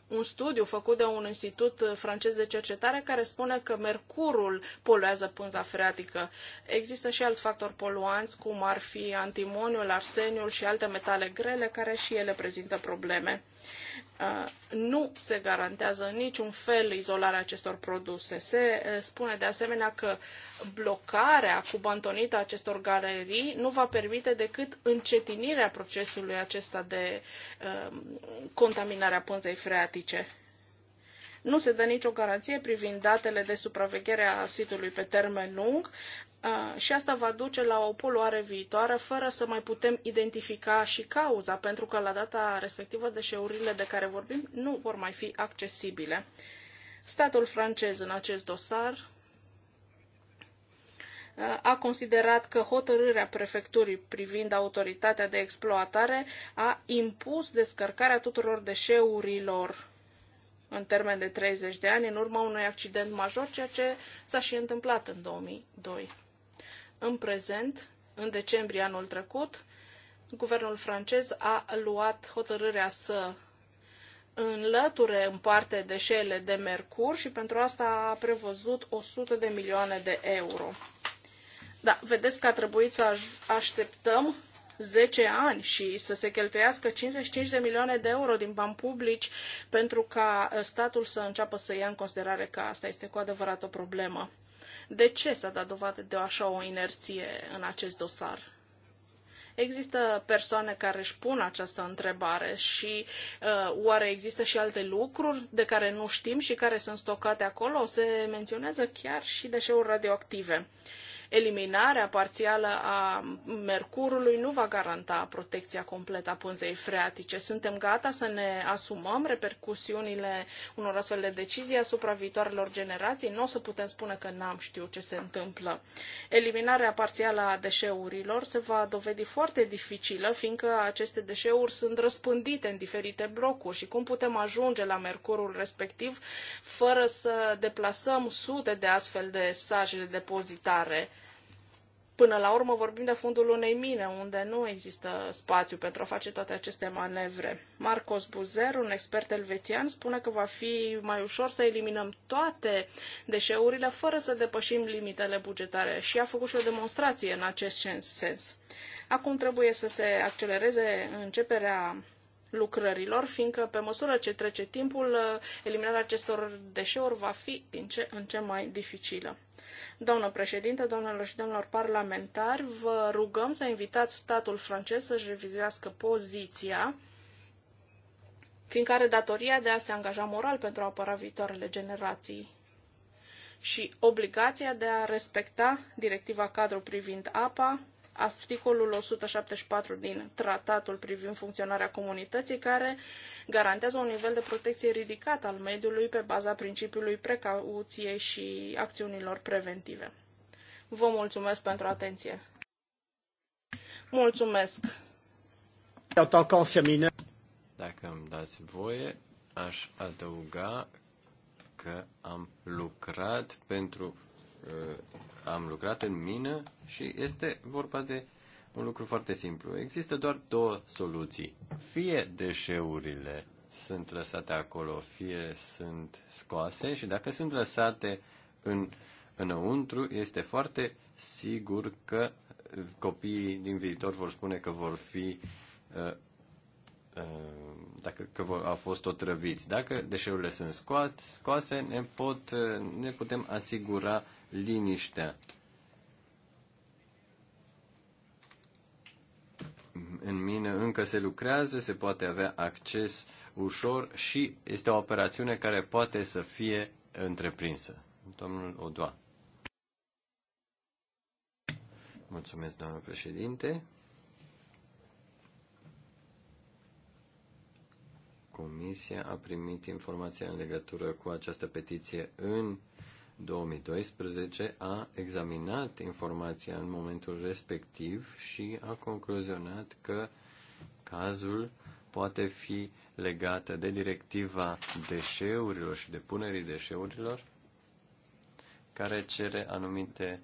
un studiu făcut de un institut francez de cercetare care spune că mercurul poluează pânza freatică. Există și alți factori poluanți, cum ar fi antimoniul, arseniul și alte metale grele, care și ele prezintă probleme. Uh, nu se garantează în niciun fel izolarea acestor produse. Se uh, spune de asemenea că blocarea cu bantonită a acestor galerii nu va permite decât încetinirea procesului acesta de uh, contaminare a pânzei freatice. Nu se dă nicio garanție privind datele de supraveghere a sitului pe termen lung, și asta va duce la o poluare viitoare fără să mai putem identifica și cauza, pentru că la data respectivă deșeurile de care vorbim nu vor mai fi accesibile. Statul francez în acest dosar a considerat că hotărârea prefecturii privind autoritatea de exploatare a impus descărcarea tuturor deșeurilor în termen de 30 de ani în urma unui accident major, ceea ce s-a și întâmplat în 2002. În prezent, în decembrie anul trecut, guvernul francez a luat hotărârea să înlăture în parte deșele de mercur și pentru asta a prevăzut 100 de milioane de euro. Da, vedeți că a trebuit să așteptăm 10 ani și să se cheltuiască 55 de milioane de euro din bani publici pentru ca statul să înceapă să ia în considerare că asta este cu adevărat o problemă. De ce s-a dat dovadă de așa o inerție în acest dosar? Există persoane care își pun această întrebare și uh, oare există și alte lucruri de care nu știm și care sunt stocate acolo? Se menționează chiar și deșeuri radioactive. Uh, Eliminarea parțială a mercurului nu va garanta protecția completă a pânzei freatice. Suntem gata să ne asumăm repercusiunile unor astfel de decizii asupra viitoarelor generații. Nu o să putem spune că n-am știut ce se întâmplă. Eliminarea parțială a deșeurilor se va dovedi foarte dificilă, fiindcă aceste deșeuri sunt răspândite în diferite blocuri și cum putem ajunge la mercurul respectiv fără să deplasăm sute de astfel de saje de depozitare Până la urmă vorbim de fundul unei mine, unde nu există spațiu pentru a face toate aceste manevre. Marcos Buzer, un expert elvețian, spune că va fi mai ușor să eliminăm toate deșeurile fără să depășim limitele bugetare și a făcut și o demonstrație în acest sens. Acum trebuie să se accelereze începerea lucrărilor, fiindcă pe măsură ce trece timpul, eliminarea acestor deșeuri va fi din ce în ce mai dificilă. Doamnă președinte, doamnelor și domnilor parlamentari, vă rugăm să invitați statul francez să-și revizuiască poziția fiindcă are datoria de a se angaja moral pentru a apăra viitoarele generații și obligația de a respecta directiva cadru privind apa, articolul 174 din tratatul privind funcționarea comunității, care garantează un nivel de protecție ridicat al mediului pe baza principiului precauției și acțiunilor preventive. Vă mulțumesc pentru atenție. Mulțumesc. Dacă îmi dați voie, aș adăuga că am lucrat pentru Uh, am lucrat în mină și este vorba de un lucru foarte simplu. Există doar două soluții. Fie deșeurile sunt lăsate acolo, fie sunt scoase și dacă sunt lăsate în, înăuntru, este foarte sigur că copiii din viitor vor spune că vor fi uh, uh dacă că au fost otrăviți. Dacă deșeurile sunt scoat, scoase, ne, pot, uh, ne putem asigura liniștea. În mine încă se lucrează, se poate avea acces ușor și este o operațiune care poate să fie întreprinsă. Domnul Odoa. Mulțumesc, doamnă președinte. Comisia a primit informația în legătură cu această petiție în 2012 a examinat informația în momentul respectiv și a concluzionat că cazul poate fi legată de directiva deșeurilor și depunerii deșeurilor, care cere anumite,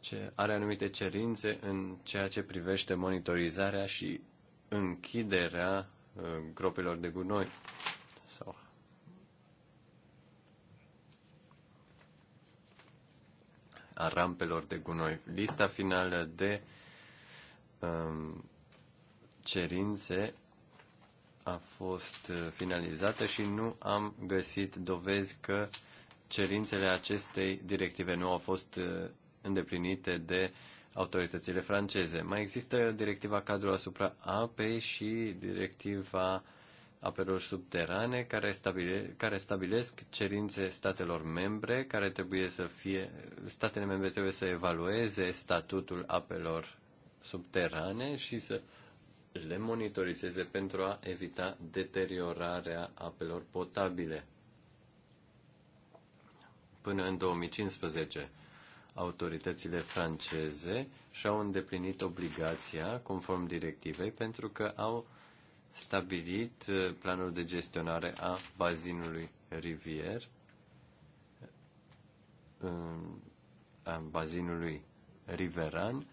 ce, are anumite cerințe în ceea ce privește monitorizarea și închiderea uh, gropilor de gunoi. a rampelor de gunoi. Lista finală de um, cerințe a fost uh, finalizată și nu am găsit dovezi că cerințele acestei directive nu au fost uh, îndeplinite de autoritățile franceze. Mai există directiva cadru asupra apei și directiva apelor subterane care, stabile, care stabilesc cerințe statelor membre care trebuie să fie, statele membre trebuie să evalueze statutul apelor subterane și să le monitorizeze pentru a evita deteriorarea apelor potabile. Până în 2015, autoritățile franceze și-au îndeplinit obligația conform directivei pentru că au stabilit uh, planul de gestionare a bazinului rivier, a bazinului riveran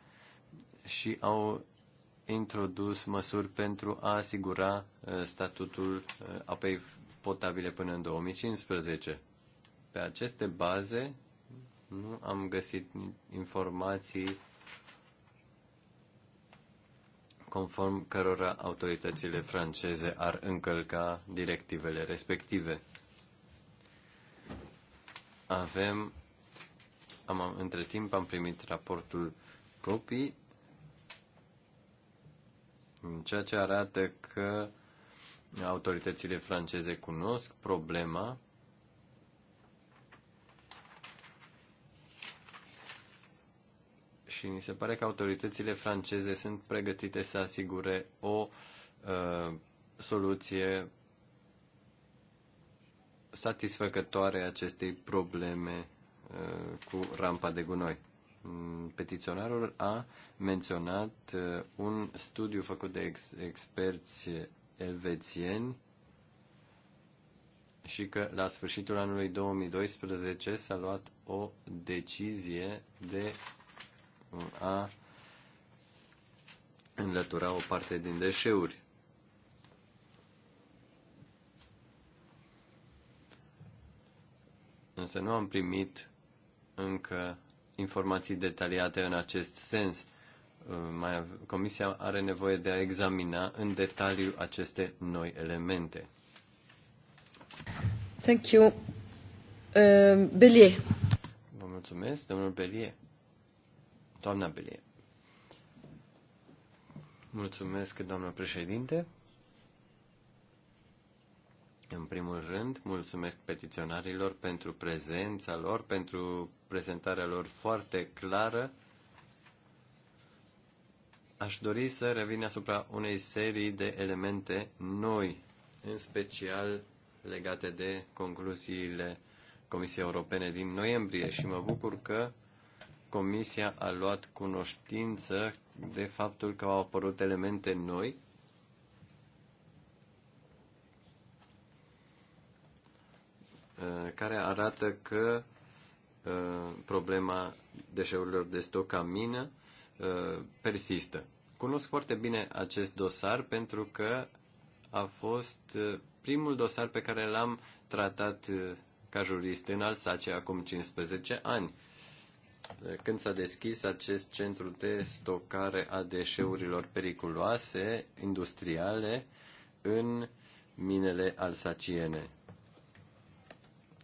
și au introdus măsuri pentru a asigura uh, statutul uh, apei potabile până în 2015. Pe aceste baze nu am găsit informații conform cărora autoritățile franceze ar încălca directivele respective. Avem, am, între timp am primit raportul copii, ceea ce arată că autoritățile franceze cunosc problema și mi se pare că autoritățile franceze sunt pregătite să asigure o uh, soluție satisfăcătoare acestei probleme uh, cu rampa de gunoi. Mm, petiționarul a menționat uh, un studiu făcut de ex- experți elvețieni și că la sfârșitul anului 2012 s-a luat o decizie de a înlătura o parte din deșeuri. Însă nu am primit încă informații detaliate în acest sens. Uh, comisia are nevoie de a examina în detaliu aceste noi elemente. Thank you. Uh, Belie. Vă mulțumesc, domnul Belie. Doamna Belie. Mulțumesc, doamnă președinte. În primul rând, mulțumesc petiționarilor pentru prezența lor, pentru prezentarea lor foarte clară. Aș dori să revin asupra unei serii de elemente noi, în special legate de concluziile Comisiei Europene din noiembrie și mă bucur că Comisia a luat cunoștință de faptul că au apărut elemente noi uh, care arată că uh, problema deșeurilor de stocamină uh, persistă. Cunosc foarte bine acest dosar pentru că a fost primul dosar pe care l-am tratat ca jurist în Alsace acum 15 ani. Când s-a deschis acest centru de stocare a deșeurilor periculoase industriale în minele alsaciene.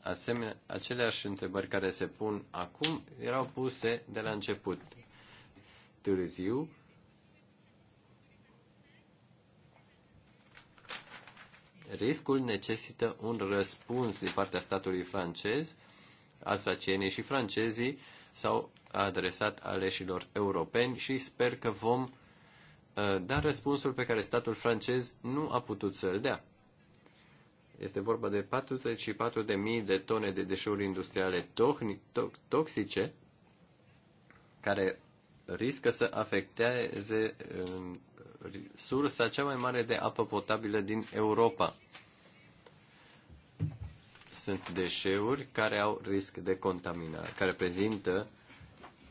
Asemenea, aceleași întrebări care se pun acum erau puse de la început. Târziu, riscul necesită un răspuns din partea statului francez, alsacienii și francezii s-au adresat aleșilor europeni și sper că vom uh, da răspunsul pe care statul francez nu a putut să-l dea. Este vorba de 44.000 de tone de deșeuri industriale toxice care riscă să afecteze uh, sursa cea mai mare de apă potabilă din Europa sunt deșeuri care au risc de contaminare, care prezintă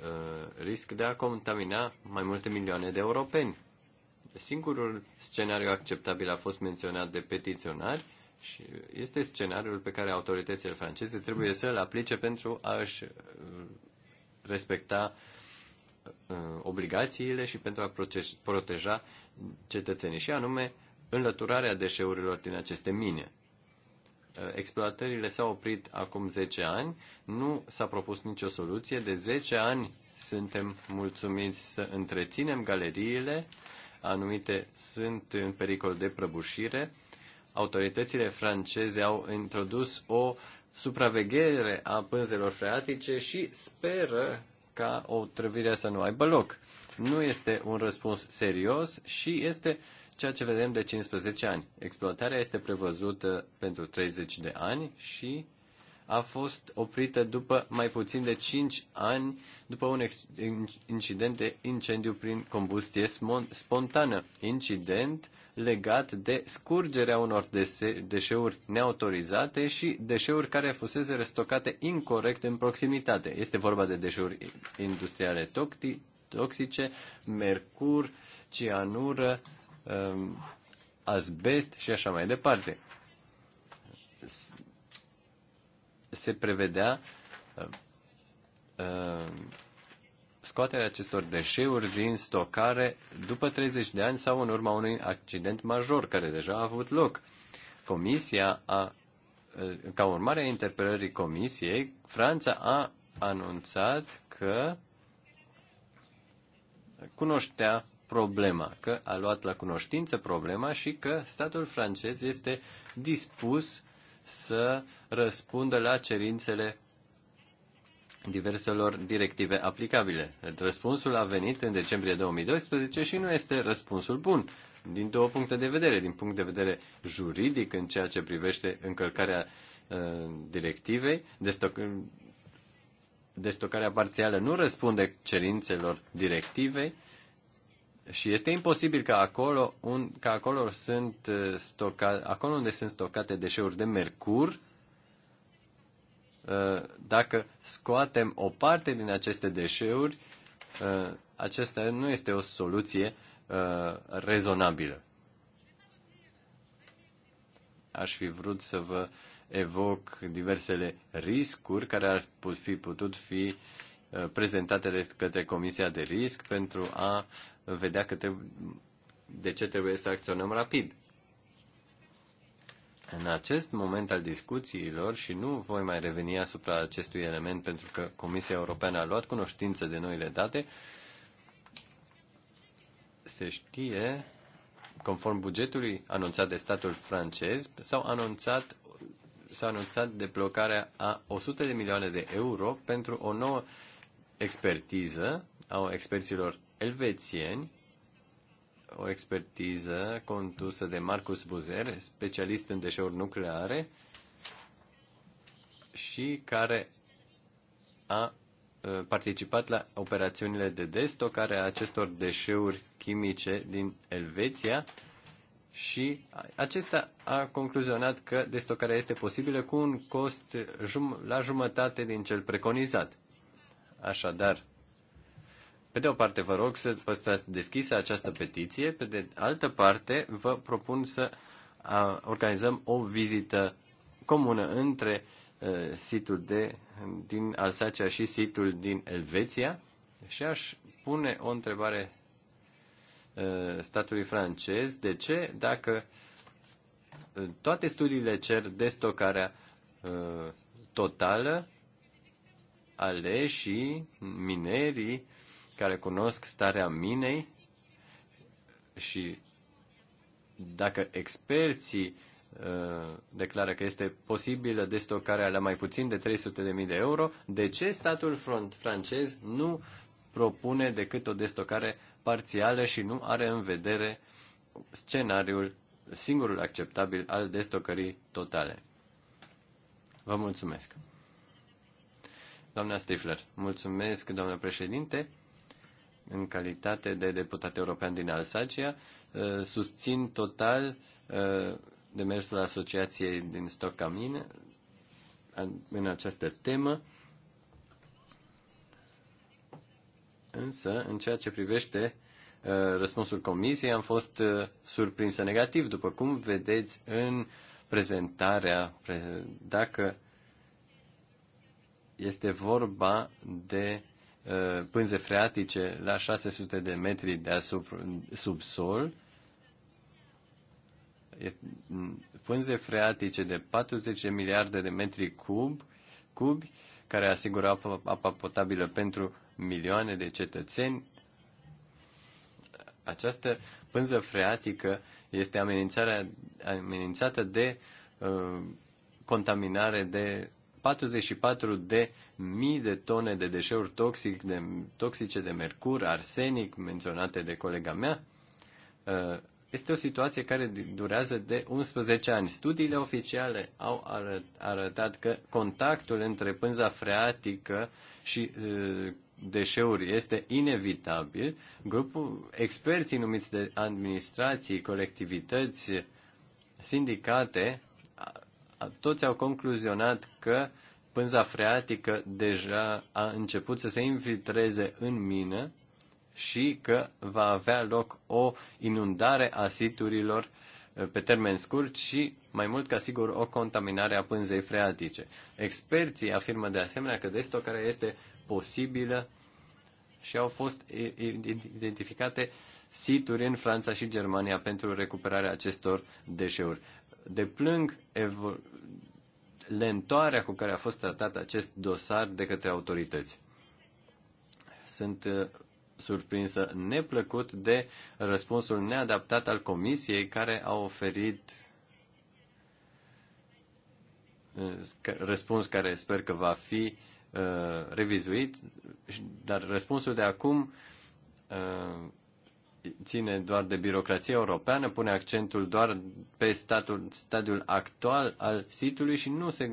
uh, risc de a contamina mai multe milioane de europeni. Singurul scenariu acceptabil a fost menționat de petiționari și este scenariul pe care autoritățile franceze trebuie să-l aplice pentru a-și uh, respecta uh, obligațiile și pentru a proteja cetățenii, și anume înlăturarea deșeurilor din aceste mine. Eh, exploatările s-au oprit acum 10 ani, nu s-a propus nicio soluție, de 10 ani suntem mulțumiți să întreținem galeriile, anumite sunt în pericol de prăbușire. Autoritățile franceze au introdus o supraveghere a pânzelor freatice și speră ca o trăvire să nu aibă loc. Nu este un răspuns serios și este uh, ceea ce vedem de 15 ani. Exploatarea este prevăzută pentru 30 de ani și a fost oprită după mai puțin de 5 ani după un incident de incendiu prin combustie spontană, incident legat de scurgerea unor dese- deșeuri neautorizate și deșeuri care fusese restocate incorrect în proximitate. Este vorba de deșeuri industriale toxice, mercur, cianură, Um, azbest și așa mai departe. Se prevedea uh, uh, scoaterea acestor deșeuri din stocare după 30 de ani sau în urma unui accident major care deja a avut loc. Comisia a, uh, ca urmare a interpelării comisiei, Franța a anunțat că cunoștea problema, că a luat la cunoștință problema și că statul francez este dispus să răspundă la cerințele diverselor directive aplicabile. Răspunsul a venit în decembrie 2012 și nu este răspunsul bun din două puncte de vedere. Din punct de vedere juridic în ceea ce privește încălcarea uh, directivei, destoc- destocarea parțială nu răspunde cerințelor directivei și este imposibil ca acolo, un, ca acolo, sunt uh, stoca, acolo unde sunt stocate deșeuri de mercur, uh, dacă scoatem o parte din aceste deșeuri, uh, acesta nu este o soluție rezonabilă. Aș fi vrut să vă evoc diversele riscuri care ar fi putut fi prezentate de către Comisia de Risc pentru a uh, vedea că trebuie, de ce trebuie să acționăm rapid. În acest moment al discuțiilor, și nu voi mai reveni asupra acestui element pentru că Comisia Europeană a luat cunoștință de noile date, se știe, conform bugetului anunțat de statul francez, s-au anunțat s-a anunțat deblocarea a 100 de milioane de euro pentru o nouă expertiză a experților elvețieni, o expertiză condusă de Marcus Buzer, specialist în deșeuri nucleare, și care a uh, participat la operațiunile de destocare a acestor deșeuri chimice din Elveția și acesta a concluzionat că destocarea este posibilă cu un cost la jumătate din cel preconizat. Așadar, pe de o parte, vă rog să păstrați deschisă această petiție, pe de altă parte, vă propun să organizăm o vizită comună între situl de, din Alsacia și situl din Elveția și aș pune o întrebare statului francez. De ce? Dacă toate studiile cer destocarea totală, și minerii care cunosc starea minei și dacă experții uh, declară că este posibilă destocarea la mai puțin de 300.000 de euro, de ce statul front francez nu propune decât o destocare parțială și nu are în vedere scenariul singurul acceptabil al destocării totale? Vă mulțumesc. Doamna Stifler, mulțumesc, doamnă președinte în calitate de deputat european din Alsacia, uh, susțin total uh, demersul Asociației din Stocamine în această temă. Însă, în ceea ce privește uh, răspunsul comisiei, am fost surprinsă negativ, după cum vedeți în prezentarea, dacă este vorba de Uh, pânze freatice la 600 de metri deasupra, sub sol, mm, pânze freatice de 40 de miliarde de metri cub, cubi, care asigură apă, apă potabilă pentru milioane de cetățeni. Această pânză freatică este amenințată de uh, contaminare de 44 de mii de tone de deșeuri toxic, de, toxice de mercur, arsenic, menționate de colega mea, uh, este o situație care durează de 11 ani. Studiile oficiale au arăt, arătat că contactul între pânza freatică și uh, deșeuri este inevitabil. Grupul experții numiți de administrații, colectivități, sindicate, toți au concluzionat că uh, pânza freatică deja a început să se infiltreze în mină și că va avea loc o inundare a siturilor uh, pe termen scurt și, mai mult ca sigur, o contaminare a pânzei freatice. Experții afirmă de asemenea că destocarea este posibilă și au fost identificate situri în Franța și Germania pentru recuperarea acestor deșeuri. Deplâng lentoarea cu care a fost tratat acest dosar de către autorități. Sunt uh, surprinsă neplăcut de răspunsul neadaptat al comisiei care a oferit uh, răspuns care sper că va fi uh, revizuit, dar răspunsul de acum ține doar de birocrație europeană, pune accentul doar pe statul, stadiul actual al sitului și nu se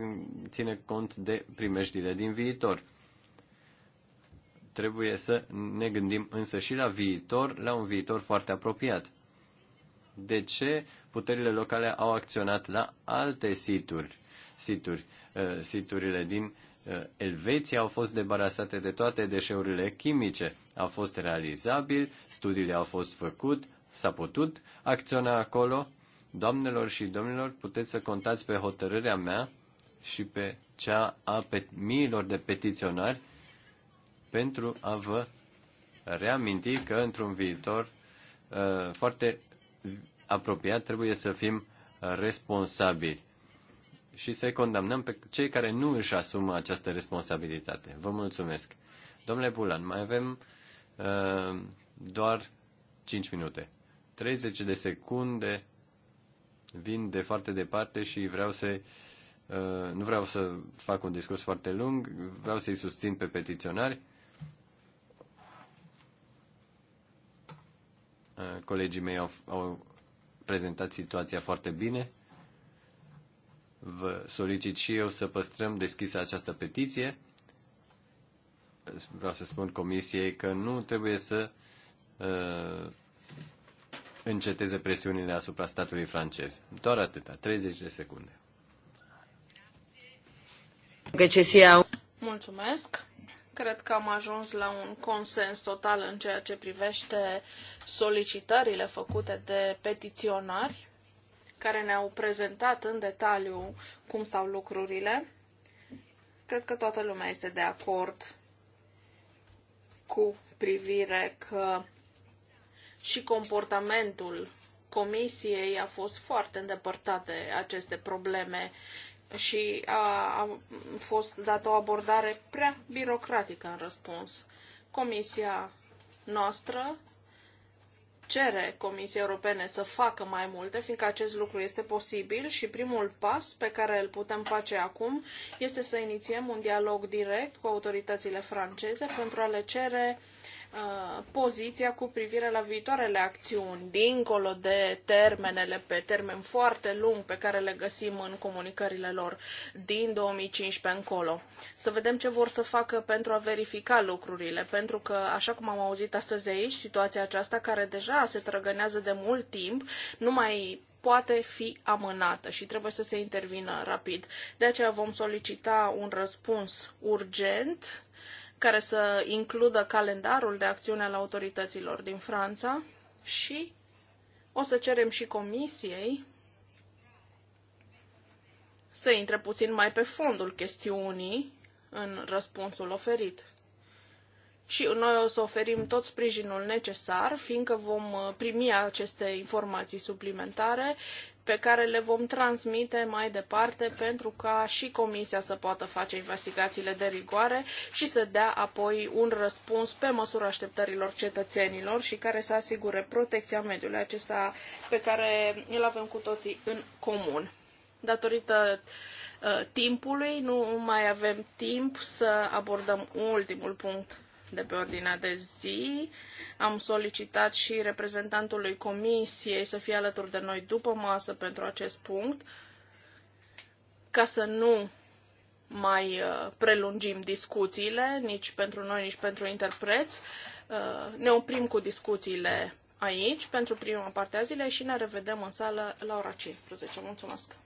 ține cont de primejdile din viitor. Trebuie să ne gândim însă și la viitor, la un viitor foarte apropiat. De ce puterile locale au acționat la alte situri, situri uh, siturile din Eh, Elveția au fost debarasate de toate deșeurile chimice. A fost realizabil, studiile au fost făcut, s-a putut acționa acolo. Doamnelor și domnilor, puteți să contați pe hotărârea mea și pe cea a pe miilor de petiționari pentru a vă reaminti că într-un viitor uh, foarte apropiat trebuie să fim responsabili și să-i condamnăm pe cei care nu își asumă această responsabilitate. Vă mulțumesc. Domnule Bulan, mai avem uh, doar 5 minute. 30 de secunde vin de foarte departe și vreau să uh, nu vreau să fac un discurs foarte lung, vreau să-i susțin pe petiționari. Uh, colegii mei au, au prezentat situația foarte bine. Vă solicit și eu să păstrăm deschisă această petiție. Vreau să spun comisiei că nu trebuie să uh, înceteze presiunile asupra statului francez. Doar atâta, 30 de secunde. Mulțumesc. Cred că am ajuns la un consens total în ceea ce privește solicitările făcute de petiționari care ne-au prezentat în detaliu cum stau lucrurile. Cred că toată lumea este de acord cu privire că și comportamentul comisiei a fost foarte îndepărtat de aceste probleme și a, a fost dată o abordare prea birocratică în răspuns. Comisia noastră cere Comisiei Europene să facă mai multe, fiindcă acest lucru este posibil și primul pas pe care îl putem face acum este să inițiem un dialog direct cu autoritățile franceze pentru a le cere Uh, poziția cu privire la viitoarele acțiuni, dincolo de termenele pe termen foarte lung pe care le găsim în comunicările lor din 2015 încolo. Să vedem ce vor să facă pentru a verifica lucrurile, pentru că, așa cum am auzit astăzi aici, situația aceasta care deja se trăgănează de mult timp, nu mai poate fi amânată și trebuie să se intervină rapid. De aceea vom solicita un răspuns urgent care să includă calendarul de acțiune al autorităților din Franța și o să cerem și comisiei să intre puțin mai pe fondul chestiunii în răspunsul oferit. Și noi o să oferim tot sprijinul necesar, fiindcă vom primi aceste informații suplimentare pe care le vom transmite mai departe pentru ca și Comisia să poată face investigațiile de rigoare și să dea apoi un răspuns pe măsura așteptărilor cetățenilor și care să asigure protecția mediului acesta pe care îl avem cu toții în comun. Datorită uh, timpului, nu mai avem timp să abordăm ultimul punct de pe ordinea de zi. Am solicitat și reprezentantului comisiei să fie alături de noi după masă pentru acest punct, ca să nu mai uh, prelungim discuțiile, nici pentru noi, nici pentru interpreți. Uh, ne oprim cu discuțiile aici pentru prima parte a zilei și ne revedem în sală la ora 15. Mulțumesc!